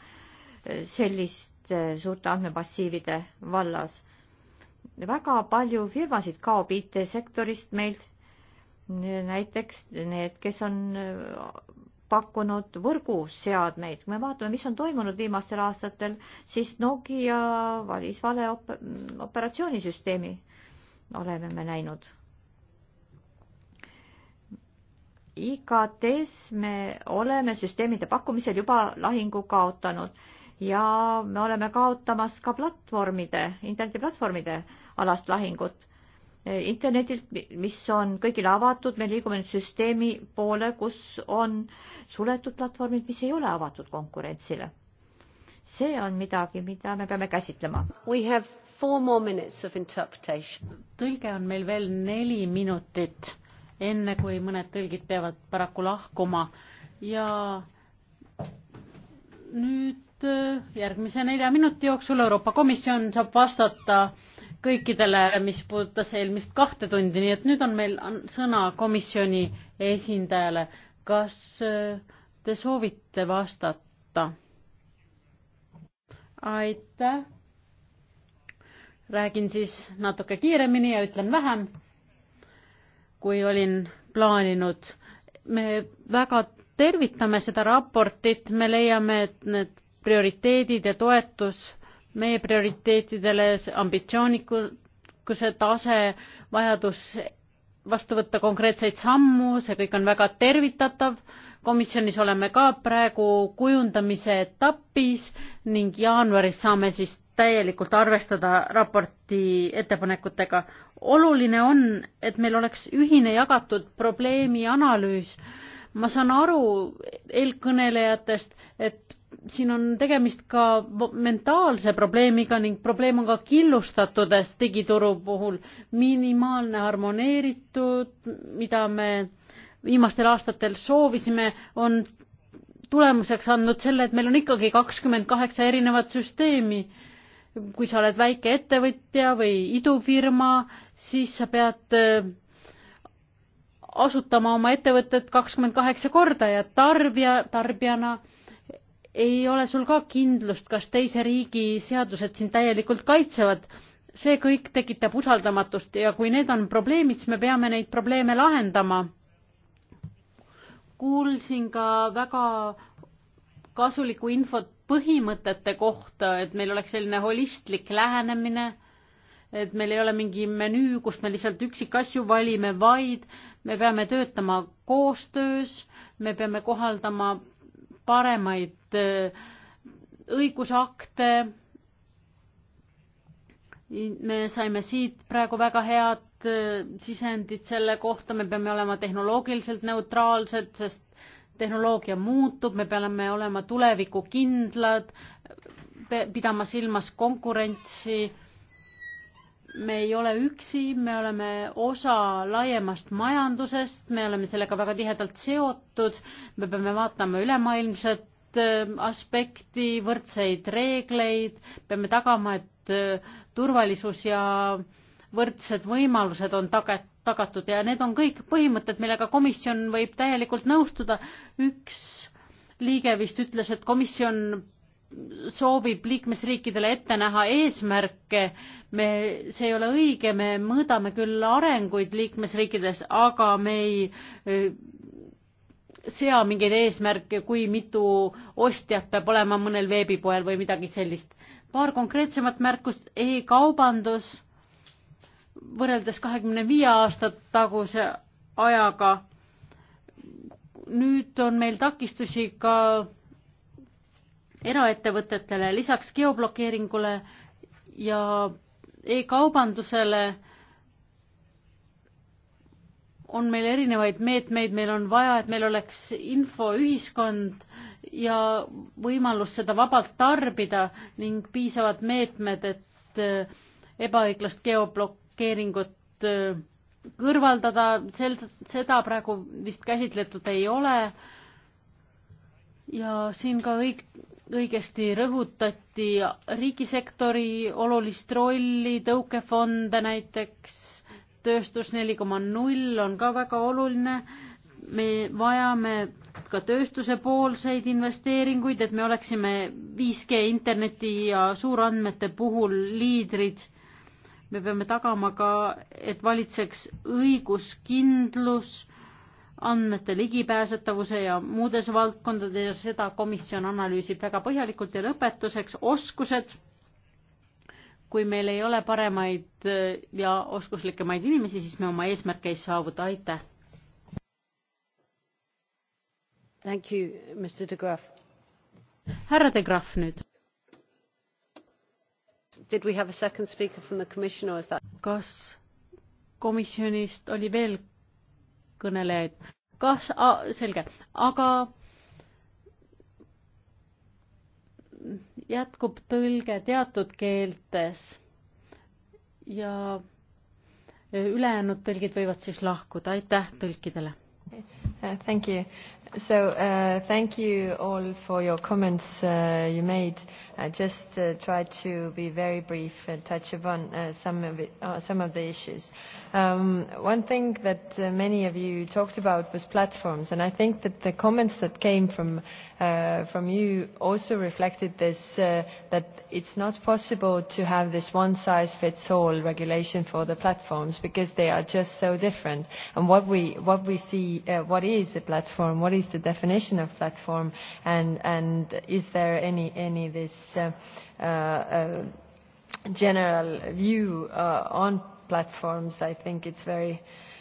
selliste suurte andmemassiivide vallas. väga palju firmasid kaob IT-sektorist meilt näiteks need, kes on äh, pakkunud võrguseadmeid, kui me vaatame, mis on toimunud viimastel aastatel, siis Nokia valis vale op operatsioonisüsteemi, oleme me näinud. IKT-s me oleme süsteemide pakkumisel juba lahingu kaotanud ja me oleme kaotamas ka platvormide, internetiplatvormide alast lahingut internetilt, mis on kõigile avatud, me liigume nüüd süsteemi poole, kus on suletud platvormid, mis ei ole avatud konkurentsile. see on midagi, mida me peame käsitlema. tõlge on meil veel neli minutit, enne kui mõned tõlgid peavad paraku lahkuma ja nüüd äh, järgmise nelja minuti jooksul Euroopa Komisjon saab vastata äh, kõikidele, mis puudutas eelmist kahte tundi, nii et nüüd on meil sõna komisjoni esindajale. kas äh, te soovite vastata? aitäh. räägin siis natuke kiiremini ja ütlen vähem, kui olin plaaninud. me väga tervitame seda raportit, me leiame, et need prioriteedid ja toetus meie prioriteetidele ambitsioonikuse tase, vajadus vastu võtta konkreetseid sammu, see kõik on väga tervitatav. komisjonis oleme ka praegu kujundamise etapis ning jaanuaris saame siis täielikult arvestada raporti ettepanekutega. oluline on, et meil oleks ühine jagatud probleemi analüüs. ma saan aru eelkõnelejatest, et siin on tegemist ka mentaalse probleemiga ning probleem on ka killustatudes digituru puhul. minimaalne harmoneeritud, mida me viimastel aastatel soovisime, on tulemuseks andnud selle, et meil on ikkagi kakskümmend kaheksa erinevat süsteemi. kui sa oled väikeettevõtja või idufirma, siis sa pead äh, asutama oma ettevõtet kakskümmend kaheksa korda ja tarbija, tarbijana ei ole sul ka kindlust, kas teise riigi seadused sind täielikult kaitsevad. see kõik tekitab usaldamatust ja kui need on probleemid, siis me peame neid probleeme lahendama. kuulsin ka väga kasulikku infot põhimõtete kohta, et meil oleks selline holistlik lähenemine, et meil ei ole mingi menüü, kust me lihtsalt üksikasju valime, vaid me peame töötama koostöös, me peame kohaldama paremaid äh, õigusakte. me saime siit praegu väga head äh, sisendit selle kohta, me peame olema tehnoloogiliselt neutraalsed, sest tehnoloogia muutub, me peame olema tulevikukindlad, pidama silmas konkurentsi me ei ole üksi, me oleme osa laiemast majandusest, me oleme sellega väga tihedalt seotud, me peame vaatama ülemaailmset äh, aspekti, võrdseid reegleid, peame tagama, et äh, turvalisus ja võrdsed võimalused on taget, tagatud ja need on kõik põhimõtted, millega komisjon võib täielikult nõustuda. üks liige vist ütles, et komisjon soovib liikmesriikidele ette näha eesmärke, me, see ei ole õige, me mõõdame küll arenguid liikmesriikides, aga me ei eh, sea mingeid eesmärke, kui mitu ostjat peab olema mõnel veebipoel või midagi sellist. paar konkreetsemat märkust e, e-kaubandus võrreldes kahekümne viie aasta taguse ajaga, nüüd on meil takistusi ka eraettevõtetele, lisaks geoblokeeringule ja e-kaubandusele on meil erinevaid meetmeid, meil on vaja, et meil oleks infoühiskond ja võimalus seda vabalt tarbida ning piisavad meetmed, et äh, ebaõiglast geoblokeeringut äh, kõrvaldada, sel-, seda praegu vist käsitletud ei ole. ja siin ka õig-, õigesti rõhutati riigisektori olulist rolli, tõukefonde näiteks, tööstus neli koma null on ka väga oluline. me vajame ka tööstusepoolseid investeeringuid, et me oleksime 5G interneti ja suurandmete puhul liidrid. me peame tagama ka, et valitseks õiguskindlus andmete ligipääsetavuse ja muudes valdkondades, seda komisjon analüüsib väga põhjalikult ja lõpetuseks oskused. kui meil ei ole paremaid äh, ja oskuslikemaid inimesi, siis me oma eesmärke ei saavuta, aitäh. Thank you, Mr De Graaf. härra De Graaf nüüd. Did we have a second speaker from the commission or is that? kas komisjonist oli veel kõnelejaid. kas, selge, aga jätkub tõlge teatud keeltes ja ülejäänud tõlgid võivad siis lahkuda, aitäh tõlkidele! Thank you. So uh, thank you all for your comments uh, you made. I just uh, tried to be very brief and touch upon uh, some, of it, uh, some of the issues. Um, one thing that uh, many of you talked about was platforms, and I think that the comments that came from, uh, from you also reflected this, uh, that it's not possible to have this one-size-fits-all regulation for the platforms because they are just so different. And what we, what we see, uh, what is a platform, what is is the definition of platform and, and is there any, any this uh, uh, general view uh, on platforms? I think it's very uh,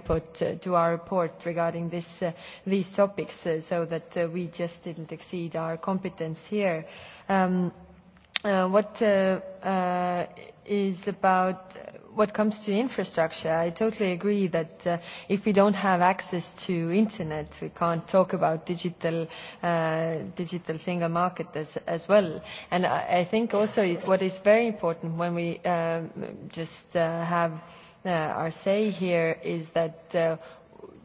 input uh, to our report regarding this, uh, these topics uh, so that uh, we just didn't exceed our competence here. Um, uh, what uh, uh, is about uh, what comes to infrastructure, I totally agree that uh, if we don't have access to internet, we can't talk about digital uh, digital single market as, as well. And I, I think also what is very important when we um, just uh, have Uh, are saying here is that uh,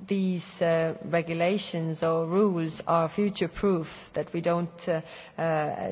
these uh, regulations or rules are future proof that we don't uh, uh,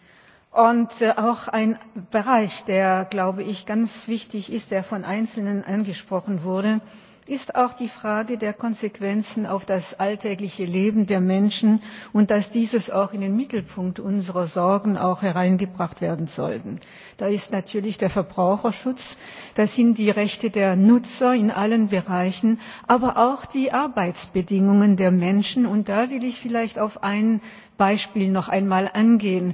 und äh, auch ein bereich der glaube ich ganz wichtig ist der von einzelnen angesprochen wurde ist auch die frage der konsequenzen auf das alltägliche leben der menschen und dass diese auch in den mittelpunkt unserer sorgen hereingebracht werden sollten. da ist natürlich der verbraucherschutz das sind die rechte der nutzer in allen bereichen aber auch die arbeitsbedingungen der menschen und da will ich vielleicht auf ein beispiel noch einmal eingehen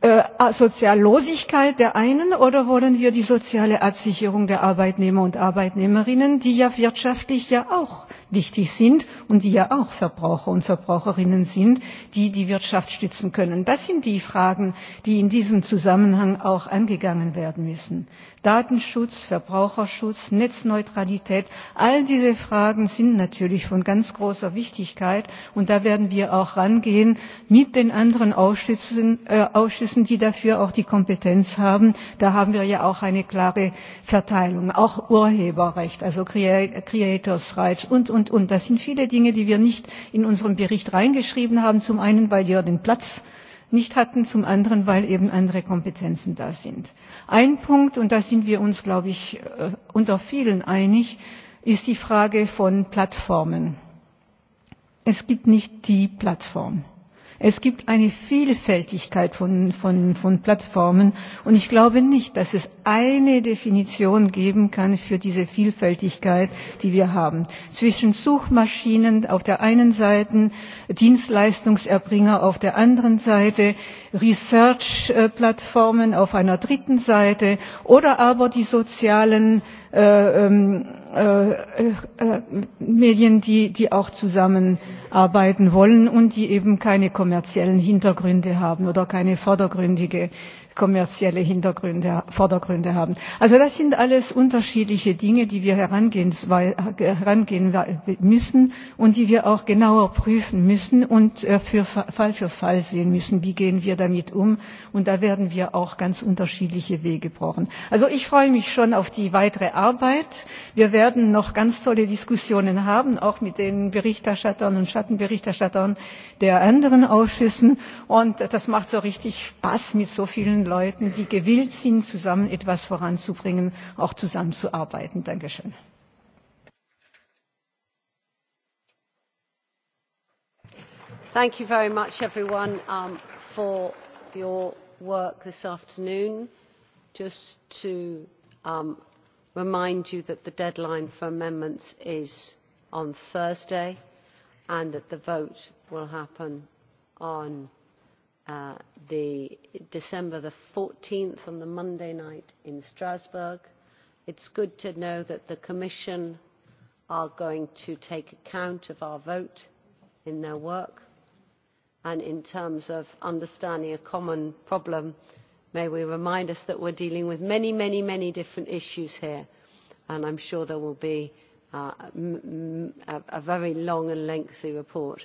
Äh, soziallosigkeit der einen oder wollen wir die soziale absicherung der arbeitnehmer und arbeitnehmerinnen die ja wirtschaftlich auch wichtig sind und die ja auch verbraucher und verbraucherinnen sind die die wirtschaft stützen können? das sind die fragen die in diesem zusammenhang auch angegangen werden müssen. datenschutz verbraucherschutz netzneutralität all diese fragen sind natürlich von ganz großer wichtigkeit und da werden wir auch rangehen mit den anderen ausschüssen äh, müssen die dafür auch die kompetenz haben. da haben wir ja auch eine klare verteilung auch urheberrecht also creators rights und und und. das sind viele dinge die wir nicht in unseren bericht reingeschrieben haben zum einen weil wir den platz nicht hatten zum anderen weil eben andere kompetenzen da sind. ein punkt und da sind wir uns glaube ich äh, unter vielen einig ist die frage von plattformen. es gibt nicht die plattform. Es gibt eine Vielfältigkeit von, von, von Plattformen und ich glaube nicht, dass es eine Definition geben kann für diese Vielfältigkeit, die wir haben. Zwischen Suchmaschinen auf der einen Seite, Dienstleistungserbringer auf der anderen Seite, Research-Plattformen auf einer dritten Seite oder aber die sozialen äh, ähm, äh, äh, Medien, die, die auch zusammenarbeiten wollen und die eben keine kommerziellen Hintergründe haben oder keine vordergründige kommerzielle Hintergründe, Vordergründe haben. Also das sind alles unterschiedliche Dinge, die wir herangehen, herangehen müssen und die wir auch genauer prüfen müssen und äh, für Fall für Fall sehen müssen, wie gehen wir damit um. Und da werden wir auch ganz unterschiedliche Wege brauchen. Also ich freue mich schon auf die weitere Arbeit. Wir werden noch ganz tolle Diskussionen haben, auch mit den Berichterstattern und Schattenberichterstattern der anderen ausschüssen und das macht so richtig Spaß mit so vielen Leuten, die gewillt sind, zusammen etwas voranzubringen, auch zusammenzuarbeiten. Dankeschön. Thank you very much everyone um, for your work this afternoon. Just to um, remind you that the deadline for amendments is on Thursday and that the vote will happen on uh, the December the 14th, on the Monday night in Strasbourg. It's good to know that the Commission are going to take account of our vote in their work and in terms of understanding a common problem may we remind us that we are dealing with many many many different issues here and i am sure there will be uh, a very long and lengthy report.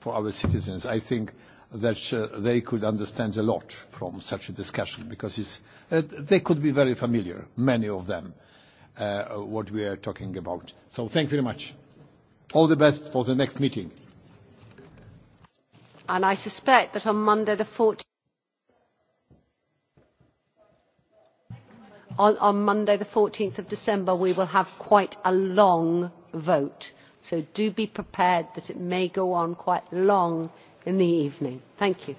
for our citizens. I think that uh, they could understand a lot from such a discussion because it's, uh, they could be very familiar, many of them, uh, what we are talking about. So thank you very much. All the best for the next meeting. And I suspect that on Monday the 14th, on, on Monday the 14th of December, we will have quite a long vote so do be prepared that it may go on quite long in the evening. thank you.